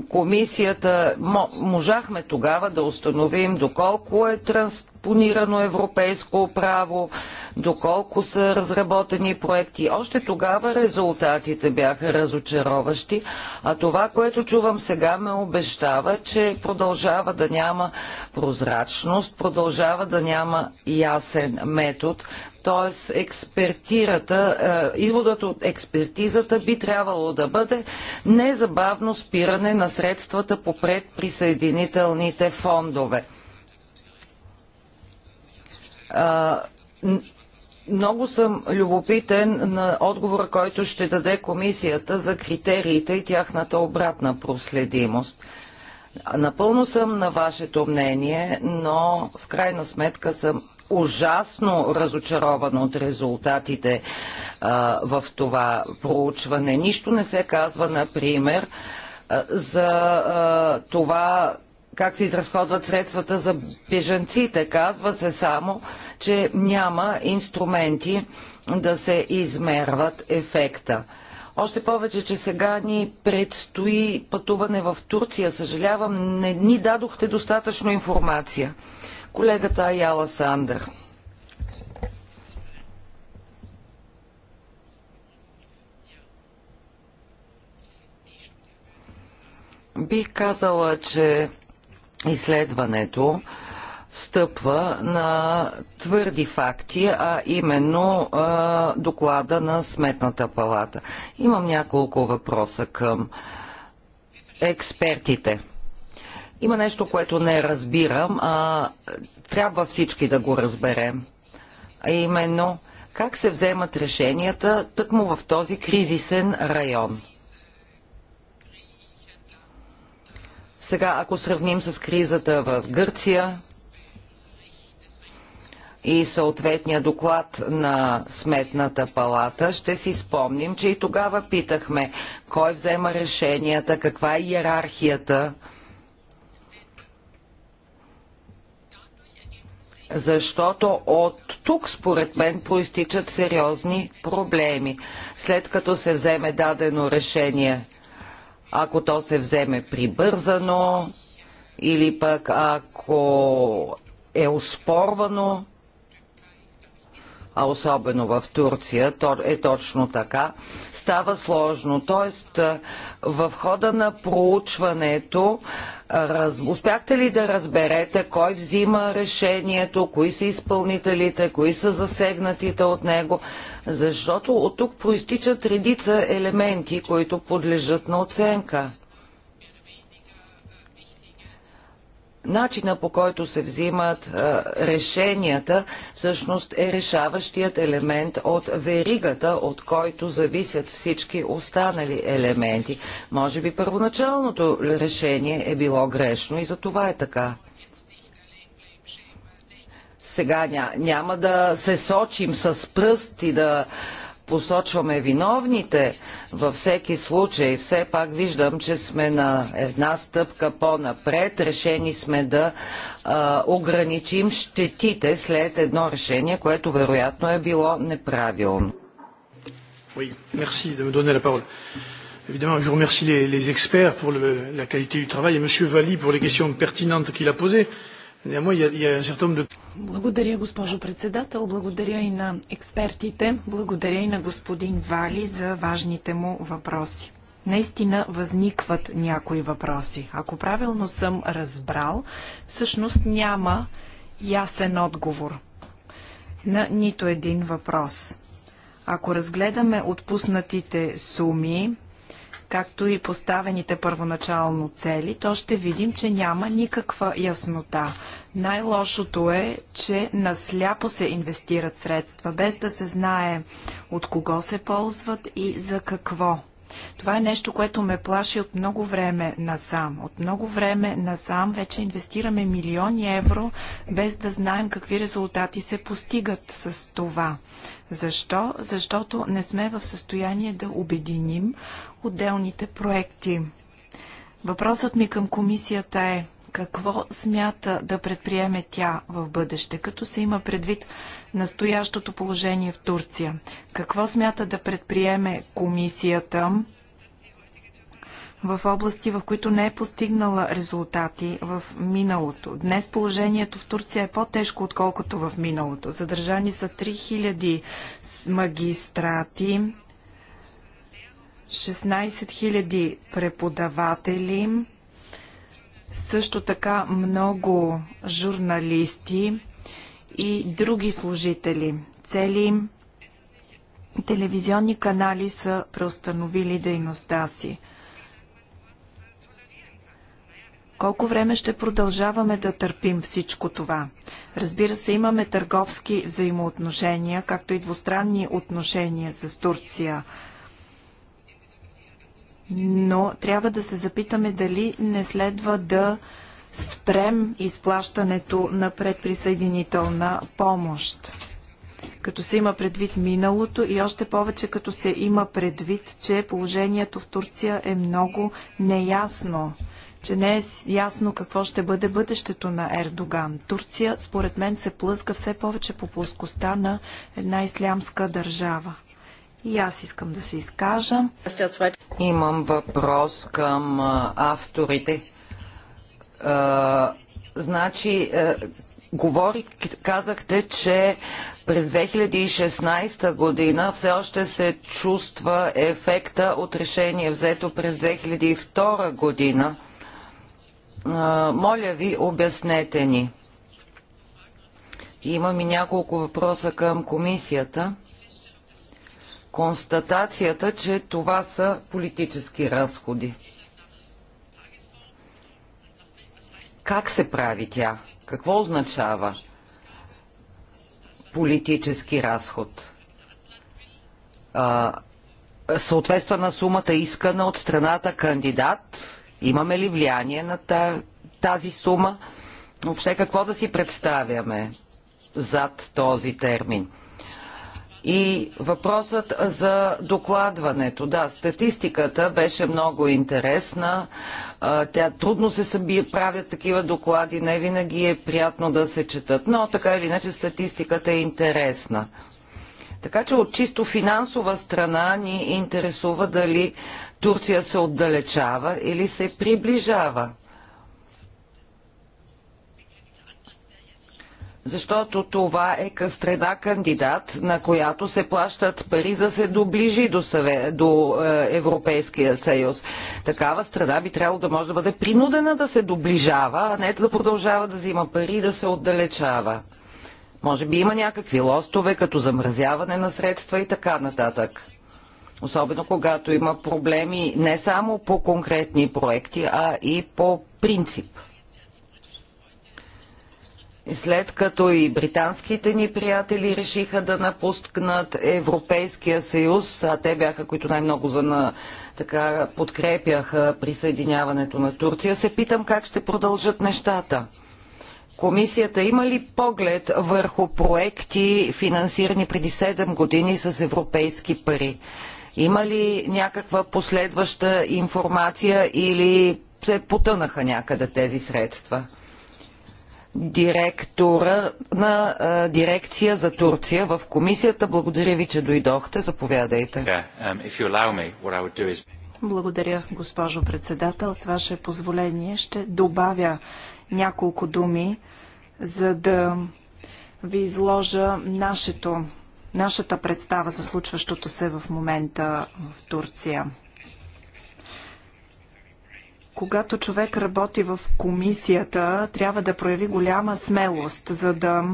комисията можахме тогава да установим доколко е транспонирано европейско право, доколко са разработени проекти. Още тогава резултатите бяха разочароващи, а това, което чувам сега ме обещава, че продължава да няма прозрачност, продължава да няма ясен метод Тоест, експертирата, е, изводът от експертизата би трябвало да бъде незабавно спиране на средствата по предприсъединителните фондове много съм любопитен на отговора, който ще даде комисията за критериите и тяхната обратна проследимост. Напълно съм на вашето мнение, но в крайна сметка съм ужасно разочарован от резултатите а, в това проучване. Нищо не се казва, например, а, за а, това как се изразходват средствата за бежанците. Казва се само, че няма инструменти да се измерват ефекта. Още повече, че сега ни предстои пътуване в Турция. Съжалявам, не ни дадохте достатъчно информация. Колегата Аяла Сандър. Бих казала, че изследването стъпва на твърди факти, а именно а, доклада на Сметната палата. Имам няколко въпроса към експертите. Има нещо, което не разбирам, а трябва всички да го разберем. А именно, как се вземат решенията тъкмо в този кризисен район. Сега, ако сравним с кризата в Гърция и съответния доклад на Сметната палата, ще си спомним, че и тогава питахме кой взема решенията, каква е иерархията, защото от тук, според мен, проистичат сериозни проблеми. След като се вземе дадено решение, ако то се вземе прибързано или пък ако е успорвано, а особено в Турция, то е точно така, става сложно. Тоест, в хода на проучването, раз... успяхте ли да разберете кой взима решението, кои са изпълнителите, кои са засегнатите от него? Защото от тук проистичат редица елементи, които подлежат на оценка. начина по който се взимат а, решенията всъщност е решаващият елемент от веригата, от който зависят всички останали елементи. Може би първоначалното решение е било грешно и за това е така. Сега няма да се сочим с пръст и да посочваме виновните във всеки случай, все пак виждам, че сме на една стъпка по-напред. Решени сме да а, ограничим щетите след едно решение, което вероятно е било неправилно. Oui, merci de me donner la parole. Évidemment, je remercie les, les experts pour le, la qualité du travail et M. Valli pour les questions pertinentes qu'il a posées. Néanmoins, il y a, il y a un certain nombre de... Благодаря, госпожо председател. Благодаря и на експертите. Благодаря и на господин Вали за важните му въпроси. Наистина възникват някои въпроси. Ако правилно съм разбрал, всъщност няма ясен отговор на нито един въпрос. Ако разгледаме отпуснатите суми, както и поставените първоначално цели, то ще видим, че няма никаква яснота. Най-лошото е, че насляпо се инвестират средства, без да се знае от кого се ползват и за какво. Това е нещо, което ме плаши от много време насам. От много време насам вече инвестираме милиони евро, без да знаем какви резултати се постигат с това. Защо? Защото не сме в състояние да обединим отделните проекти. Въпросът ми към комисията е какво смята да предприеме тя в бъдеще, като се има предвид настоящото положение в Турция? Какво смята да предприеме комисията в области, в които не е постигнала резултати в миналото. Днес положението в Турция е по-тежко, отколкото в миналото. Задържани са 3000 магистрати, 16 000 преподаватели, също така много журналисти и други служители. Цели телевизионни канали са преустановили дейността си. Колко време ще продължаваме да търпим всичко това? Разбира се, имаме търговски взаимоотношения, както и двустранни отношения с Турция но трябва да се запитаме дали не следва да спрем изплащането на предприсъединителна помощ. Като се има предвид миналото и още повече като се има предвид, че положението в Турция е много неясно, че не е ясно какво ще бъде бъдещето на Ердоган. Турция, според мен, се плъзга все повече по плоскостта на една ислямска държава. И аз искам да се изкажа. Имам въпрос към авторите. А, значи, а, говори, казахте, че през 2016 година все още се чувства ефекта от решение взето през 2002 година. А, моля ви, обяснете ни. Имам и няколко въпроса към комисията констатацията, че това са политически разходи. Как се прави тя? Какво означава политически разход? А, съответства на сумата искана от страната кандидат? Имаме ли влияние на тази сума? Въобще какво да си представяме зад този термин? И въпросът за докладването. Да, статистиката беше много интересна. Тя трудно се съби, правят такива доклади, не винаги е приятно да се четат, но така или иначе статистиката е интересна. Така че от чисто финансова страна ни интересува дали Турция се отдалечава или се приближава. защото това е къстрена кандидат, на която се плащат пари за да се доближи до, съве, до е, Европейския съюз. Такава страна би трябвало да може да бъде принудена да се доближава, а не да продължава да взима пари и да се отдалечава. Може би има някакви лостове, като замразяване на средства и така нататък. Особено когато има проблеми не само по конкретни проекти, а и по принцип. И след като и британските ни приятели решиха да напускнат Европейския съюз, а те бяха, които най-много за на, така, подкрепяха присъединяването на Турция, се питам как ще продължат нещата. Комисията има ли поглед върху проекти, финансирани преди 7 години с европейски пари? Има ли някаква последваща информация или се потънаха някъде тези средства? директора на а, дирекция за Турция в комисията. Благодаря ви, че дойдохте. Заповядайте. Um, Благодаря, госпожо председател. С ваше позволение ще добавя няколко думи, за да ви изложа нашето, нашата представа за случващото се в момента в Турция. Когато човек работи в комисията, трябва да прояви голяма смелост, за да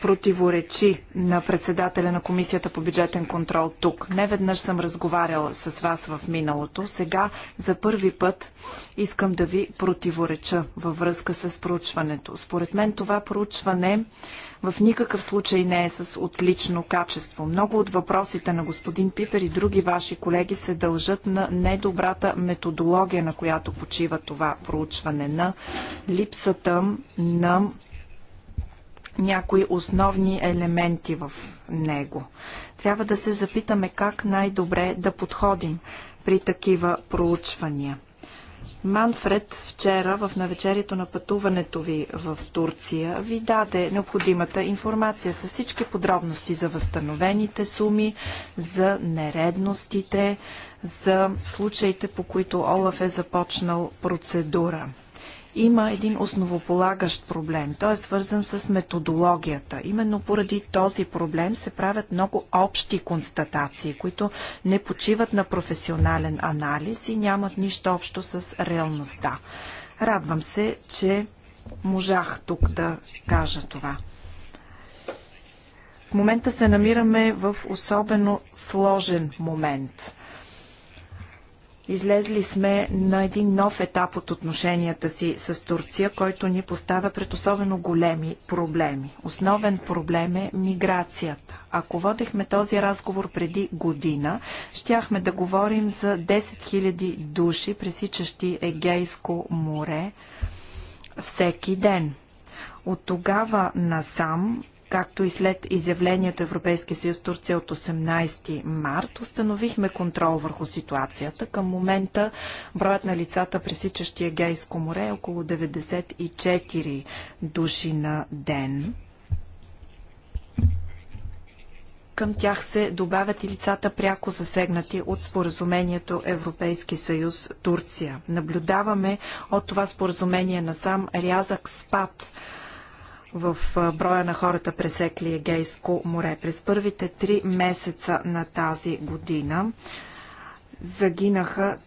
противоречи на председателя на Комисията по бюджетен контрол тук. Не веднъж съм разговаряла с вас в миналото. Сега за първи път искам да ви противореча във връзка с проучването. Според мен това проучване в никакъв случай не е с отлично качество. Много от въпросите на господин Пипер и други ваши колеги се дължат на недобрата методология, на която почива това проучване, на липсата на някои основни елементи в него. Трябва да се запитаме как най-добре да подходим при такива проучвания. Манфред вчера в навечерието на пътуването ви в Турция ви даде необходимата информация с всички подробности за възстановените суми, за нередностите, за случаите, по които Олаф е започнал процедура има един основополагащ проблем. Той е свързан с методологията. Именно поради този проблем се правят много общи констатации, които не почиват на професионален анализ и нямат нищо общо с реалността. Радвам се, че можах тук да кажа това. В момента се намираме в особено сложен момент – Излезли сме на един нов етап от отношенията си с Турция, който ни поставя пред особено големи проблеми. Основен проблем е миграцията. Ако водехме този разговор преди година, щяхме да говорим за 10 000 души, пресичащи Егейско море всеки ден. От тогава насам както и след изявлението Европейския съюз Турция от 18 март, установихме контрол върху ситуацията. Към момента броят на лицата, пресичащи Егейско море е около 94 души на ден. Към тях се добавят и лицата пряко засегнати от споразумението Европейски съюз Турция. Наблюдаваме от това споразумение насам рязък спад – в броя на хората пресекли Егейско море. През първите три месеца на тази година загинаха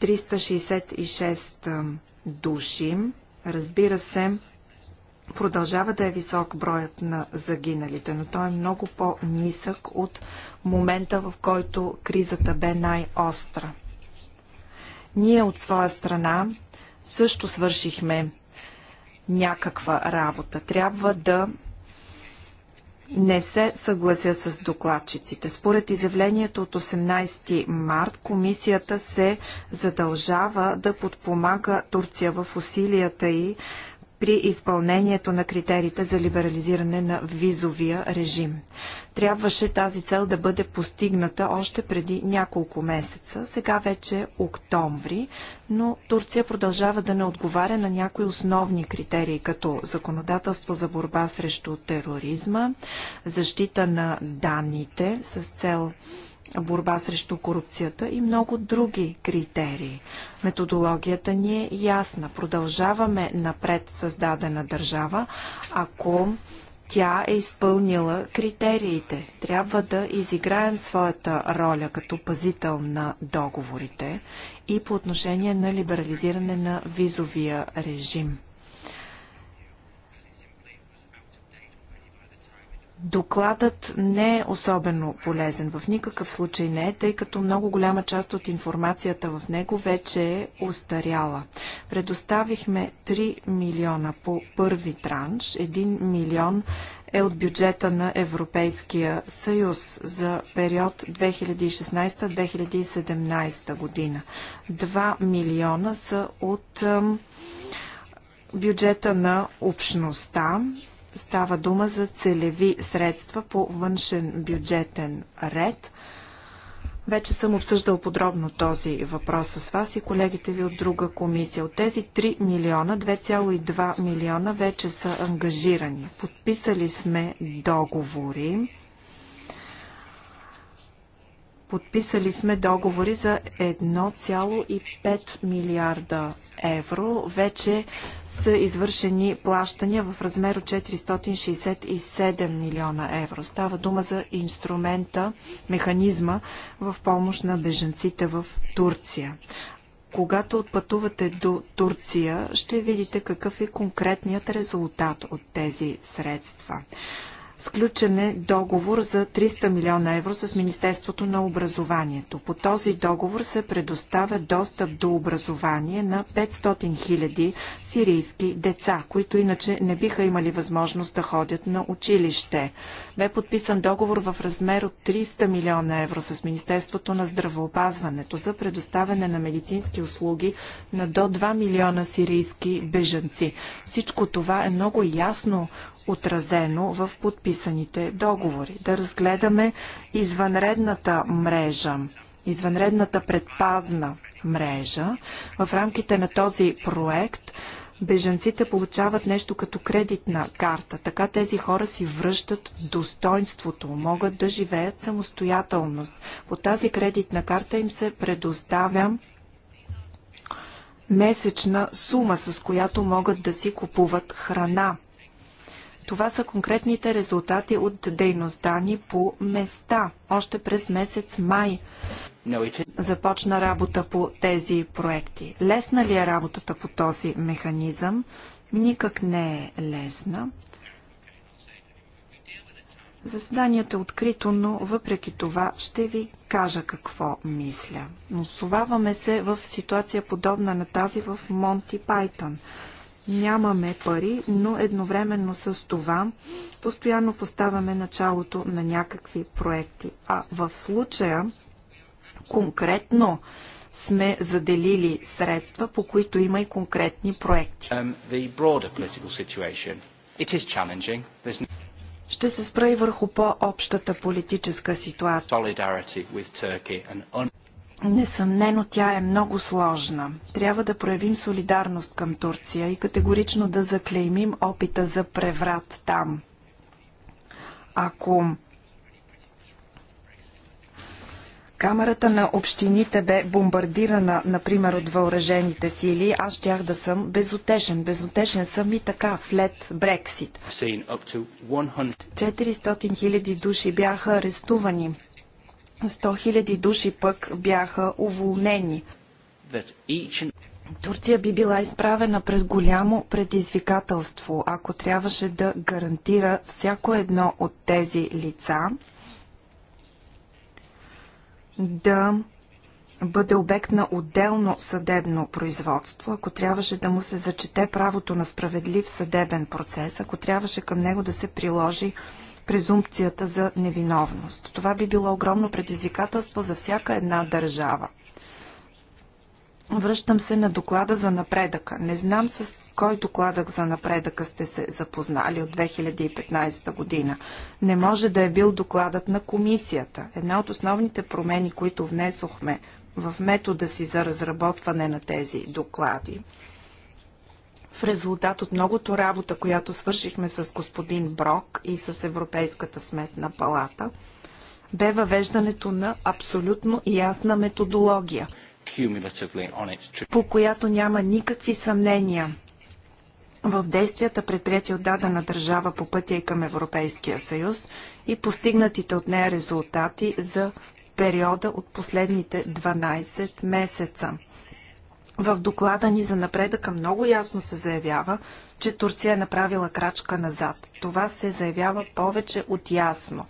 366 души. Разбира се, продължава да е висок броят на загиналите, но той е много по-нисък от момента, в който кризата бе най-остра. Ние от своя страна също свършихме някаква работа. Трябва да не се съглася с докладчиците. Според изявлението от 18 март, комисията се задължава да подпомага Турция в усилията й при изпълнението на критериите за либерализиране на визовия режим. Трябваше тази цел да бъде постигната още преди няколко месеца. Сега вече е октомври, но Турция продължава да не отговаря на някои основни критерии, като законодателство за борба срещу тероризма, защита на данните с цел борба срещу корупцията и много други критерии. Методологията ни е ясна. Продължаваме напред създадена държава, ако тя е изпълнила критериите. Трябва да изиграем своята роля като пазител на договорите и по отношение на либерализиране на визовия режим. Докладът не е особено полезен. В никакъв случай не е, тъй като много голяма част от информацията в него вече е устаряла. Предоставихме 3 милиона по първи транш. 1 милион е от бюджета на Европейския съюз за период 2016-2017 година. 2 милиона са от бюджета на общността Става дума за целеви средства по външен бюджетен ред. Вече съм обсъждал подробно този въпрос с вас и колегите ви от друга комисия. От тези 3 милиона, 2,2 милиона вече са ангажирани. Подписали сме договори Подписали сме договори за 1,5 милиарда евро. Вече са извършени плащания в размер от 467 милиона евро. Става дума за инструмента, механизма в помощ на беженците в Турция. Когато отпътувате до Турция, ще видите какъв е конкретният резултат от тези средства сключен е договор за 300 милиона евро с Министерството на образованието. По този договор се предоставя достъп до образование на 500 хиляди сирийски деца, които иначе не биха имали възможност да ходят на училище. Бе подписан договор в размер от 300 милиона евро с Министерството на здравеопазването за предоставяне на медицински услуги на до 2 милиона сирийски бежанци. Всичко това е много ясно отразено в подписаните договори. Да разгледаме извънредната мрежа, извънредната предпазна мрежа. В рамките на този проект беженците получават нещо като кредитна карта. Така тези хора си връщат достоинството, могат да живеят самостоятелност. По тази кредитна карта им се предоставя месечна сума, с която могат да си купуват храна. Това са конкретните резултати от дейността ни по места. Още през месец май започна работа по тези проекти. Лесна ли е работата по този механизъм? Никак не е лесна. Заседанието е открито, но въпреки това ще ви кажа какво мисля. Но се в ситуация подобна на тази в Монти Пайтън – нямаме пари, но едновременно с това постоянно поставяме началото на някакви проекти. А в случая конкретно сме заделили средства, по които има и конкретни проекти. Um, Ще се спра и върху по-общата политическа ситуация. Несъмнено тя е много сложна. Трябва да проявим солидарност към Турция и категорично да заклеймим опита за преврат там. Ако Камерата на общините бе бомбардирана, например, от въоръжените сили. Аз щях да съм безотешен. Безотешен съм и така след Брексит. 400 000 души бяха арестувани 100 хиляди души пък бяха уволнени. Турция би била изправена пред голямо предизвикателство, ако трябваше да гарантира всяко едно от тези лица да бъде обект на отделно съдебно производство, ако трябваше да му се зачете правото на справедлив съдебен процес, ако трябваше към него да се приложи презумпцията за невиновност. Това би било огромно предизвикателство за всяка една държава. Връщам се на доклада за напредъка. Не знам с кой докладък за напредъка сте се запознали от 2015 година. Не може да е бил докладът на комисията. Една от основните промени, които внесохме в метода си за разработване на тези доклади, в резултат от многото работа, която свършихме с господин Брок и с Европейската сметна палата, бе въвеждането на абсолютно ясна методология, по която няма никакви съмнения в действията, предприяти от дадена държава по пътя и към Европейския съюз и постигнатите от нея резултати за периода от последните 12 месеца. В доклада ни за напредъка много ясно се заявява, че Турция е направила крачка назад. Това се заявява повече от ясно.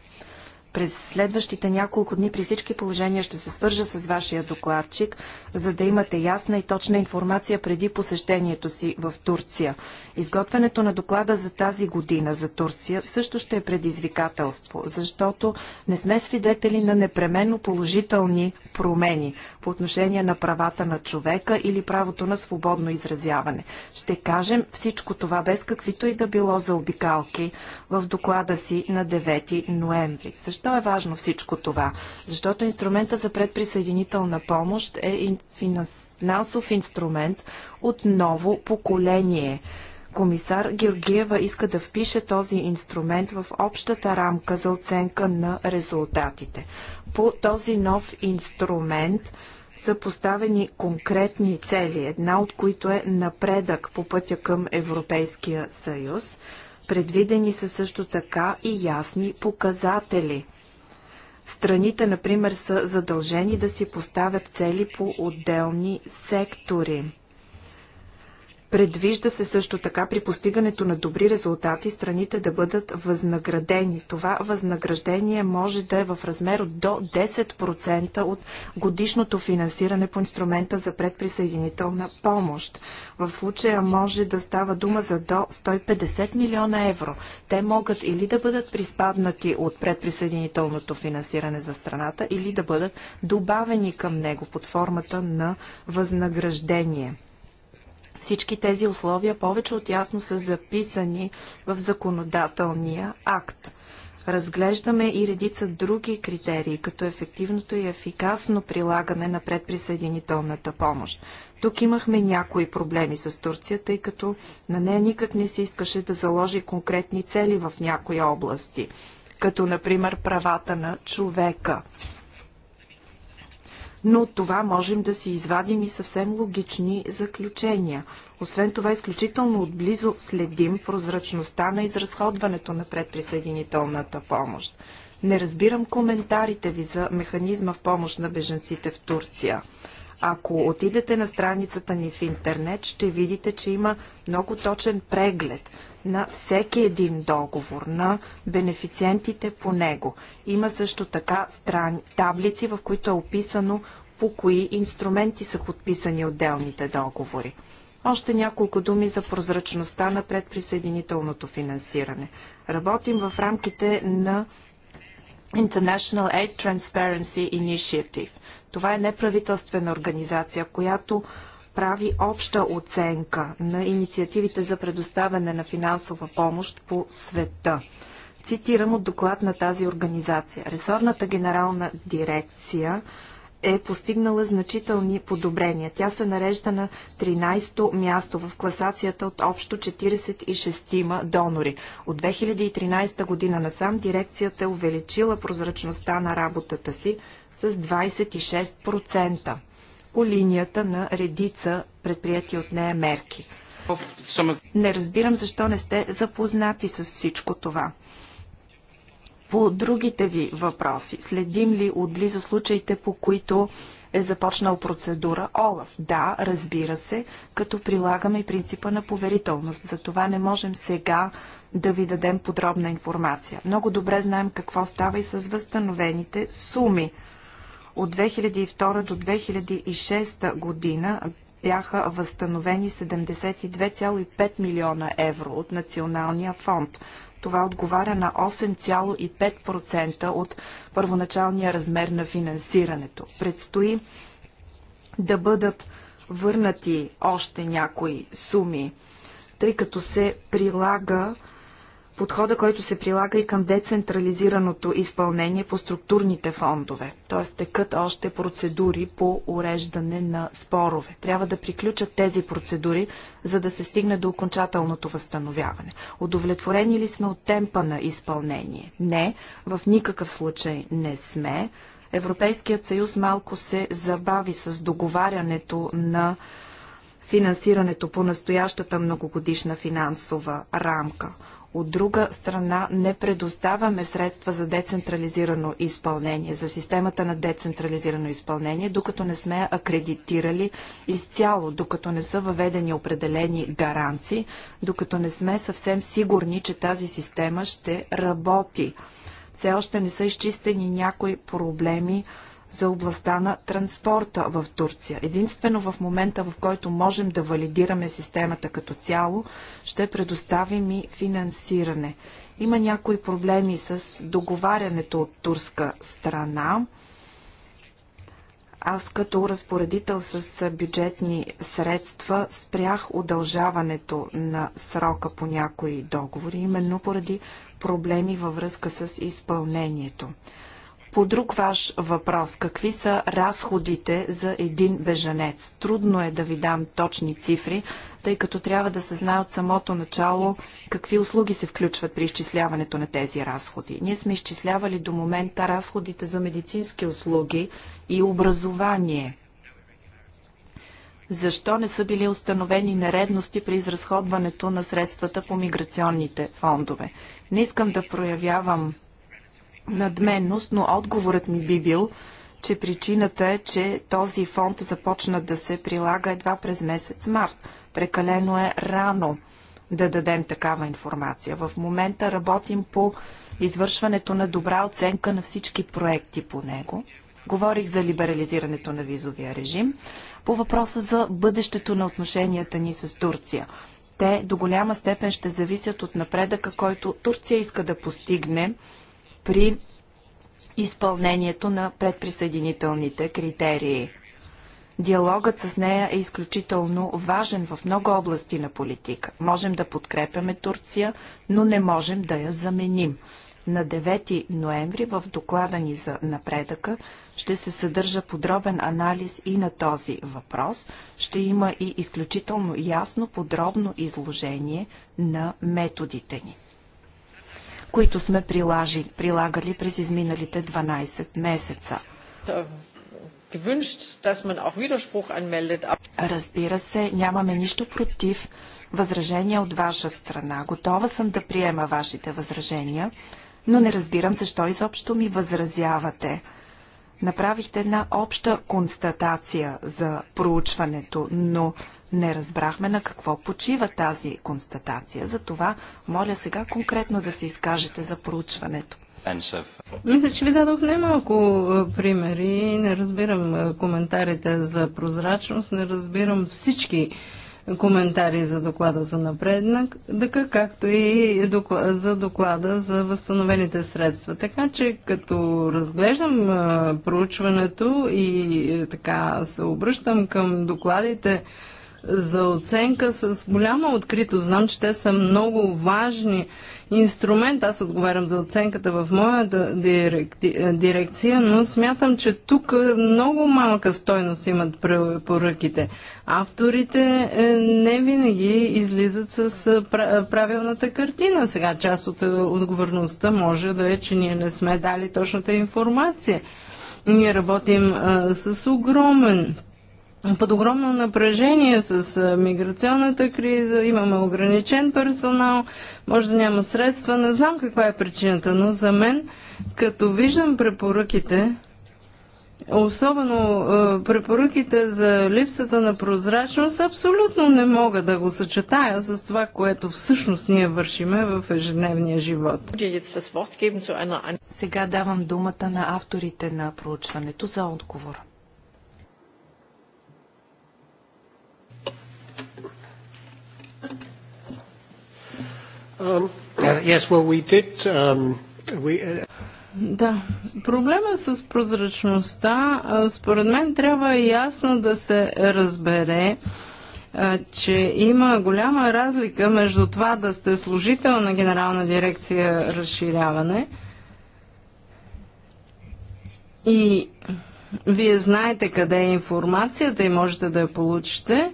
През следващите няколко дни при всички положения ще се свържа с вашия докладчик, за да имате ясна и точна информация преди посещението си в Турция. Изготвянето на доклада за тази година за Турция също ще е предизвикателство, защото не сме свидетели на непременно положителни промени по отношение на правата на човека или правото на свободно изразяване. Ще кажем всичко това без каквито и да било заобикалки в доклада си на 9 ноември. Също защо е важно всичко това? Защото инструмента за предприсъединителна помощ е финансов инструмент от ново поколение. Комисар Георгиева иска да впише този инструмент в общата рамка за оценка на резултатите. По този нов инструмент са поставени конкретни цели, една от които е напредък по пътя към Европейския съюз. Предвидени са също така и ясни показатели. Страните, например, са задължени да си поставят цели по отделни сектори. Предвижда се също така при постигането на добри резултати страните да бъдат възнаградени. Това възнаграждение може да е в размер от до 10% от годишното финансиране по инструмента за предприсъединителна помощ. В случая може да става дума за до 150 милиона евро. Те могат или да бъдат приспаднати от предприсъединителното финансиране за страната, или да бъдат добавени към него под формата на възнаграждение. Всички тези условия повече от ясно са записани в законодателния акт. Разглеждаме и редица други критерии, като ефективното и ефикасно прилагане на предприсъединителната помощ. Тук имахме някои проблеми с Турция, тъй като на нея никак не се искаше да заложи конкретни цели в някои области, като например правата на човека но от това можем да си извадим и съвсем логични заключения. Освен това, изключително отблизо следим прозрачността на изразходването на предприсъединителната помощ. Не разбирам коментарите ви за механизма в помощ на беженците в Турция. Ако отидете на страницата ни в интернет, ще видите, че има много точен преглед на всеки един договор, на бенефициентите по него. Има също така страни, таблици, в които е описано по кои инструменти са подписани отделните договори. Още няколко думи за прозрачността на предприсъединителното финансиране. Работим в рамките на International Aid Transparency Initiative. Това е неправителствена организация, която прави обща оценка на инициативите за предоставяне на финансова помощ по света. Цитирам от доклад на тази организация. Ресорната генерална дирекция е постигнала значителни подобрения. Тя се нарежда на 13-то място в класацията от общо 46-ма донори. От 2013 година насам дирекцията е увеличила прозрачността на работата си с 26% по линията на редица предприяти от нея мерки. Не разбирам защо не сте запознати с всичко това. По другите ви въпроси, следим ли отблизо случаите, по които е започнал процедура ОЛАФ? Да, разбира се, като прилагаме и принципа на поверителност. За това не можем сега да ви дадем подробна информация. Много добре знаем какво става и с възстановените суми. От 2002 до 2006 година бяха възстановени 72,5 милиона евро от Националния фонд. Това отговаря на 8,5% от първоначалния размер на финансирането. Предстои да бъдат върнати още някои суми, тъй като се прилага подхода, който се прилага и към децентрализираното изпълнение по структурните фондове. Т.е. текат още процедури по уреждане на спорове. Трябва да приключат тези процедури, за да се стигне до окончателното възстановяване. Удовлетворени ли сме от темпа на изпълнение? Не, в никакъв случай не сме. Европейският съюз малко се забави с договарянето на финансирането по настоящата многогодишна финансова рамка. От друга страна, не предоставяме средства за децентрализирано изпълнение, за системата на децентрализирано изпълнение, докато не сме акредитирали изцяло, докато не са въведени определени гаранции, докато не сме съвсем сигурни, че тази система ще работи. Все още не са изчистени някои проблеми, за областта на транспорта в Турция. Единствено в момента, в който можем да валидираме системата като цяло, ще предоставим и финансиране. Има някои проблеми с договарянето от турска страна. Аз като разпоредител с бюджетни средства спрях удължаването на срока по някои договори, именно поради проблеми във връзка с изпълнението. По друг ваш въпрос, какви са разходите за един бежанец? Трудно е да ви дам точни цифри, тъй като трябва да се знае от самото начало какви услуги се включват при изчисляването на тези разходи. Ние сме изчислявали до момента разходите за медицински услуги и образование. Защо не са били установени нередности при изразходването на средствата по миграционните фондове? Не искам да проявявам надменност, но отговорът ми би бил, че причината е, че този фонд започна да се прилага едва през месец март. Прекалено е рано да дадем такава информация. В момента работим по извършването на добра оценка на всички проекти по него. Говорих за либерализирането на визовия режим. По въпроса за бъдещето на отношенията ни с Турция. Те до голяма степен ще зависят от напредъка, който Турция иска да постигне при изпълнението на предприсъединителните критерии. Диалогът с нея е изключително важен в много области на политика. Можем да подкрепяме Турция, но не можем да я заменим. На 9 ноември в доклада ни за напредъка ще се съдържа подробен анализ и на този въпрос. Ще има и изключително ясно, подробно изложение на методите ни които сме прилагали през изминалите 12 месеца. Разбира се, нямаме нищо против възражения от ваша страна. Готова съм да приема вашите възражения, но не разбирам защо изобщо ми възразявате. Направихте една обща констатация за проучването, но не разбрахме на какво почива тази констатация. Затова моля сега конкретно да се изкажете за проучването. Мисля, че ви дадох немалко е, примери. Не разбирам е, коментарите за прозрачност, не разбирам всички коментари за доклада за напреднак, така както и за доклада за възстановените средства. Така че, като разглеждам е, проучването и така се обръщам към докладите за оценка с голяма откритост. Знам, че те са много важни инструмент. Аз отговарям за оценката в моя дирекция, но смятам, че тук много малка стойност имат поръките. Авторите е, не винаги излизат с е, правилната картина. Сега част от е, отговорността може да е, че ние не сме дали точната информация. Ние работим а, с огромен под огромно напрежение с миграционната криза, имаме ограничен персонал, може да няма средства, не знам каква е причината, но за мен, като виждам препоръките, особено препоръките за липсата на прозрачност, абсолютно не мога да го съчетая с това, което всъщност ние вършиме в ежедневния живот. Сега давам думата на авторите на проучването за отговор. Um, uh, yes, well, we did, um, we... Uh, да, проблема е с прозрачността, според мен трябва ясно да се разбере, че има голяма разлика между това да сте служител на Генерална дирекция разширяване и вие знаете къде е информацията и можете да я получите,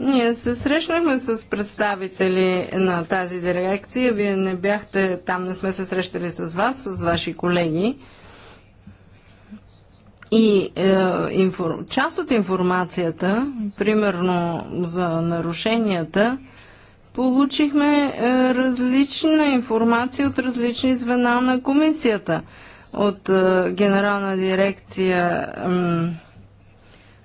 ние се срещнахме с представители на тази дирекция. Вие не бяхте там, не сме се срещали с вас, с ваши колеги. И е, инфор... част от информацията, примерно за нарушенията, получихме е, различна информация от различни звена на комисията. От е, Генерална дирекция. Е,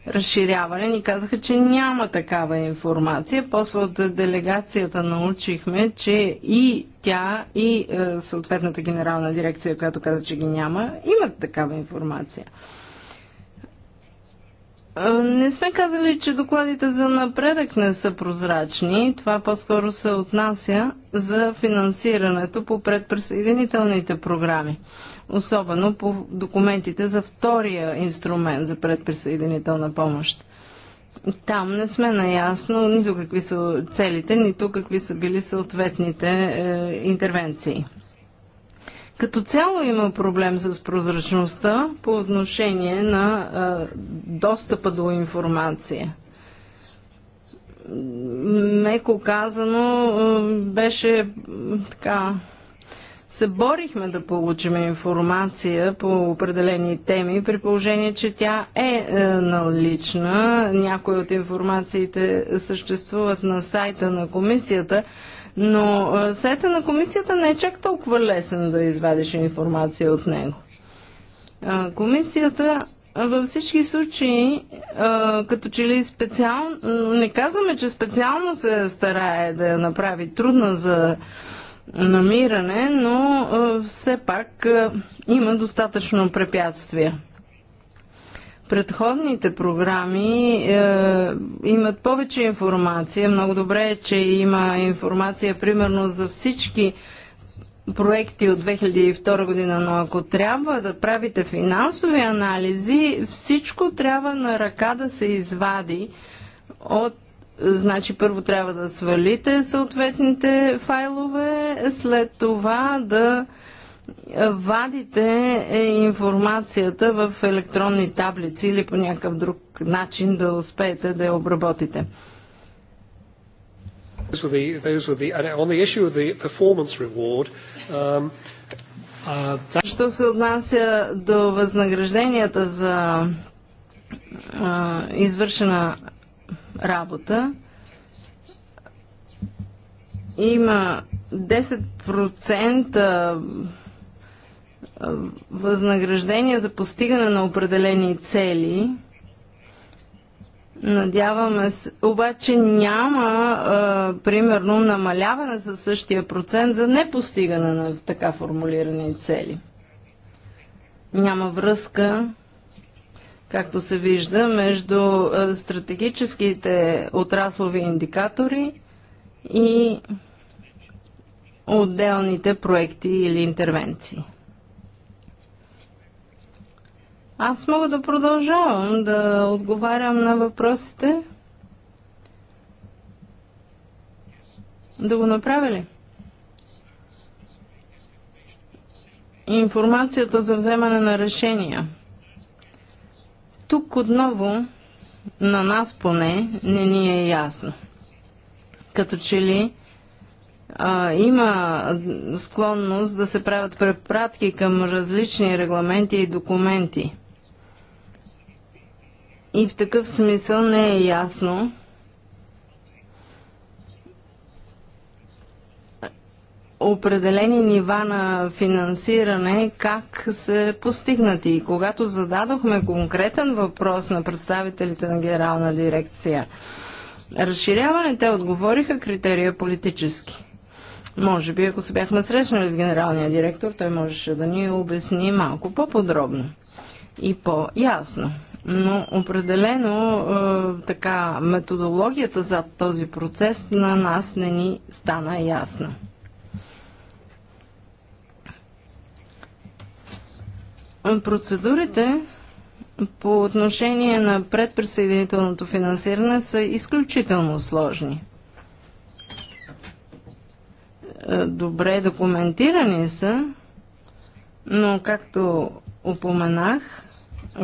разширяване, ни казаха, че няма такава информация. После от делегацията научихме, че и тя, и е, съответната генерална дирекция, която каза, че ги няма, имат такава информация. Е, не сме казали, че докладите за напредък не са прозрачни. Това по-скоро се отнася за финансирането по предприсъединителните програми особено по документите за втория инструмент за предприсъединителна помощ. Там не сме наясно нито какви са целите, нито какви са били съответните е, интервенции. Като цяло има проблем с прозрачността по отношение на е, достъпа до информация меко казано, е, беше така се борихме да получим информация по определени теми, при положение, че тя е, е налична. Някои от информациите съществуват на сайта на комисията, но е, сайта на комисията не е чак толкова лесен да извадиш информация от него. Е, комисията във всички случаи, като че ли специално, не казваме, че специално се старае да я направи трудна за намиране, но все пак има достатъчно препятствия. Предходните програми е, имат повече информация. Много добре е, че има информация примерно за всички проекти от 2002 година, но ако трябва да правите финансови анализи, всичко трябва на ръка да се извади от Значи първо трябва да свалите съответните файлове, след това да вадите е, информацията в електронни таблици или по някакъв друг начин да успеете да я обработите. Що се отнася до възнагражденията за извършена работа. Има 10% възнаграждения за постигане на определени цели. Надяваме се, обаче няма, а, примерно, намаляване със същия процент за непостигане на така формулирани цели. Няма връзка както се вижда, между стратегическите отраслови индикатори и отделните проекти или интервенции. Аз мога да продължавам да отговарям на въпросите. Да го направя ли? Информацията за вземане на решения. Тук отново, на нас поне, не ни е ясно. Като че ли а, има склонност да се правят препратки към различни регламенти и документи. И в такъв смисъл не е ясно определени нива на финансиране, как се постигнати. И когато зададохме конкретен въпрос на представителите на Генерална дирекция, разширяване, те отговориха критерия политически. Може би, ако се бяхме срещнали с генералния директор, той можеше да ни обясни малко по-подробно и по-ясно. Но определено е, така методологията за този процес на нас не ни стана ясна. Процедурите по отношение на предприсъединителното финансиране са изключително сложни. Е, добре документирани са, но както упоменах,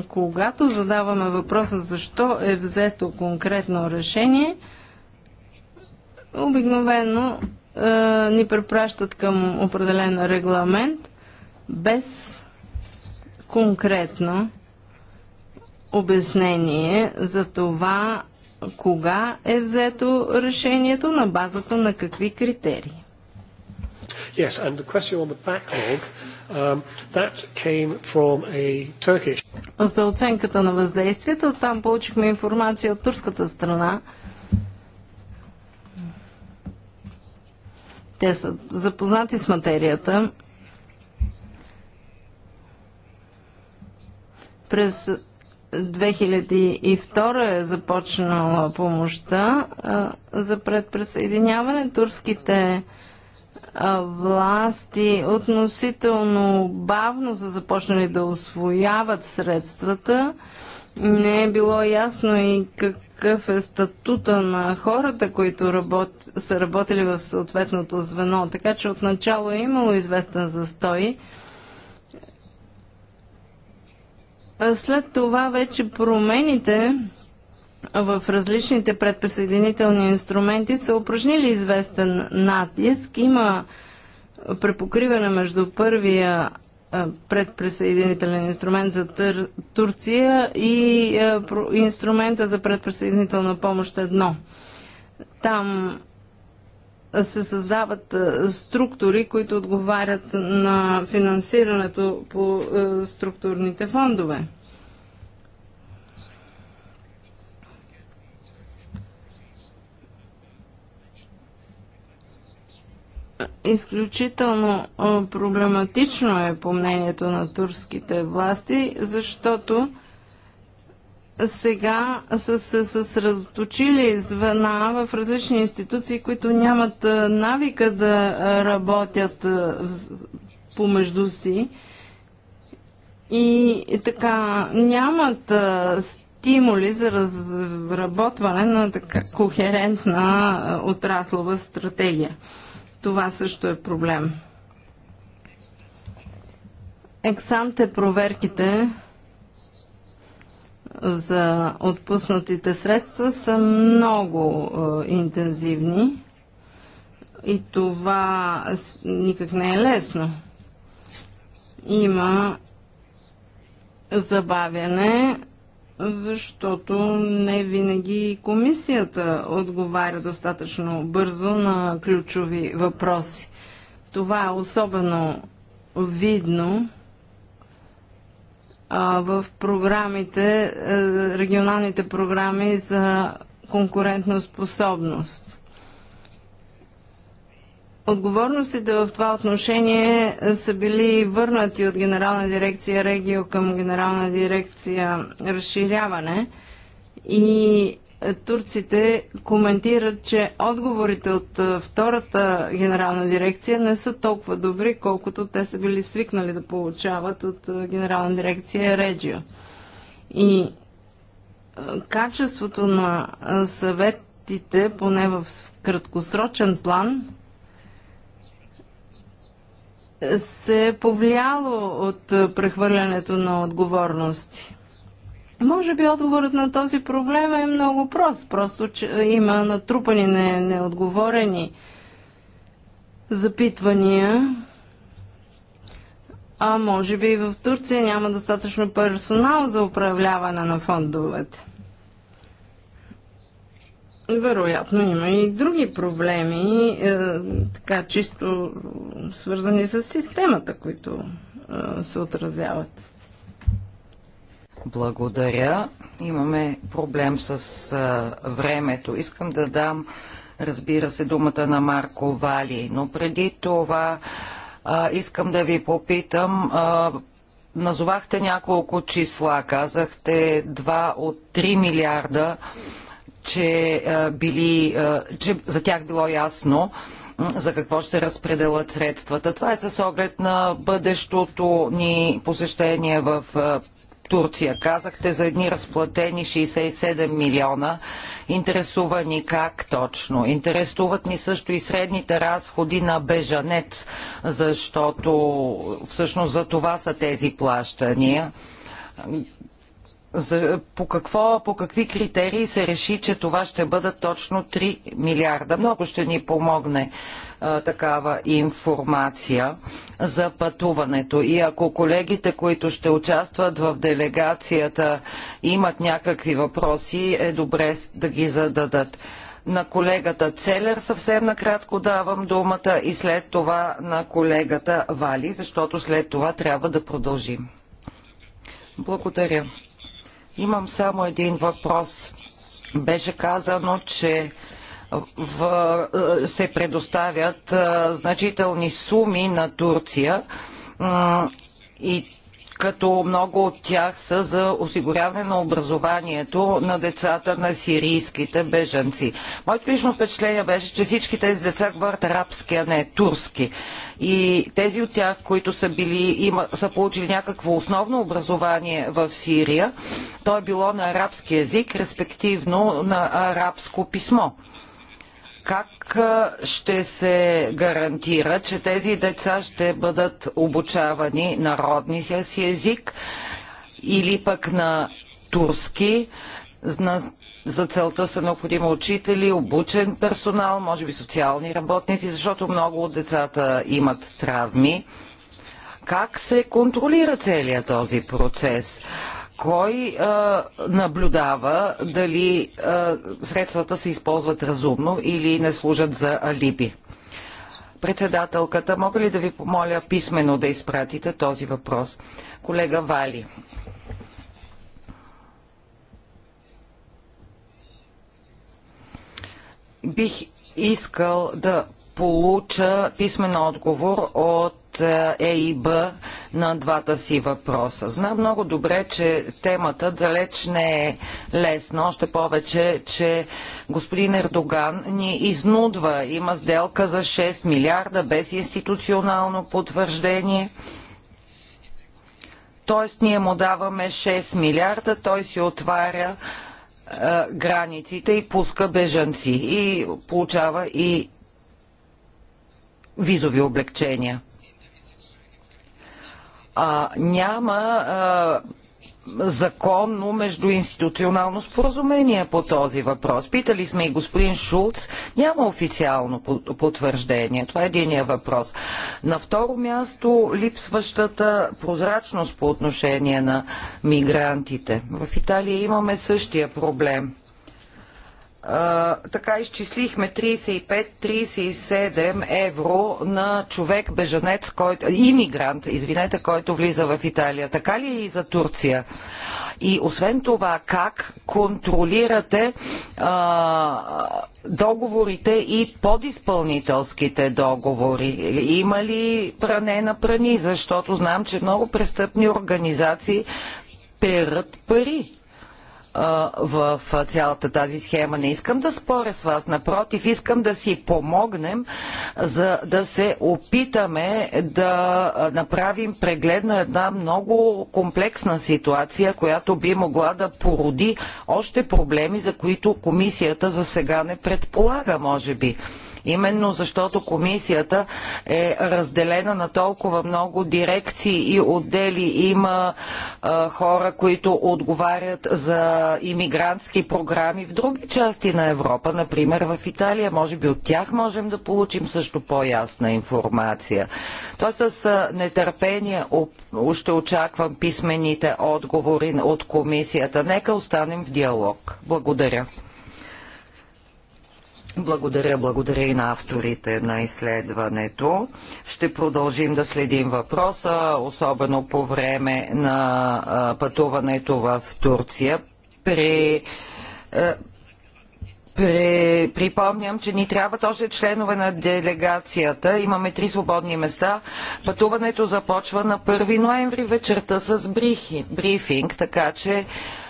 когато задаваме въпроса защо е взето конкретно решение, обикновено е, ни препращат към определен регламент без конкретно обяснение за това кога е взето решението, на базата на какви критерии. Yes, and the question on the backlog, um, that came from a Turkish... За оценката на въздействието, там получихме информация от турската страна. Те са запознати с материята. През 2002 е започнала помощта за предпресъединяване. Турските власти относително бавно са започнали да освояват средствата. Не е било ясно и какъв е статута на хората, които работ... са работили в съответното звено. Така че отначало е имало известен застой. След това вече промените в различните предприсъединителни инструменти са упражнили известен натиск. Има препокриване между първия предприсъединителен инструмент за Тър... Турция и инструмента за предприсъединителна помощ едно. Там се създават е, структури, които отговарят на финансирането по е, структурните фондове. Изключително е, проблематично е по мнението на турските власти, защото сега са се съсредоточили звена в различни институции, които нямат навика да работят помежду си и така нямат стимули за разработване на така кохерентна отраслова стратегия. Това също е проблем. Ексанте проверките за отпуснатите средства са много е, интензивни и това никак не е лесно. Има забавяне, защото не винаги комисията отговаря достатъчно бързо на ключови въпроси. Това е особено видно в програмите, е, регионалните програми за конкурентна способност. Отговорностите в това отношение са били върнати от Генерална дирекция Регио към Генерална дирекция Разширяване и турците коментират, че отговорите от втората генерална дирекция не са толкова добри, колкото те са били свикнали да получават от генерална дирекция Реджио. И качеството на съветите, поне в краткосрочен план, се е повлияло от прехвърлянето на отговорности. Може би отговорът на този проблем е много прост. Просто че е, има натрупани не, неотговорени запитвания. А може би и в Турция няма достатъчно персонал за управляване на фондовете. Вероятно има и други проблеми, е, така чисто свързани с системата, които е, се отразяват. Благодаря. Имаме проблем с а, времето. Искам да дам, разбира се, думата на Марко Вали, но преди това а, искам да ви попитам. А, назовахте няколко числа. Казахте 2 от 3 милиарда, че, а, били, а, че за тях било ясно за какво ще се разпределят средствата. Това е с оглед на бъдещото ни посещение в Турция. Казахте за едни разплатени 67 милиона. Интересува ни как точно. Интересуват ни също и средните разходи на бежанец, защото всъщност за това са тези плащания. За, по, какво, по какви критерии се реши, че това ще бъдат точно 3 милиарда? Много ще ни помогне такава информация за пътуването. И ако колегите, които ще участват в делегацията, имат някакви въпроси, е добре да ги зададат на колегата Целер. Съвсем накратко давам думата и след това на колегата Вали, защото след това трябва да продължим. Благодаря. Имам само един въпрос. Беше казано, че в, е, се предоставят е, значителни суми на Турция е, и като много от тях са за осигуряване на образованието на децата на сирийските бежанци. Моето лично впечатление беше, че всички тези деца говорят арабски, а не турски. И тези от тях, които са, били, има, са получили някакво основно образование в Сирия, то е било на арабски язик, респективно на арабско писмо. Как ще се гарантира, че тези деца ще бъдат обучавани на родния си език или пък на турски? За целта са необходими учители, обучен персонал, може би социални работници, защото много от децата имат травми. Как се контролира целият този процес? кой а, наблюдава дали а, средствата се използват разумно или не служат за алиби? Председателката, мога ли да ви помоля писменно да изпратите този въпрос? Колега Вали. Бих искал да получа писмен отговор от от ЕИБ е на двата си въпроса. Знам много добре, че темата далеч не е лесна, още повече, че господин Ердоган ни изнудва. Има сделка за 6 милиарда без институционално потвърждение. Тоест ние му даваме 6 милиарда, той си отваря е, границите и пуска бежанци и получава и визови облегчения а, няма а, законно междуинституционално споразумение по този въпрос. Питали сме и господин Шулц. Няма официално потвърждение. Това е единия въпрос. На второ място липсващата прозрачност по отношение на мигрантите. В Италия имаме същия проблем така изчислихме 35-37 евро на човек бежанец, който, иммигрант, извинете, който влиза в Италия. Така ли е и за Турция? И освен това, как контролирате а, договорите и подизпълнителските договори? Има ли пране на прани? Защото знам, че много престъпни организации перат пари в цялата тази схема. Не искам да споря с вас, напротив, искам да си помогнем, за да се опитаме да направим преглед на една много комплексна ситуация, която би могла да породи още проблеми, за които комисията за сега не предполага, може би. Именно защото комисията е разделена на толкова много дирекции и отдели. Има а, хора, които отговарят за иммигрантски програми в други части на Европа, например в Италия. Може би от тях можем да получим също по-ясна информация. Той с нетърпение ще очаквам писмените отговори от комисията. Нека останем в диалог. Благодаря. Благодаря, благодаря и на авторите на изследването. Ще продължим да следим въпроса, особено по време на пътуването в Турция. При Припомням, че ни трябва още членове на делегацията. Имаме три свободни места. Пътуването започва на 1 ноември вечерта с брифинг, така че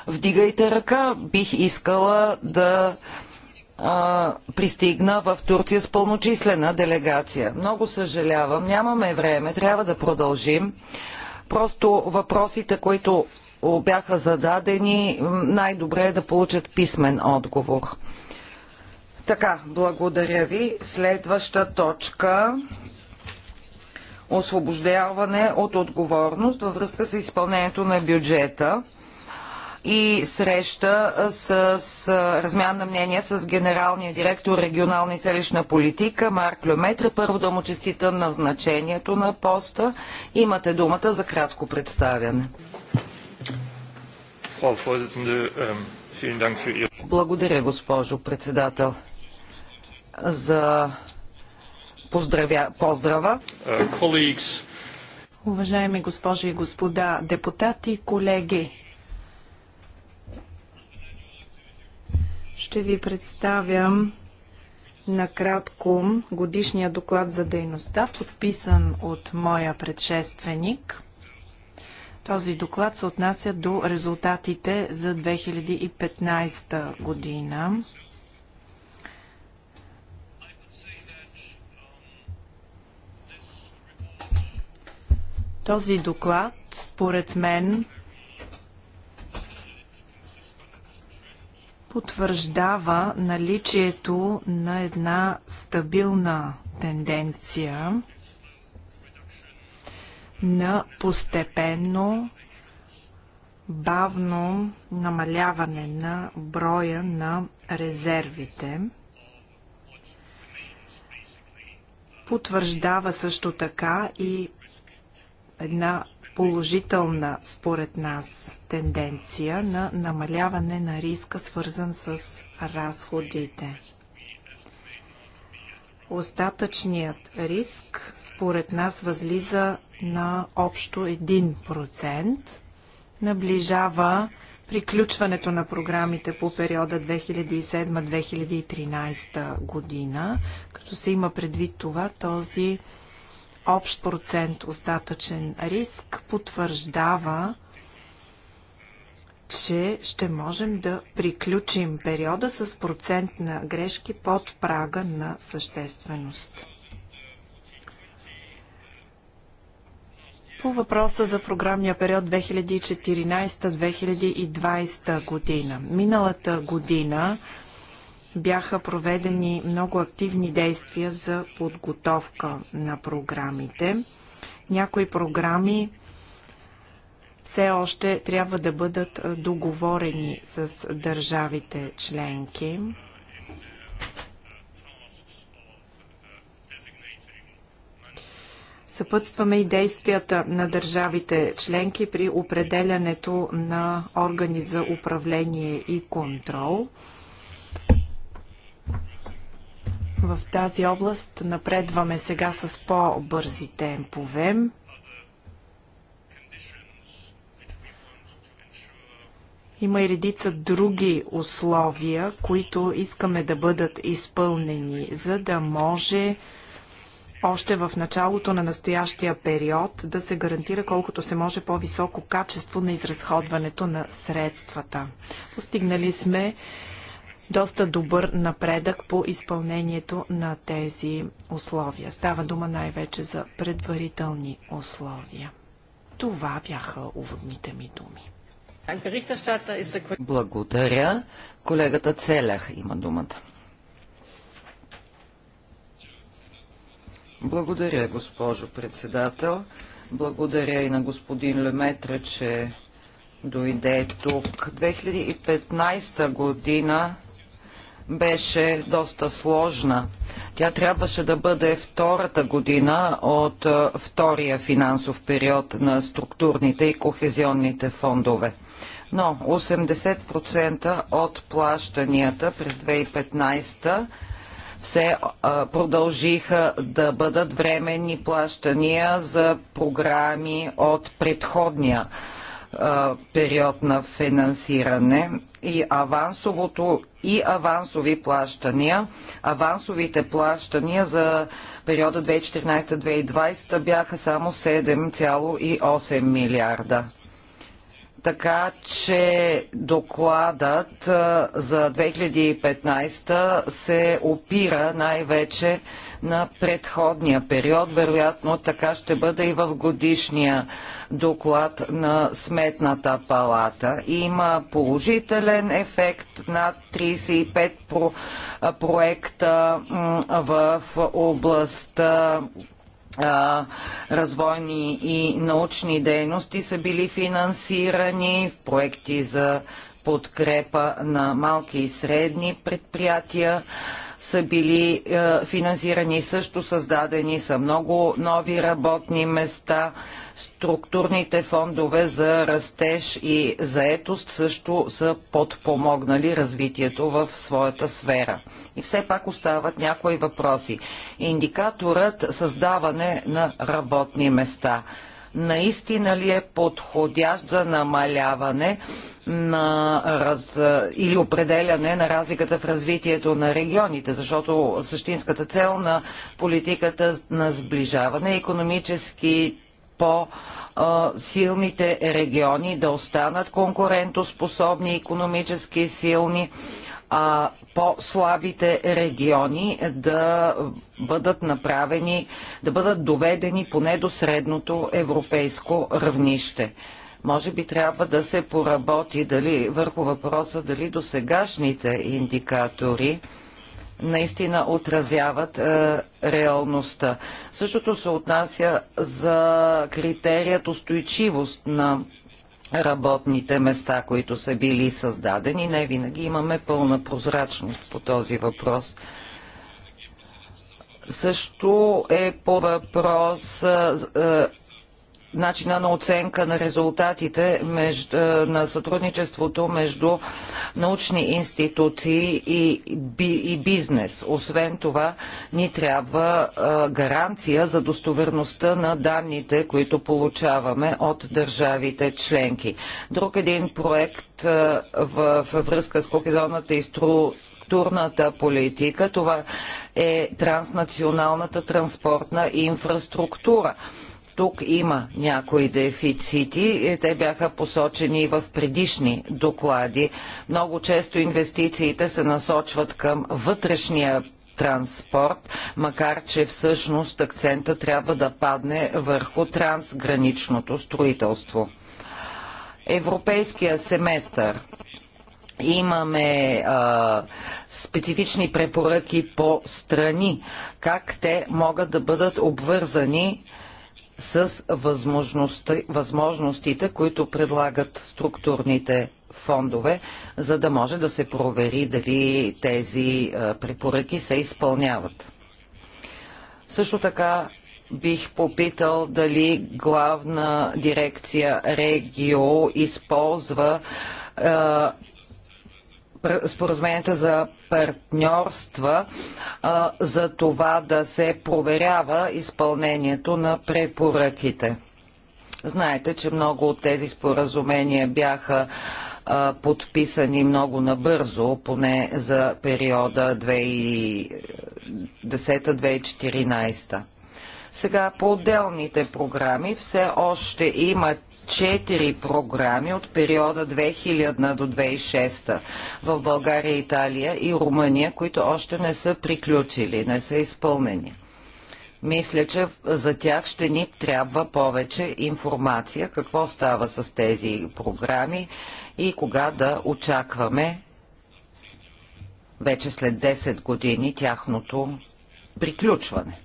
вдигайте ръка. Бих искала да а, пристигна в Турция с пълночислена делегация. Много съжалявам, нямаме време, трябва да продължим. Просто въпросите, които бяха зададени, най-добре е да получат писмен отговор. Така, благодаря ви. Следваща точка освобождаване от отговорност във връзка с изпълнението на бюджета и среща с, с размян на мнение с генералния директор регионална и селищна политика Марк Люметре. Първо да му честита на значението на поста. Имате думата за кратко представяне. Благодаря, госпожо председател, за поздравя, поздрава. Е, Уважаеми госпожи и господа депутати, колеги, Ще ви представям накратко годишния доклад за дейността, подписан от моя предшественик. Този доклад се отнася до резултатите за 2015 година. Този доклад, според мен, потвърждава наличието на една стабилна тенденция на постепенно, бавно намаляване на броя на резервите. Потвърждава също така и една положителна, според нас, тенденция на намаляване на риска, свързан с разходите. Остатъчният риск според нас възлиза на общо 1%. Наближава приключването на програмите по периода 2007-2013 година. Като се има предвид това, този общ процент остатъчен риск потвърждава че ще можем да приключим периода с процент на грешки под прага на същественост. По въпроса за програмния период 2014-2020 година. Миналата година бяха проведени много активни действия за подготовка на програмите. Някои програми все още трябва да бъдат договорени с държавите членки. Съпътстваме и действията на държавите членки при определянето на органи за управление и контрол. В тази област напредваме сега с по-бързи темпове. Има и редица други условия, които искаме да бъдат изпълнени, за да може още в началото на настоящия период да се гарантира колкото се може по-високо качество на изразходването на средствата. Постигнали сме доста добър напредък по изпълнението на тези условия. Става дума най-вече за предварителни условия. Това бяха уводните ми думи. Благодаря. Колегата Целях има думата. Благодаря, госпожо председател. Благодаря и на господин Леметра, че дойде тук. 2015 година беше доста сложна. Тя трябваше да бъде втората година от втория финансов период на структурните и кохезионните фондове. Но 80% от плащанията през 2015 все продължиха да бъдат временни плащания за програми от предходния период на финансиране и авансовото и авансови плащания. Авансовите плащания за периода 2014-2020 бяха само 7,8 милиарда. Така че докладът за 2015 се опира най-вече на предходния период. Вероятно така ще бъде и в годишния доклад на Сметната палата. Има положителен ефект над 35 про проекта в областта развойни и научни дейности са били финансирани в проекти за подкрепа на малки и средни предприятия са били е, финансирани. Също създадени са много нови работни места. Структурните фондове за растеж и заетост също са подпомогнали развитието в своята сфера. И все пак остават някои въпроси. Индикаторът създаване на работни места – наистина ли е подходящ за намаляване на раз... или определяне на разликата в развитието на регионите, защото същинската цел на политиката на сближаване е економически по- силните региони да останат конкурентоспособни, економически силни, а по-слабите региони да бъдат направени, да бъдат доведени поне до средното европейско равнище. Може би трябва да се поработи дали, върху въпроса дали до сегашните индикатори наистина отразяват е, реалността. Същото се отнася за критерият устойчивост на работните места, които са били създадени. Не винаги имаме пълна прозрачност по този въпрос. Също е по въпрос начина на оценка на резултатите между, е, на сътрудничеството между научни институции и, и бизнес. Освен това, ни трябва а, е, гаранция за достоверността на данните, които получаваме от държавите членки. Друг един проект а, е, в, връзка с кохезонната и стру инфраструктурната политика, това е транснационалната транспортна инфраструктура. Тук има някои дефицити. Е, те бяха посочени и в предишни доклади. Много често инвестициите се насочват към вътрешния транспорт, макар че всъщност акцента трябва да падне върху трансграничното строителство. Европейския семестър имаме а, специфични препоръки по страни, как те могат да бъдат обвързани с възможностите, които предлагат структурните фондове, за да може да се провери дали тези препоръки се изпълняват. Също така бих попитал дали главна дирекция Регио използва споразуменията за партньорства а, за това да се проверява изпълнението на препоръките. Знаете, че много от тези споразумения бяха а, подписани много набързо, поне за периода 2010-2014. Сега по отделните програми все още имат четири програми от периода 2000 до 2006 в България, Италия и Румъния, които още не са приключили, не са изпълнени. Мисля, че за тях ще ни трябва повече информация какво става с тези програми и кога да очакваме вече след 10 години тяхното приключване.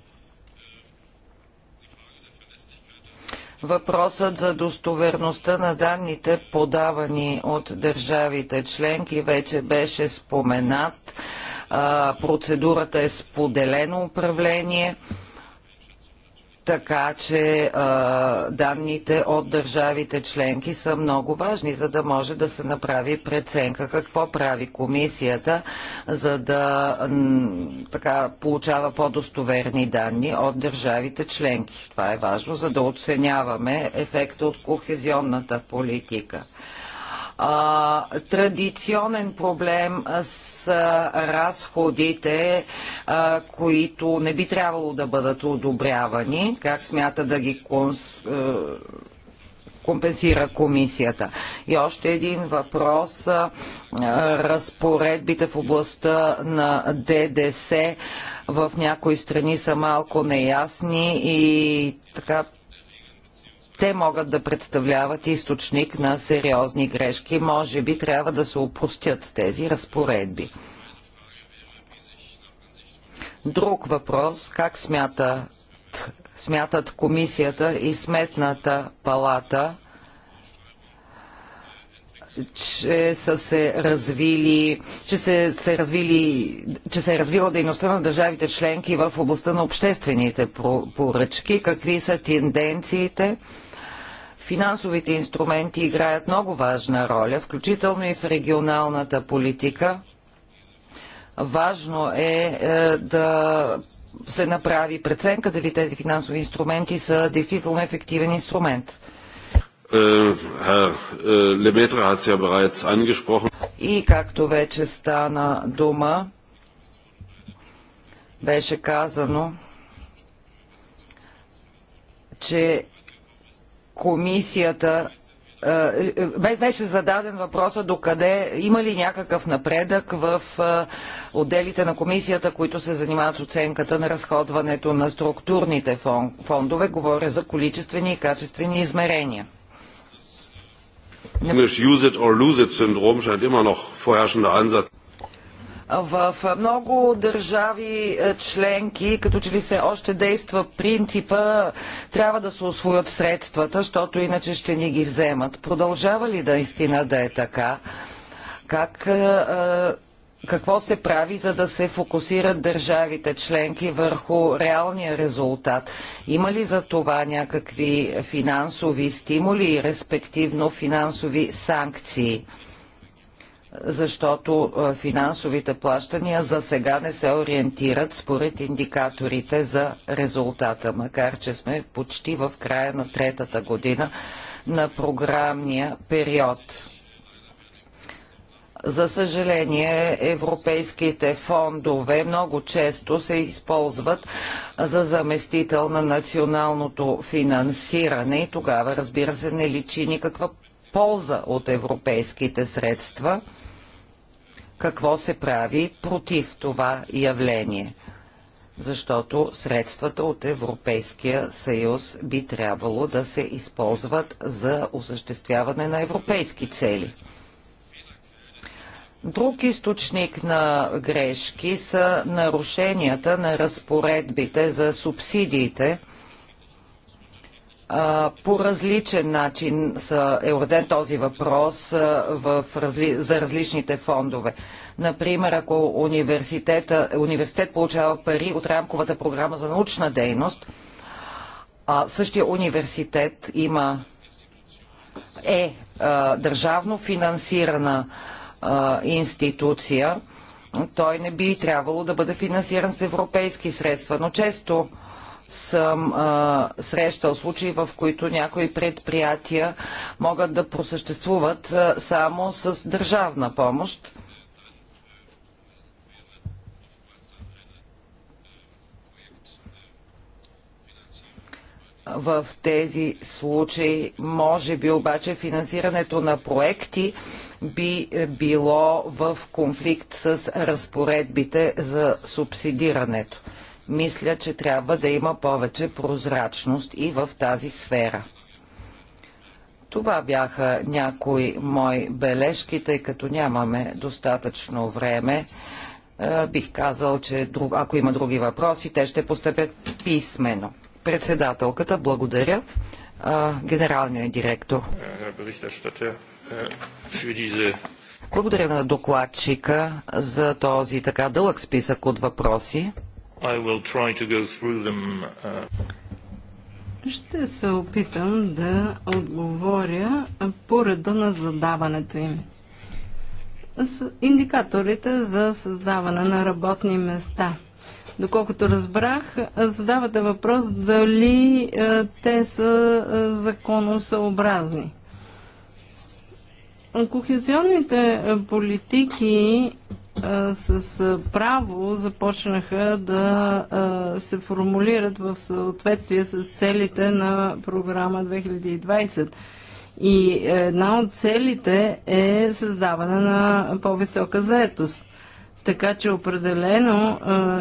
Въпросът за достоверността на данните, подавани от държавите членки, вече беше споменат. Процедурата е споделено управление така че а, данните от държавите членки са много важни, за да може да се направи преценка какво прави комисията, за да така, получава по-достоверни данни от държавите членки. Това е важно, за да оценяваме ефекта от кохезионната политика. А, традиционен проблем с разходите, а, които не би трябвало да бъдат одобрявани. Как смята да ги конс компенсира комисията. И още един въпрос. Разпоредбите в областта на ДДС в някои страни са малко неясни и така те могат да представляват източник на сериозни грешки. Може би трябва да се опустят тези разпоредби. Друг въпрос, как смятат, смятат комисията и сметната палата, че са се развили, че се, се развили, че се е развила дейността на държавите членки в областта на обществените поръчки, какви са тенденциите Финансовите инструменти играят много важна роля, включително и в регионалната политика. Важно е, е да се направи преценка дали тези финансови инструменти са действително ефективен инструмент. Е, е, е, и както вече стана дума, беше казано, че комисията е, е, беше зададен въпроса докъде има ли някакъв напредък в е, отделите на комисията, които се занимават с оценката на разходването на структурните фондове. Говоря за количествени и качествени измерения. Use it or lose it scheint immer noch vorherrschender Ansatz. В много държави е, членки, като че ли се още действа принципа, трябва да се освоят средствата, защото иначе ще ни ги вземат. Продължава ли наистина да, да е така? Как е, е, какво се прави, за да се фокусират държавите членки върху реалния резултат? Има ли за това някакви финансови стимули и респективно финансови санкции? защото финансовите плащания за сега не се ориентират според индикаторите за резултата, макар че сме почти в края на третата година на програмния период. За съжаление, европейските фондове много често се използват за заместител на националното финансиране и тогава, разбира се, не личи никаква полза от европейските средства, какво се прави против това явление. Защото средствата от Европейския съюз би трябвало да се използват за осъществяване на европейски цели. Друг източник на грешки са нарушенията на разпоредбите за субсидиите – по различен начин е уреден този въпрос в, за различните фондове. Например, ако университет получава пари от рамковата програма за научна дейност, а същия университет има е а, държавно финансирана а, институция, той не би трябвало да бъде финансиран с европейски средства, но често съм а, срещал случаи, в които някои предприятия могат да просъществуват а, само с държавна помощ. в тези случаи. Може би обаче финансирането на проекти би било в конфликт с разпоредбите за субсидирането. Мисля, че трябва да има повече прозрачност и в тази сфера. Това бяха някои мои бележки, тъй като нямаме достатъчно време. Е, бих казал, че ако има други въпроси, те ще постъпят писменно. Председателката, благодаря. Е, генералният директор. Благодаря на докладчика за този така дълъг списък от въпроси. I will try to go through them. Uh, Ще се опитам да отговоря по реда на задаването им. С индикаторите за създаване на работни места. Доколкото разбрах, задавате въпрос дали е, те са е, законосъобразни. Кохезионните е, политики с право започнаха да се формулират в съответствие с целите на програма 2020. И една от целите е създаване на по-висока заетост. Така че определено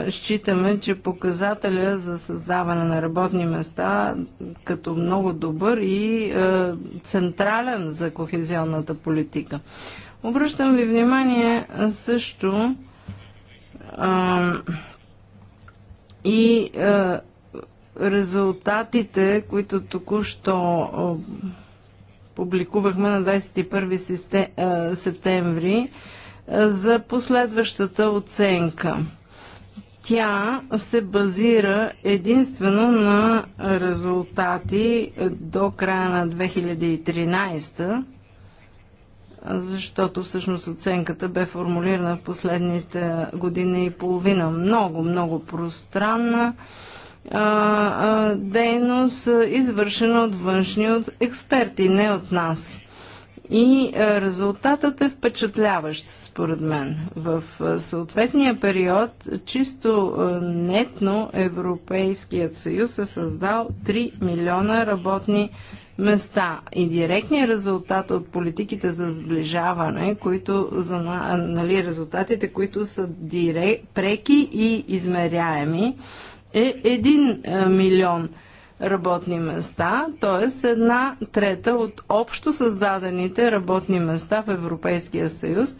считаме, че показателя за създаване на работни места като много добър и централен за кохезионната политика. Обръщам ви внимание също а, и а, резултатите, които току-що публикувахме на 21 септември за последващата оценка. Тя се базира единствено на резултати до края на 2013 защото всъщност оценката бе формулирана в последните години и половина. Много, много пространна а, а, дейност, извършена от външни от експерти, не от нас. И а, резултатът е впечатляващ, според мен. В съответния период, чисто нетно, Европейският съюз е създал 3 милиона работни места. И директният резултат от политиките за сближаване, които за, нали, резултатите, които са дирек, преки и измеряеми, е 1 е, милион работни места, т.е. една трета от общо създадените работни места в Европейския съюз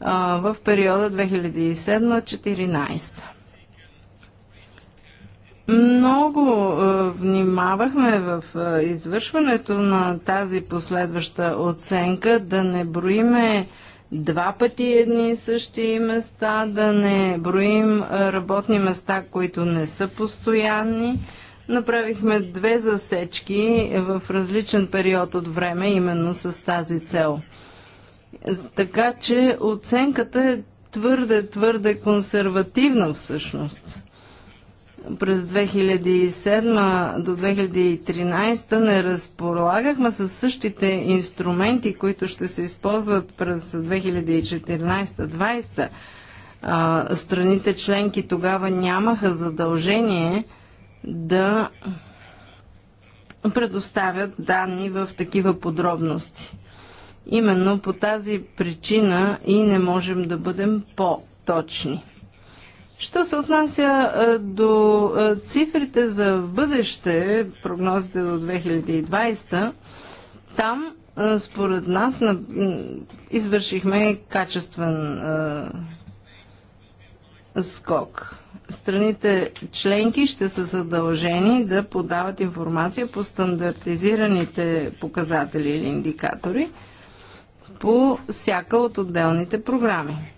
а, в периода 2007-2014. Много е, внимавахме в е, извършването на тази последваща оценка да не броиме два пъти едни и същи места, да не броим е, работни места, които не са постоянни. Направихме две засечки в различен период от време, именно с тази цел. Така че оценката е твърде, твърде консервативна всъщност през 2007 до 2013 не разполагахме с същите инструменти, които ще се използват през 2014-2020. Страните членки тогава нямаха задължение да предоставят данни в такива подробности. Именно по тази причина и не можем да бъдем по-точни. Що се отнася до цифрите за бъдеще, прогнозите до 2020, там според нас извършихме качествен скок. Страните членки ще са задължени да подават информация по стандартизираните показатели или индикатори по всяка от отделните програми.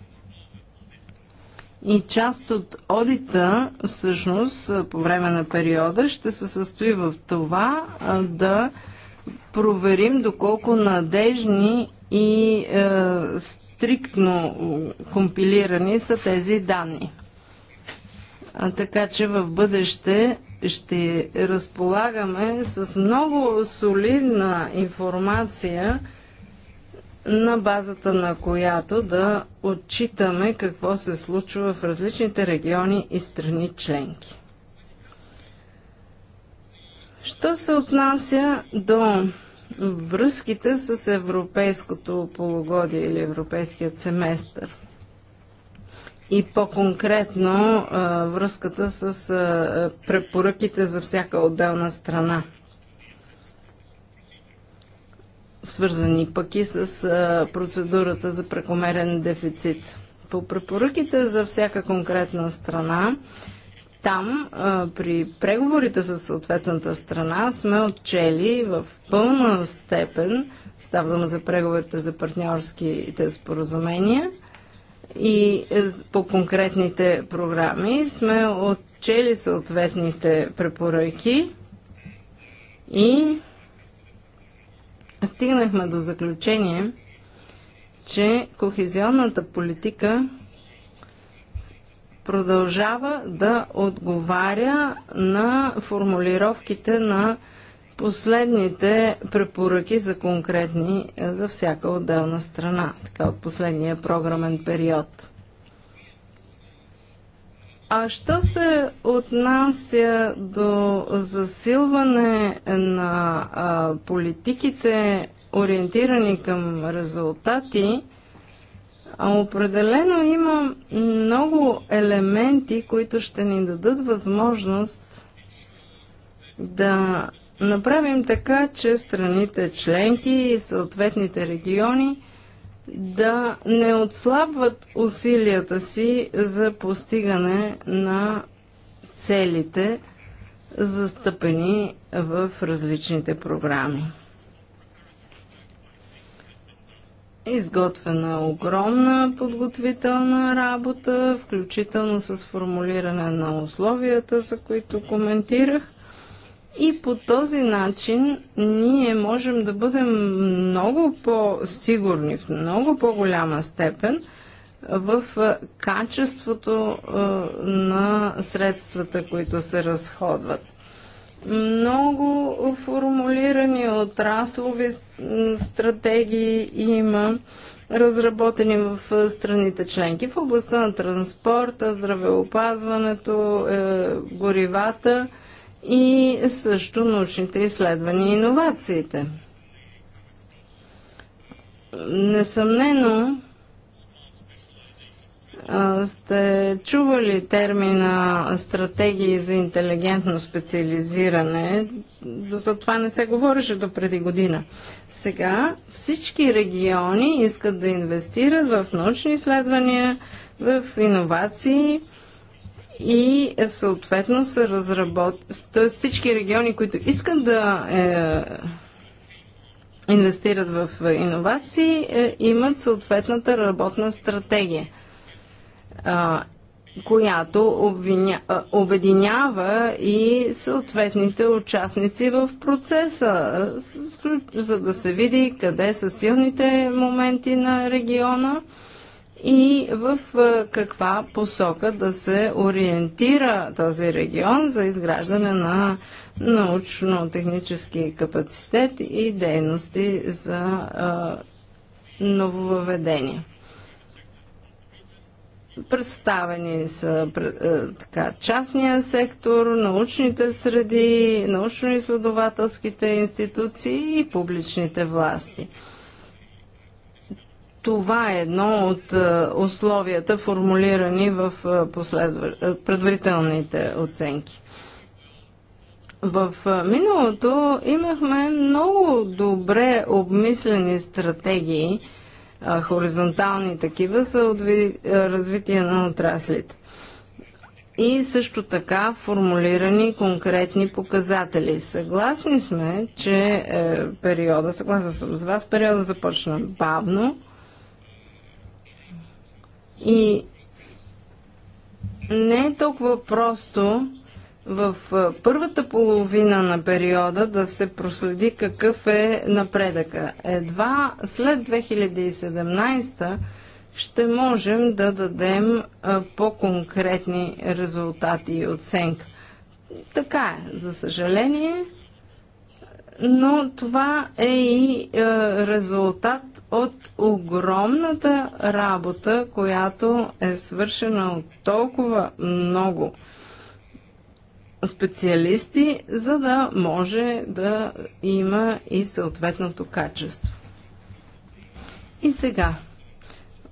И част от одита, всъщност, по време на периода, ще се състои в това да проверим доколко надежни и е, стриктно компилирани са тези данни. А така че в бъдеще ще разполагаме с много солидна информация, на базата на която да отчитаме какво се случва в различните региони и страни членки. Що се отнася до връзките с европейското полугодие или европейският семестър и по-конкретно връзката с препоръките за всяка отделна страна – свързани пък и с процедурата за прекомерен дефицит. По препоръките за всяка конкретна страна, там при преговорите с съответната страна сме отчели в пълна степен, става дума за преговорите за партньорските споразумения, и по конкретните програми сме отчели съответните препоръки и стигнахме до заключение, че кохезионната политика продължава да отговаря на формулировките на последните препоръки за конкретни за всяка отделна страна, така от последния програмен период. А що се отнася до засилване на а, политиките, ориентирани към резултати, определено има много елементи, които ще ни дадат възможност да направим така, че страните членки и съответните региони да не отслабват усилията си за постигане на целите, застъпени в различните програми. Изготвена огромна подготвителна работа, включително с формулиране на условията, за които коментирах. И по този начин ние можем да бъдем много по-сигурни в много по-голяма степен в качеството на средствата, които се разходват. Много формулирани отраслови стратегии има, разработени в страните членки в областта на транспорта, здравеопазването, е, горивата – и също научните изследвания и иновациите. Несъмнено сте чували термина стратегии за интелигентно специализиране. За това не се говореше до преди година. Сега всички региони искат да инвестират в научни изследвания, в иновации, и съответно се разработ... т.е. всички региони, които искат да е, инвестират в е, иновации, е, имат съответната работна стратегия, а, която обвиня, обединява и съответните участници в процеса, за да се види къде са силните моменти на региона, и в каква посока да се ориентира този регион за изграждане на научно-технически капацитет и дейности за а, Представени са така, частния сектор, научните среди, научно-изследователските институции и публичните власти – това е едно от е, условията, формулирани в е, последва... Е, предварителните оценки. В миналото имахме много добре обмислени стратегии, хоризонтални такива, за развитие на отраслите. И също така формулирани конкретни показатели. Съгласни сме, че периода, съгласен съм с вас, периода започна бавно, и не е толкова просто в първата половина на периода да се проследи какъв е напредъка. Едва след 2017 ще можем да дадем по-конкретни резултати и оценка. Така е, за съжаление, но това е и резултат от огромната работа, която е свършена от толкова много специалисти, за да може да има и съответното качество. И сега,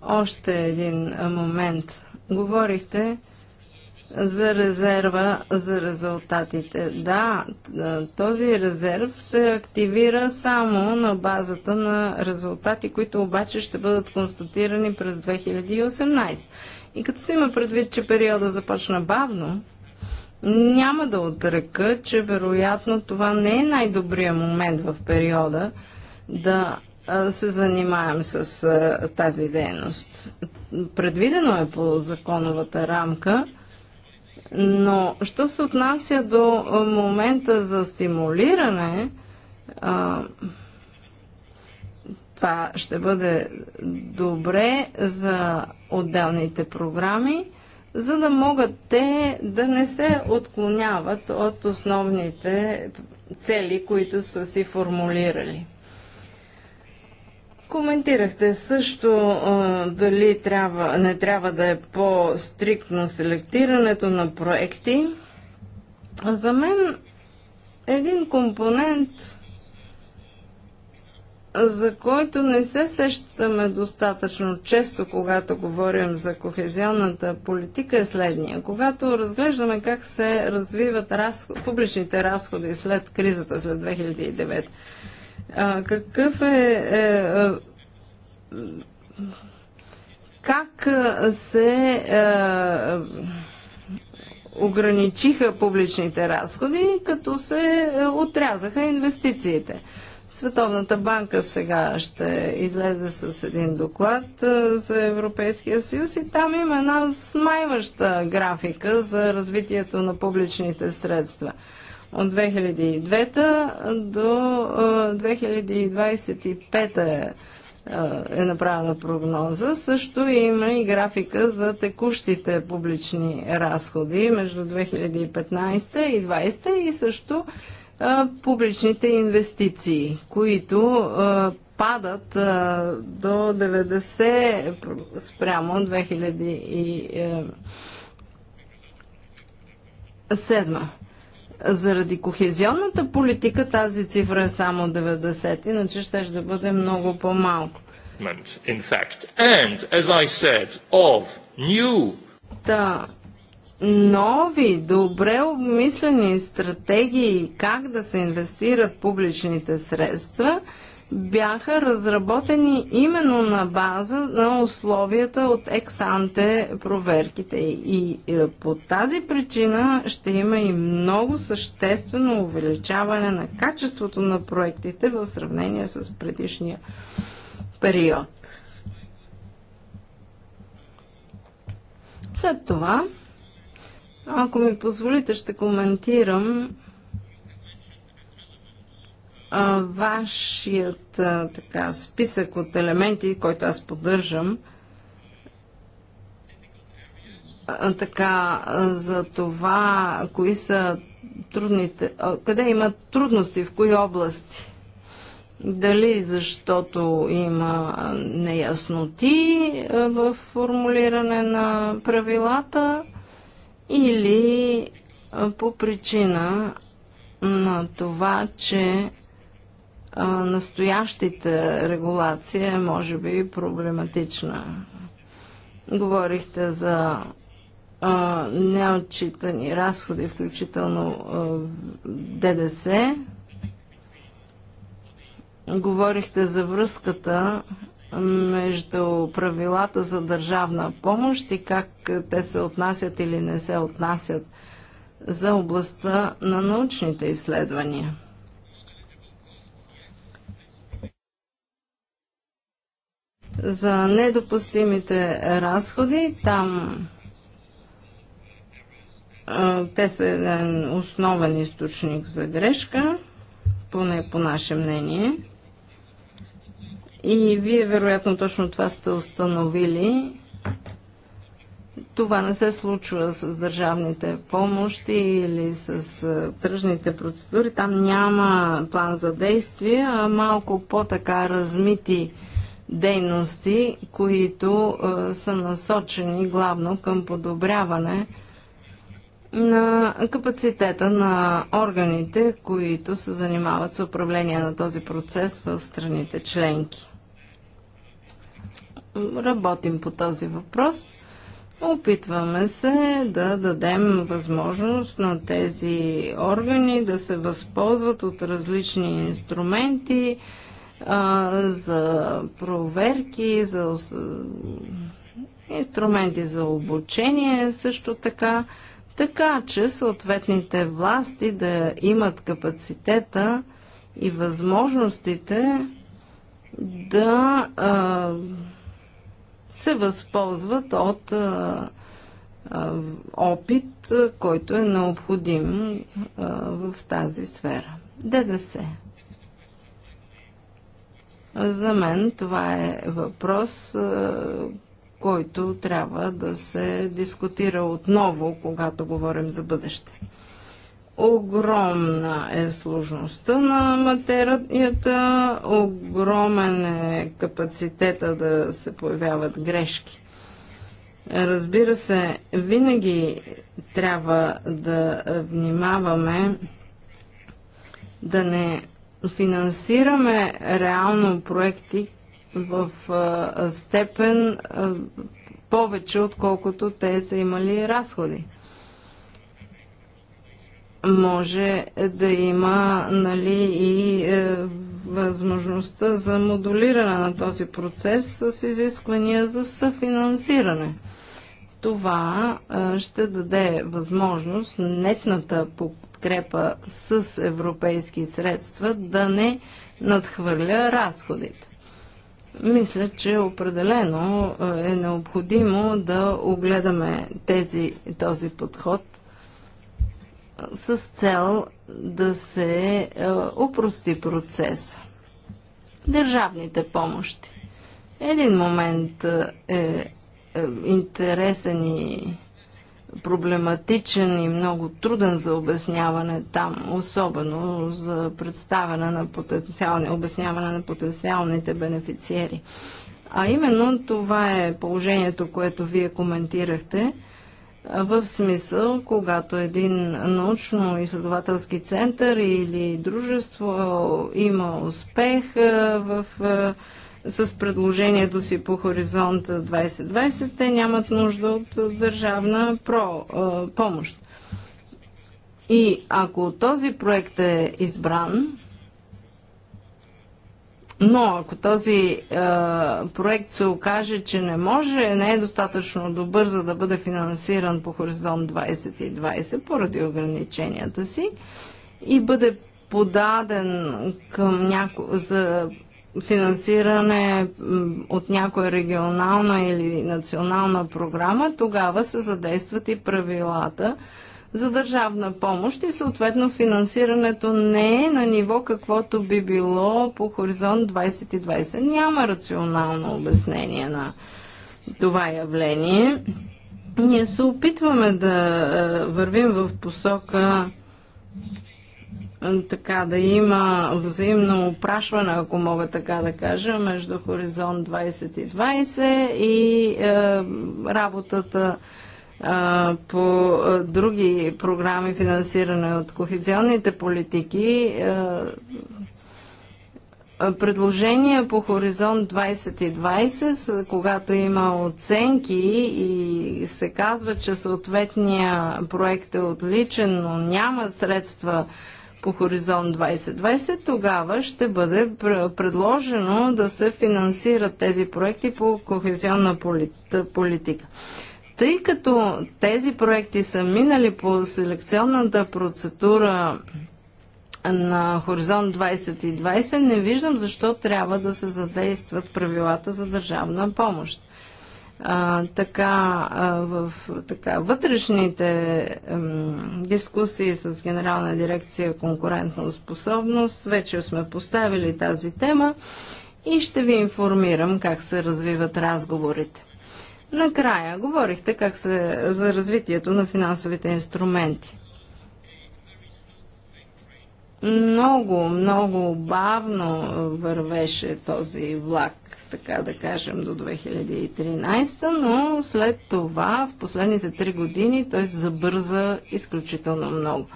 още един момент. Говорихте за резерва за резултатите. Да, този резерв се активира само на базата на резултати, които обаче ще бъдат констатирани през 2018. И като се има предвид, че периода започна бавно, няма да отрека, че вероятно това не е най-добрия момент в периода да се занимаем с тази дейност. Предвидено е по законовата рамка но, що се отнася до момента за стимулиране, а, това ще бъде добре за отделните програми, за да могат те да не се отклоняват от основните цели, които са си формулирали. Коментирахте също а, дали трябва, не трябва да е по-стриктно селектирането на проекти. За мен един компонент, за който не се сещаме достатъчно често, когато говорим за кохезионната политика, е следния. Когато разглеждаме как се развиват разход, публичните разходи след кризата, след 2009 а, какъв е, е, е как е, се е, ограничиха публичните разходи, като се е, отрязаха инвестициите? Световната банка сега ще излезе с един доклад е, за Европейския съюз и там има една смайваща графика за развитието на публичните средства – от 2002 до 2025 е, е направена прогноза. Също има и графика за текущите публични разходи между 2015 и 2020 и също публичните инвестиции, които падат до 90 спрямо 2007 заради кохезионната политика тази цифра е само 90, иначе ще ще бъде много по-малко. In fact, and as I said, of new. Да, нови, добре обмислени стратегии как да се инвестират публичните средства – бяха разработени именно на база на условията от ексанте проверките. И е, по тази причина ще има и много съществено увеличаване на качеството на проектите в сравнение с предишния период. След това, ако ми позволите, ще коментирам вашият така, списък от елементи, който аз поддържам, така, за това, кои са трудните, къде има трудности, в кои области. Дали защото има неясноти в формулиране на правилата или по причина на това, че настоящите регулация е може би проблематична. Говорихте за неотчитани разходи, включително ДДС. Говорихте за връзката между правилата за държавна помощ и как те се отнасят или не се отнасят за областта на научните изследвания. За недопустимите разходи, там те са един основен източник за грешка, поне по наше мнение. И вие вероятно точно това сте установили. Това не се случва с държавните помощи или с тръжните процедури. Там няма план за действие, а малко по-така размити дейности, които са насочени главно към подобряване на капацитета на органите, които се занимават с управление на този процес в страните членки. Работим по този въпрос. Опитваме се да дадем възможност на тези органи да се възползват от различни инструменти, за проверки, за инструменти за обучение също така, така че съответните власти да имат капацитета и възможностите да а, се възползват от а, а, опит, който е необходим а, в тази сфера. ДДС. За мен това е въпрос, е, който трябва да се дискутира отново, когато говорим за бъдеще. Огромна е сложността на материята, огромен е капацитета да се появяват грешки. Разбира се, винаги трябва да внимаваме да не финансираме реално проекти в степен повече, отколкото те са имали разходи. Може да има нали, и е, възможността за модулиране на този процес с изисквания за съфинансиране. Това е, ще даде възможност нетната подкрепа с европейски средства да не надхвърля разходите. Мисля, че определено е необходимо да огледаме тези, този подход с цел да се упрости е, процеса. Държавните помощи. Един момент е, е интересен и проблематичен и много труден за обясняване там, особено за представяне на потенциални, обясняване на потенциалните бенефициери. А именно това е положението, което вие коментирахте, в смисъл, когато един научно-изследователски център или дружество има успех в с предложението си по Хоризонт 2020, те нямат нужда от държавна про, а, помощ. И ако този проект е избран, но ако този е, проект се окаже, че не може, не е достатъчно добър, за да бъде финансиран по Хоризонт 2020, поради ограниченията си, и бъде подаден към няко... за финансиране от някоя регионална или национална програма, тогава се задействат и правилата за държавна помощ и съответно финансирането не е на ниво каквото би било по хоризонт 2020. Няма рационално обяснение на това явление. Ние се опитваме да е, вървим в посока така да има взаимно опрашване, ако мога така да кажа, между Хоризонт 2020 и е, работата е, по е, други програми, финансиране от кохезионните политики. Е, предложения по Хоризонт 2020, когато има оценки и се казва, че съответния проект е отличен, но няма средства по Хоризонт 2020, тогава ще бъде предложено да се финансират тези проекти по кохезионна политика. Тъй като тези проекти са минали по селекционната процедура на Хоризонт 2020, не виждам защо трябва да се задействат правилата за държавна помощ а, така, а, в така, вътрешните ам, дискусии с Генерална дирекция конкурентна способност вече сме поставили тази тема и ще ви информирам как се развиват разговорите. Накрая говорихте как се, за развитието на финансовите инструменти. Много, много бавно вървеше този влак, така да кажем, до 2013, но след това, в последните три години, той забърза изключително много.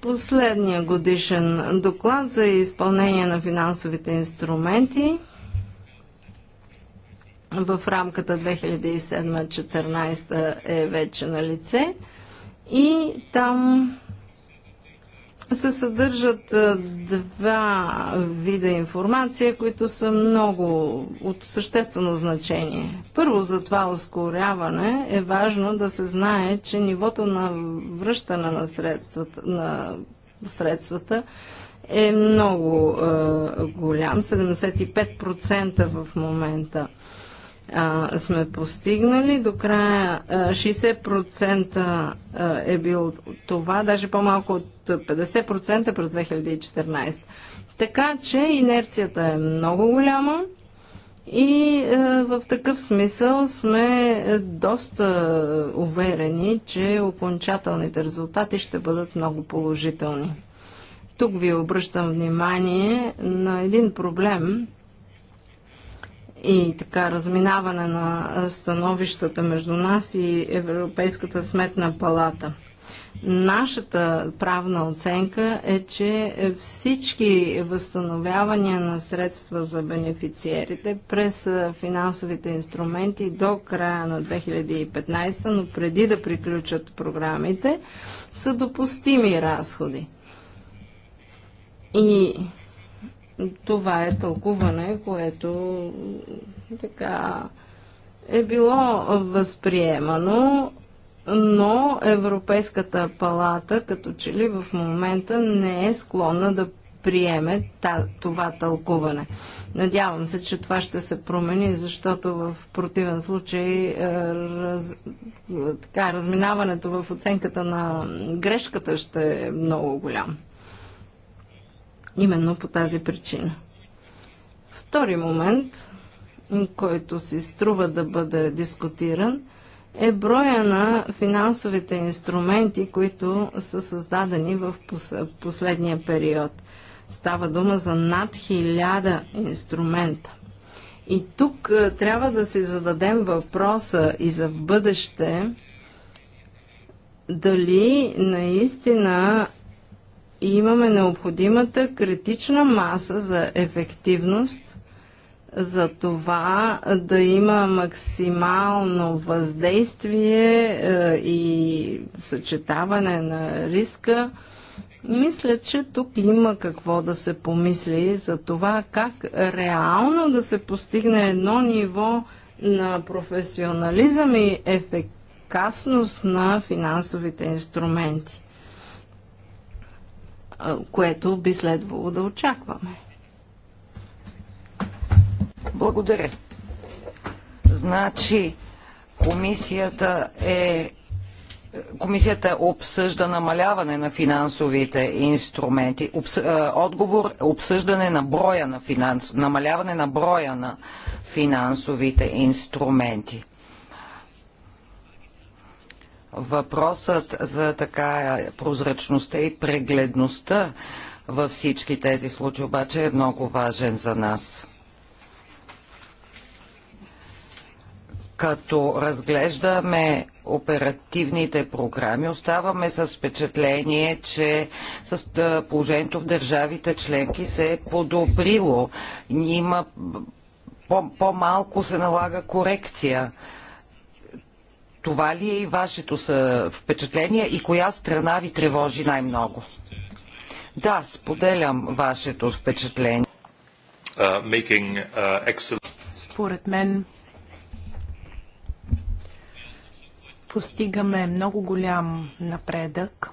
Последния годишен доклад за изпълнение на финансовите инструменти в рамката 2007-2014 е вече на лице и там се съдържат два вида информация, които са много от съществено значение. Първо за това ускоряване е важно да се знае, че нивото на връщане на средствата, на средствата е много е, голям, 75% в момента а, сме постигнали. До края а, 60% е бил това, даже по-малко от 50% през 2014. Така че инерцията е много голяма и в такъв смисъл сме доста уверени, че окончателните резултати ще бъдат много положителни. Тук ви обръщам внимание на един проблем, и така разминаване на становищата между нас и Европейската сметна палата. Нашата правна оценка е, че всички възстановявания на средства за бенефициерите през финансовите инструменти до края на 2015, но преди да приключат програмите, са допустими разходи. И това е тълкуване, което така е било възприемано, но Европейската палата като че ли в момента не е склонна да приеме това тълкуване. Надявам се, че това ще се промени, защото в противен случай е, раз, така, разминаването в оценката на грешката ще е много голямо именно по тази причина. Втори момент, който си струва да бъде дискутиран, е броя на финансовите инструменти, които са създадени в последния период. Става дума за над хиляда инструмента. И тук е, трябва да си зададем въпроса и за в бъдеще дали наистина и имаме необходимата критична маса за ефективност, за това да има максимално въздействие е, и съчетаване на риска. Мисля, че тук има какво да се помисли за това как реално да се постигне едно ниво на професионализъм и ефективност на финансовите инструменти което би следвало да очакваме. Благодаря. Значи, комисията е Комисията обсъжда намаляване на финансовите инструменти. Обс... Отговор обсъждане на броя на финанс... намаляване на броя на финансовите инструменти. Въпросът за така прозрачността и прегледността във всички тези случаи обаче е много важен за нас. Като разглеждаме оперативните програми, оставаме с впечатление, че с положението в държавите членки се е подобрило. Има по-малко -по се налага корекция това ли е и вашето впечатление и коя страна ви тревожи най-много? Да, споделям вашето впечатление. Uh, making, uh, excellent... Според мен постигаме много голям напредък.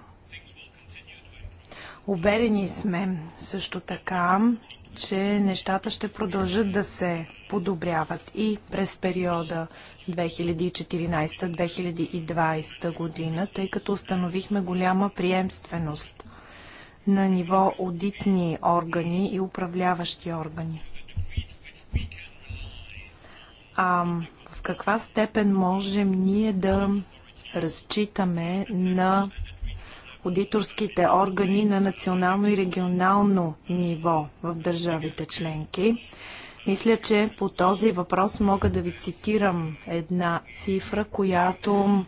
Уверени сме също така, че нещата ще продължат да се подобряват и през периода 2014-2020 година, тъй като установихме голяма приемственост на ниво аудитни органи и управляващи органи. А в каква степен можем ние да разчитаме на аудиторските органи на национално и регионално ниво в държавите членки. Мисля, че по този въпрос мога да ви цитирам една цифра, която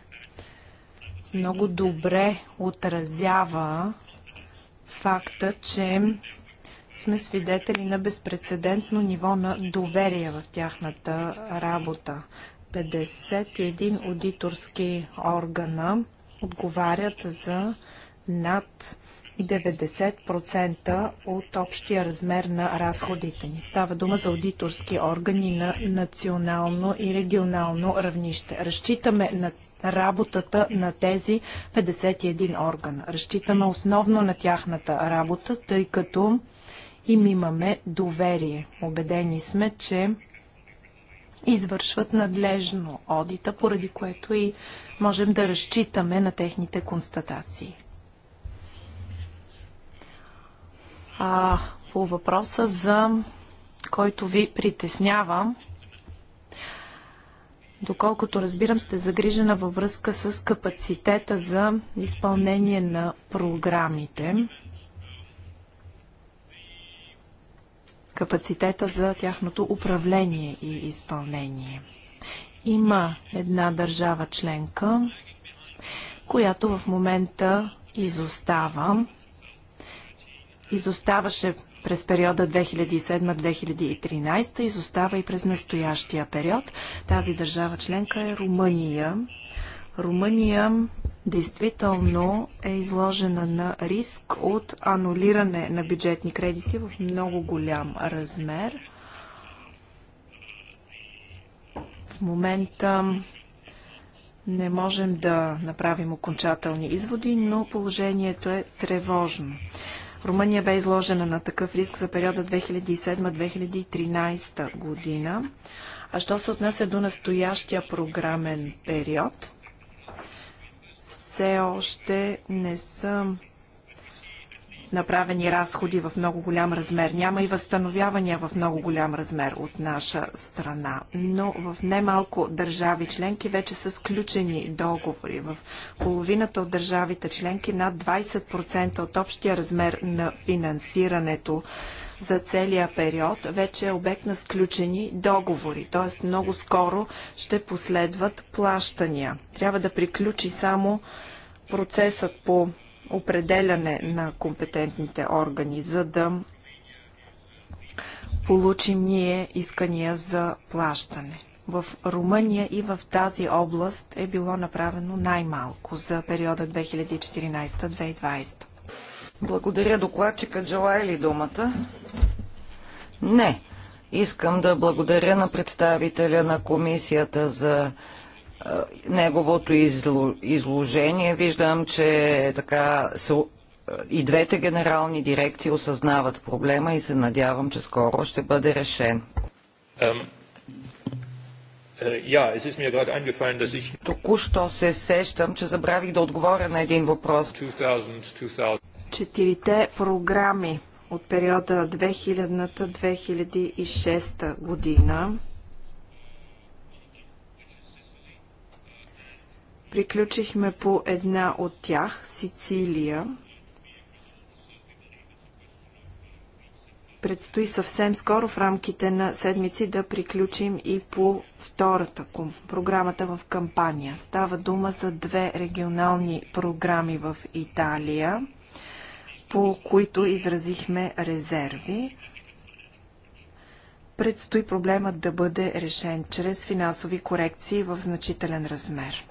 много добре отразява факта, че сме свидетели на безпредседентно ниво на доверие в тяхната работа. 51 аудиторски органа отговарят за над 90% от общия размер на разходите ни. Става дума за аудиторски органи на национално и регионално равнище. Разчитаме на работата на тези 51 органа. Разчитаме основно на тяхната работа, тъй като им имаме доверие. Обедени сме, че извършват надлежно одита, поради което и можем да разчитаме на техните констатации. А, по въпроса, за който ви притеснява, доколкото разбирам, сте загрижена във връзка с капацитета за изпълнение на програмите. Капацитета за тяхното управление и изпълнение. Има една държава членка, която в момента изостава изоставаше през периода 2007-2013, изостава и през настоящия период. Тази държава членка е Румъния. Румъния действително е изложена на риск от анулиране на бюджетни кредити в много голям размер. В момента не можем да направим окончателни изводи, но положението е тревожно. Румъния бе изложена на такъв риск за периода 2007-2013 година. А що се отнася до настоящия програмен период, все още не съм направени разходи в много голям размер. Няма и възстановявания в много голям размер от наша страна. Но в немалко държави членки вече са сключени договори. В половината от държавите членки над 20% от общия размер на финансирането за целия период вече е обект на сключени договори, т.е. много скоро ще последват плащания. Трябва да приключи само процесът по определяне на компетентните органи, за да получим ние искания за плащане. В Румъния и в тази област е било направено най-малко за периода 2014-2020. Благодаря докладчика. Желая ли думата? Не. Искам да благодаря на представителя на комисията за е, неговото изложение. Виждам, че е така се, и двете генерални дирекции осъзнават проблема и се надявам, че скоро ще бъде решен. Е, Току-що се сещам, че забравих да отговоря на един въпрос. Четирите програми от периода 2000-2006 година Приключихме по една от тях, Сицилия. Предстои съвсем скоро в рамките на седмици да приключим и по втората програмата в кампания. Става дума за две регионални програми в Италия, по които изразихме резерви предстои проблемът да бъде решен чрез финансови корекции в значителен размер.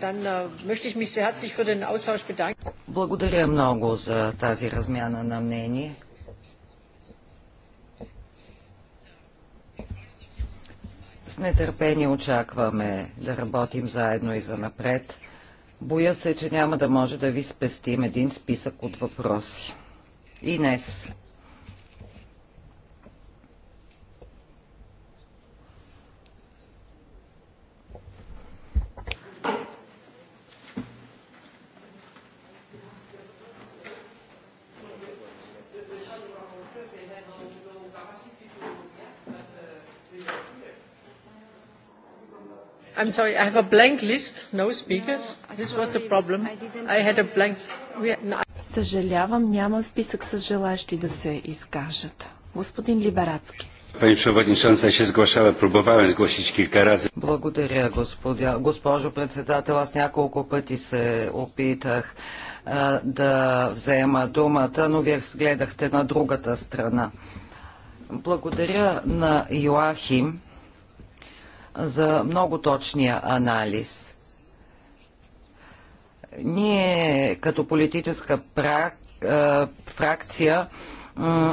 Äh, Благодаря много за тази размяна на мнение. С нетърпение очакваме да работим заедно и за напред. Боя се, че няма да може да ви спестим един списък от въпроси. Инес. I'm sorry, I have a blank list, no speakers. This was the problem. I had a blank... Съжалявам, нямам списък с желащи да се изкажат. Господин Либерацки. Благодаря, господя, госпожо председател. Аз няколко пъти се опитах а, да взема думата, но вие гледахте на другата страна. Благодаря на Йоахим за много точния анализ. Ние като политическа фракция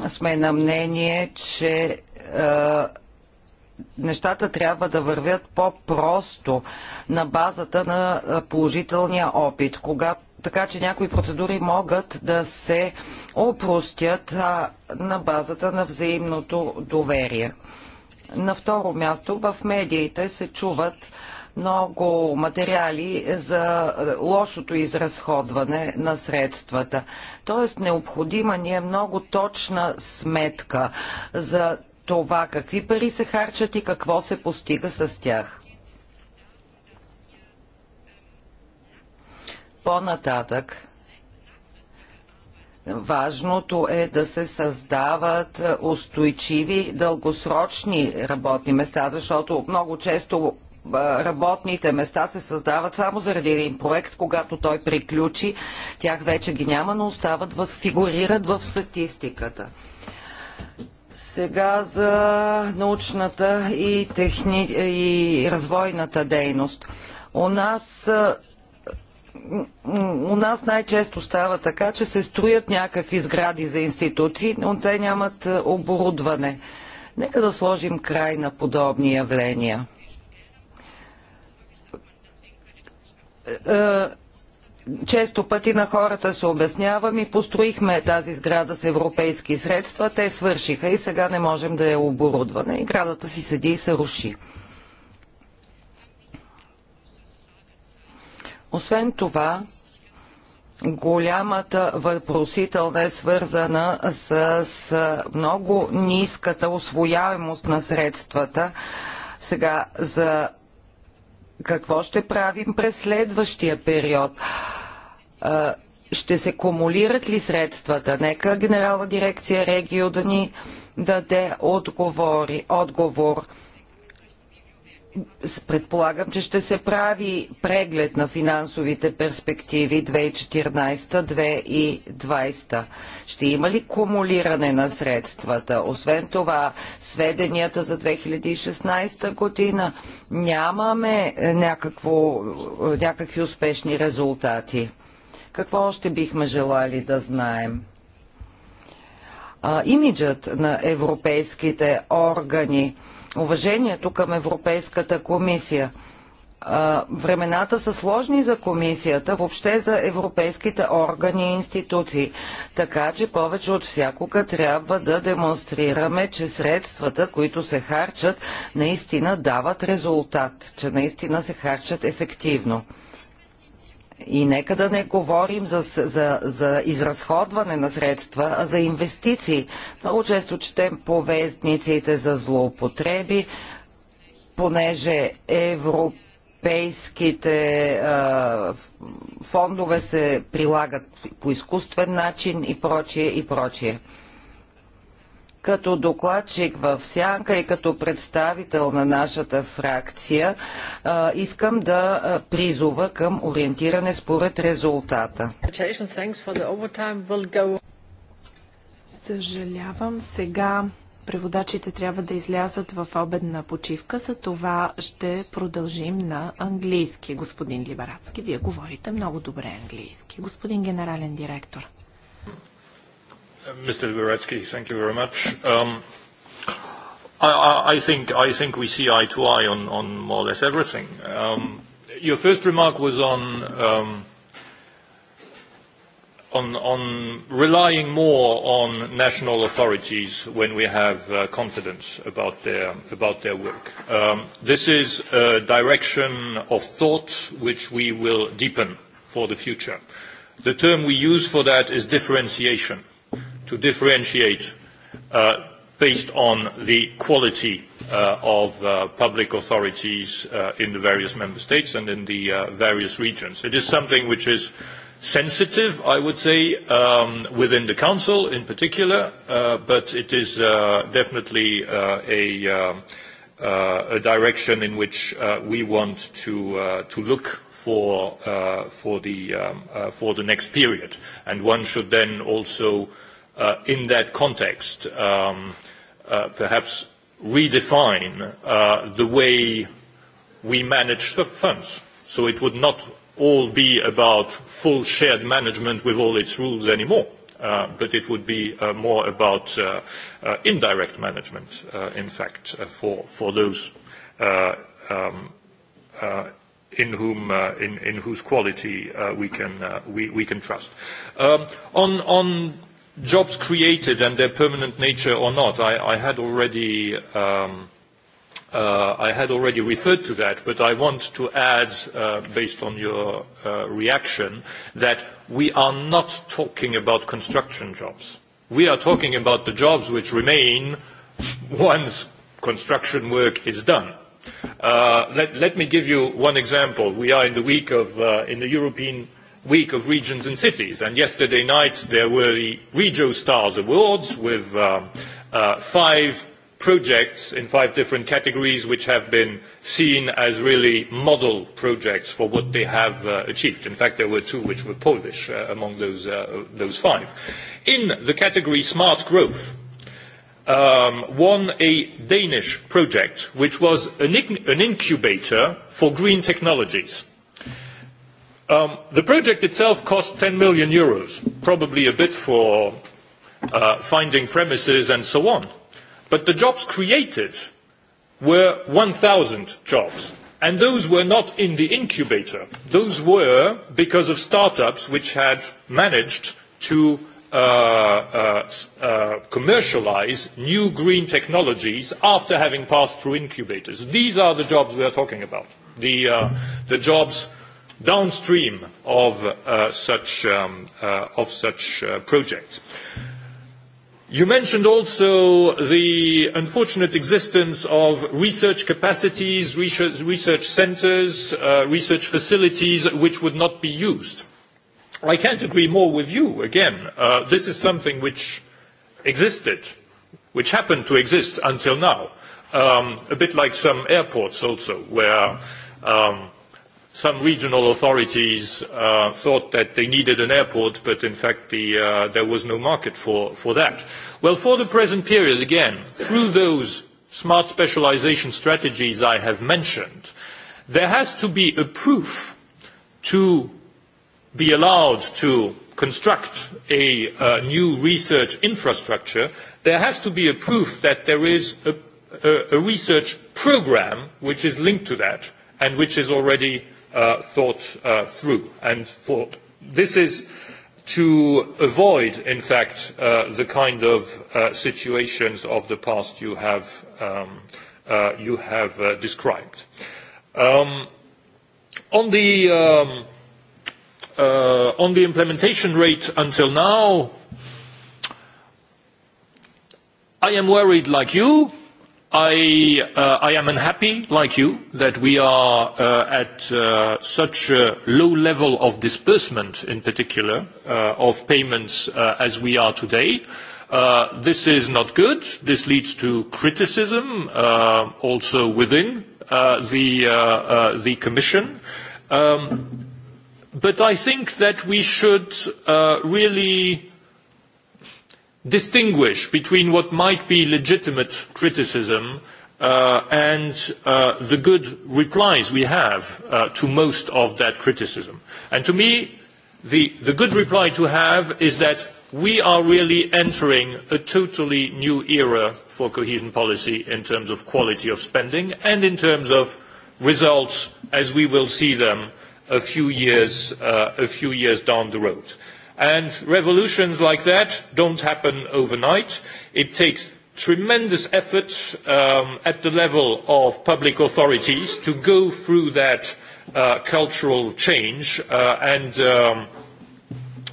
сме на мнение, че нещата трябва да вървят по-просто на базата на положителния опит, когато така че някои процедури могат да се опростят на базата на взаимното доверие. На второ място в медиите се чуват много материали за е, лошото изразходване на средствата. Тоест необходима ни е много точна сметка за това какви пари се харчат и какво се постига с тях. По-нататък Важното е да се създават е, устойчиви, дългосрочни работни места, защото много често е, работните места се създават само заради един проект, когато той приключи, тях вече ги няма, но остават, фигурират в статистиката. Сега за научната и, техни... и развойната дейност. У нас е, у нас най-често става така, че се строят някакви сгради за институции, но те нямат е, оборудване. Нека да сложим край на подобни явления. Е, е, често пъти на хората се обяснявам и построихме тази сграда с европейски средства, те свършиха и сега не можем да я оборудваме. И градата си седи и се руши. Освен това, голямата въпросителна е свързана с, с много ниската освояемост на средствата. Сега за какво ще правим през следващия период? Ще се кумулират ли средствата? Нека генерална дирекция Регио да ни даде отговор предполагам, че ще се прави преглед на финансовите перспективи 2014-2020. Ще има ли кумулиране на средствата? Освен това, сведенията за 2016 година нямаме е, някакво, е, някакви успешни резултати. Какво още бихме желали да знаем? А, имиджът на европейските органи – уважението към Европейската комисия. Времената са сложни за комисията, въобще за европейските органи и институции. Така че повече от всякога трябва да демонстрираме, че средствата, които се харчат, наистина дават резултат, че наистина се харчат ефективно. И нека да не говорим за, за, за изразходване на средства, а за инвестиции. Много често четем повестниците за злоупотреби, понеже европейските а, фондове се прилагат по изкуствен начин и прочие и прочие като докладчик в Сянка и като представител на нашата фракция искам да призова към ориентиране според резултата. Съжалявам, сега преводачите трябва да излязат в обедна почивка, за това ще продължим на английски. Господин Либарацки, вие говорите много добре английски. Господин генерален директор. Mr. Liberadzki, thank you very much. I, think, we see eye to eye on, on more or less everything. your first remark was on, relying more on national authorities when we have confidence about their, about their work. this is a direction of thought which we will deepen for the future. The term we use for that is differentiation to differentiate uh, based on the quality uh, of uh, public authorities uh, in the various member states and in the uh, various regions. It is something which is sensitive, I would say, um, within the Council in particular, uh, but it is uh, definitely uh, a, uh, uh, a direction in which uh, we want to, uh, to look for, uh, for, the, um, uh, for the next period. And one should then also uh, in that context, perhaps redefine the way we manage funds. So it would not all be about full shared management with all its rules anymore, but it would be more about indirect management, in fact, for those in whose quality we can trust. on jobs created and their permanent nature or not, I, I had already um, uh, I had already referred to that, but I want to add, uh, based on your uh, reaction, that we are not talking about construction jobs. We are talking about the jobs which remain once construction work is done. Uh, let, let me give you one example. We are in the week of, uh, in the European week of regions and cities. And yesterday night there were the Regio Stars Awards with um, uh, five projects in five different categories which have been seen as really model projects for what they have uh, achieved. In fact, there were two which were Polish uh, among those, uh, those five. In the category Smart Growth, um, won a Danish project which was an, an incubator for green technologies Um, the project itself cost 10 million euros, probably a bit for uh, finding premises and so on. But the jobs created were 1,000 jobs. And those were not in the incubator. Those were because of startups which had managed to uh, uh, uh, commercialize new green technologies after having passed through incubators. These are the jobs we are talking about. The, uh, the jobs downstream of such projects. You mentioned also the unfortunate existence of research capacities, research centres, research facilities which would not be used. I can't agree more with you. Again, this is something which existed, which happened to exist until now. a bit like some airports also, where some regional authorities uh, thought that they needed an airport, but in fact the, uh, there was no market for, for that. Well, for the present period, again, through those smart specialization strategies I have mentioned, there has to be a proof to be allowed to construct a new research infrastructure, there has to be a proof that there is a, a, a research program which is linked to that and which is already thought uh, through and thought. This is to avoid, in fact, uh, the kind of uh, situations of the past you have, um, uh, you have uh, described. Um, on the um, uh, on the implementation rate until now, I am worried like you I, uh, I am unhappy, like you, that we are uh, at uh, such a low level of disbursement, in particular, uh, of payments uh, as we are today. Uh, this is not good. This leads to criticism, uh, also within uh, the, uh, uh, the Commission. Um, but I think that we should uh, really distinguish between what might be legitimate criticism uh, and uh, the good replies we have uh, to most of that criticism. And to me, the, the good reply to have is that we are really entering a totally new era for cohesion policy in terms of quality of spending and in terms of results as we will see them a few years, uh, a few years down the road. And revolutions like that don't happen overnight. It takes tremendous effort um, at the level of public authorities to go through that uh, cultural change. Uh, and um,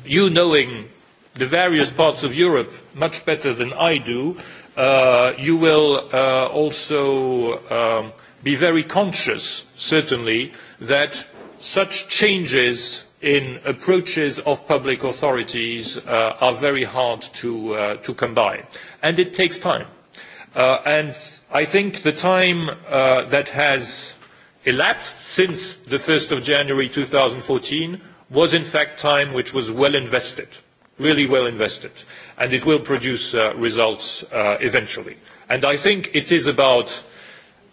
you knowing the various parts of Europe much better than I do, uh, you will uh, also um, be very conscious, certainly, that such changes in approaches of public authorities uh, are very hard to, uh, to come by. And it takes time. Uh, and I think the time uh, that has elapsed since the 1st of January 2014 was in fact time which was well invested, really well invested. And it will produce uh, results uh, eventually. And I think it is about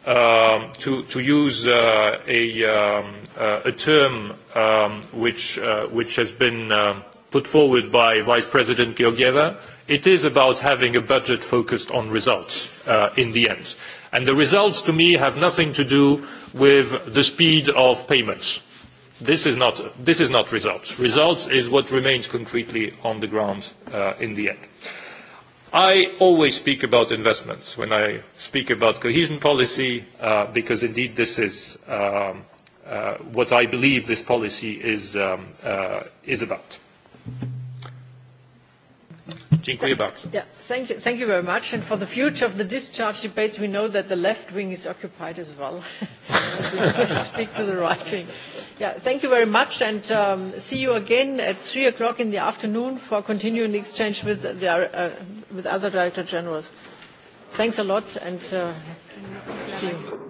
to, use uh, a, um, uh, a term um, which, uh, which has been uh, put forward by Vice President Georgieva, it is about having a budget focused on results uh, in the end. And the results to me have nothing to do with the speed of payments. This is not, this is not results. Results is what remains concretely on the ground uh, in the end. I always speak about investments when I speak about cohesion policy, uh, because indeed this is um, uh, what I believe this policy is, um, uh, is about. Thank you. Yeah, thank you, thank you very much. And for the future of the discharge debates, we know that the left wing is occupied as well. we speak to the right wing. Yeah, thank you very much, and um, see you again at three o'clock in the afternoon for continuing exchange with the. Uh, with other director generals. Thanks a lot and see you.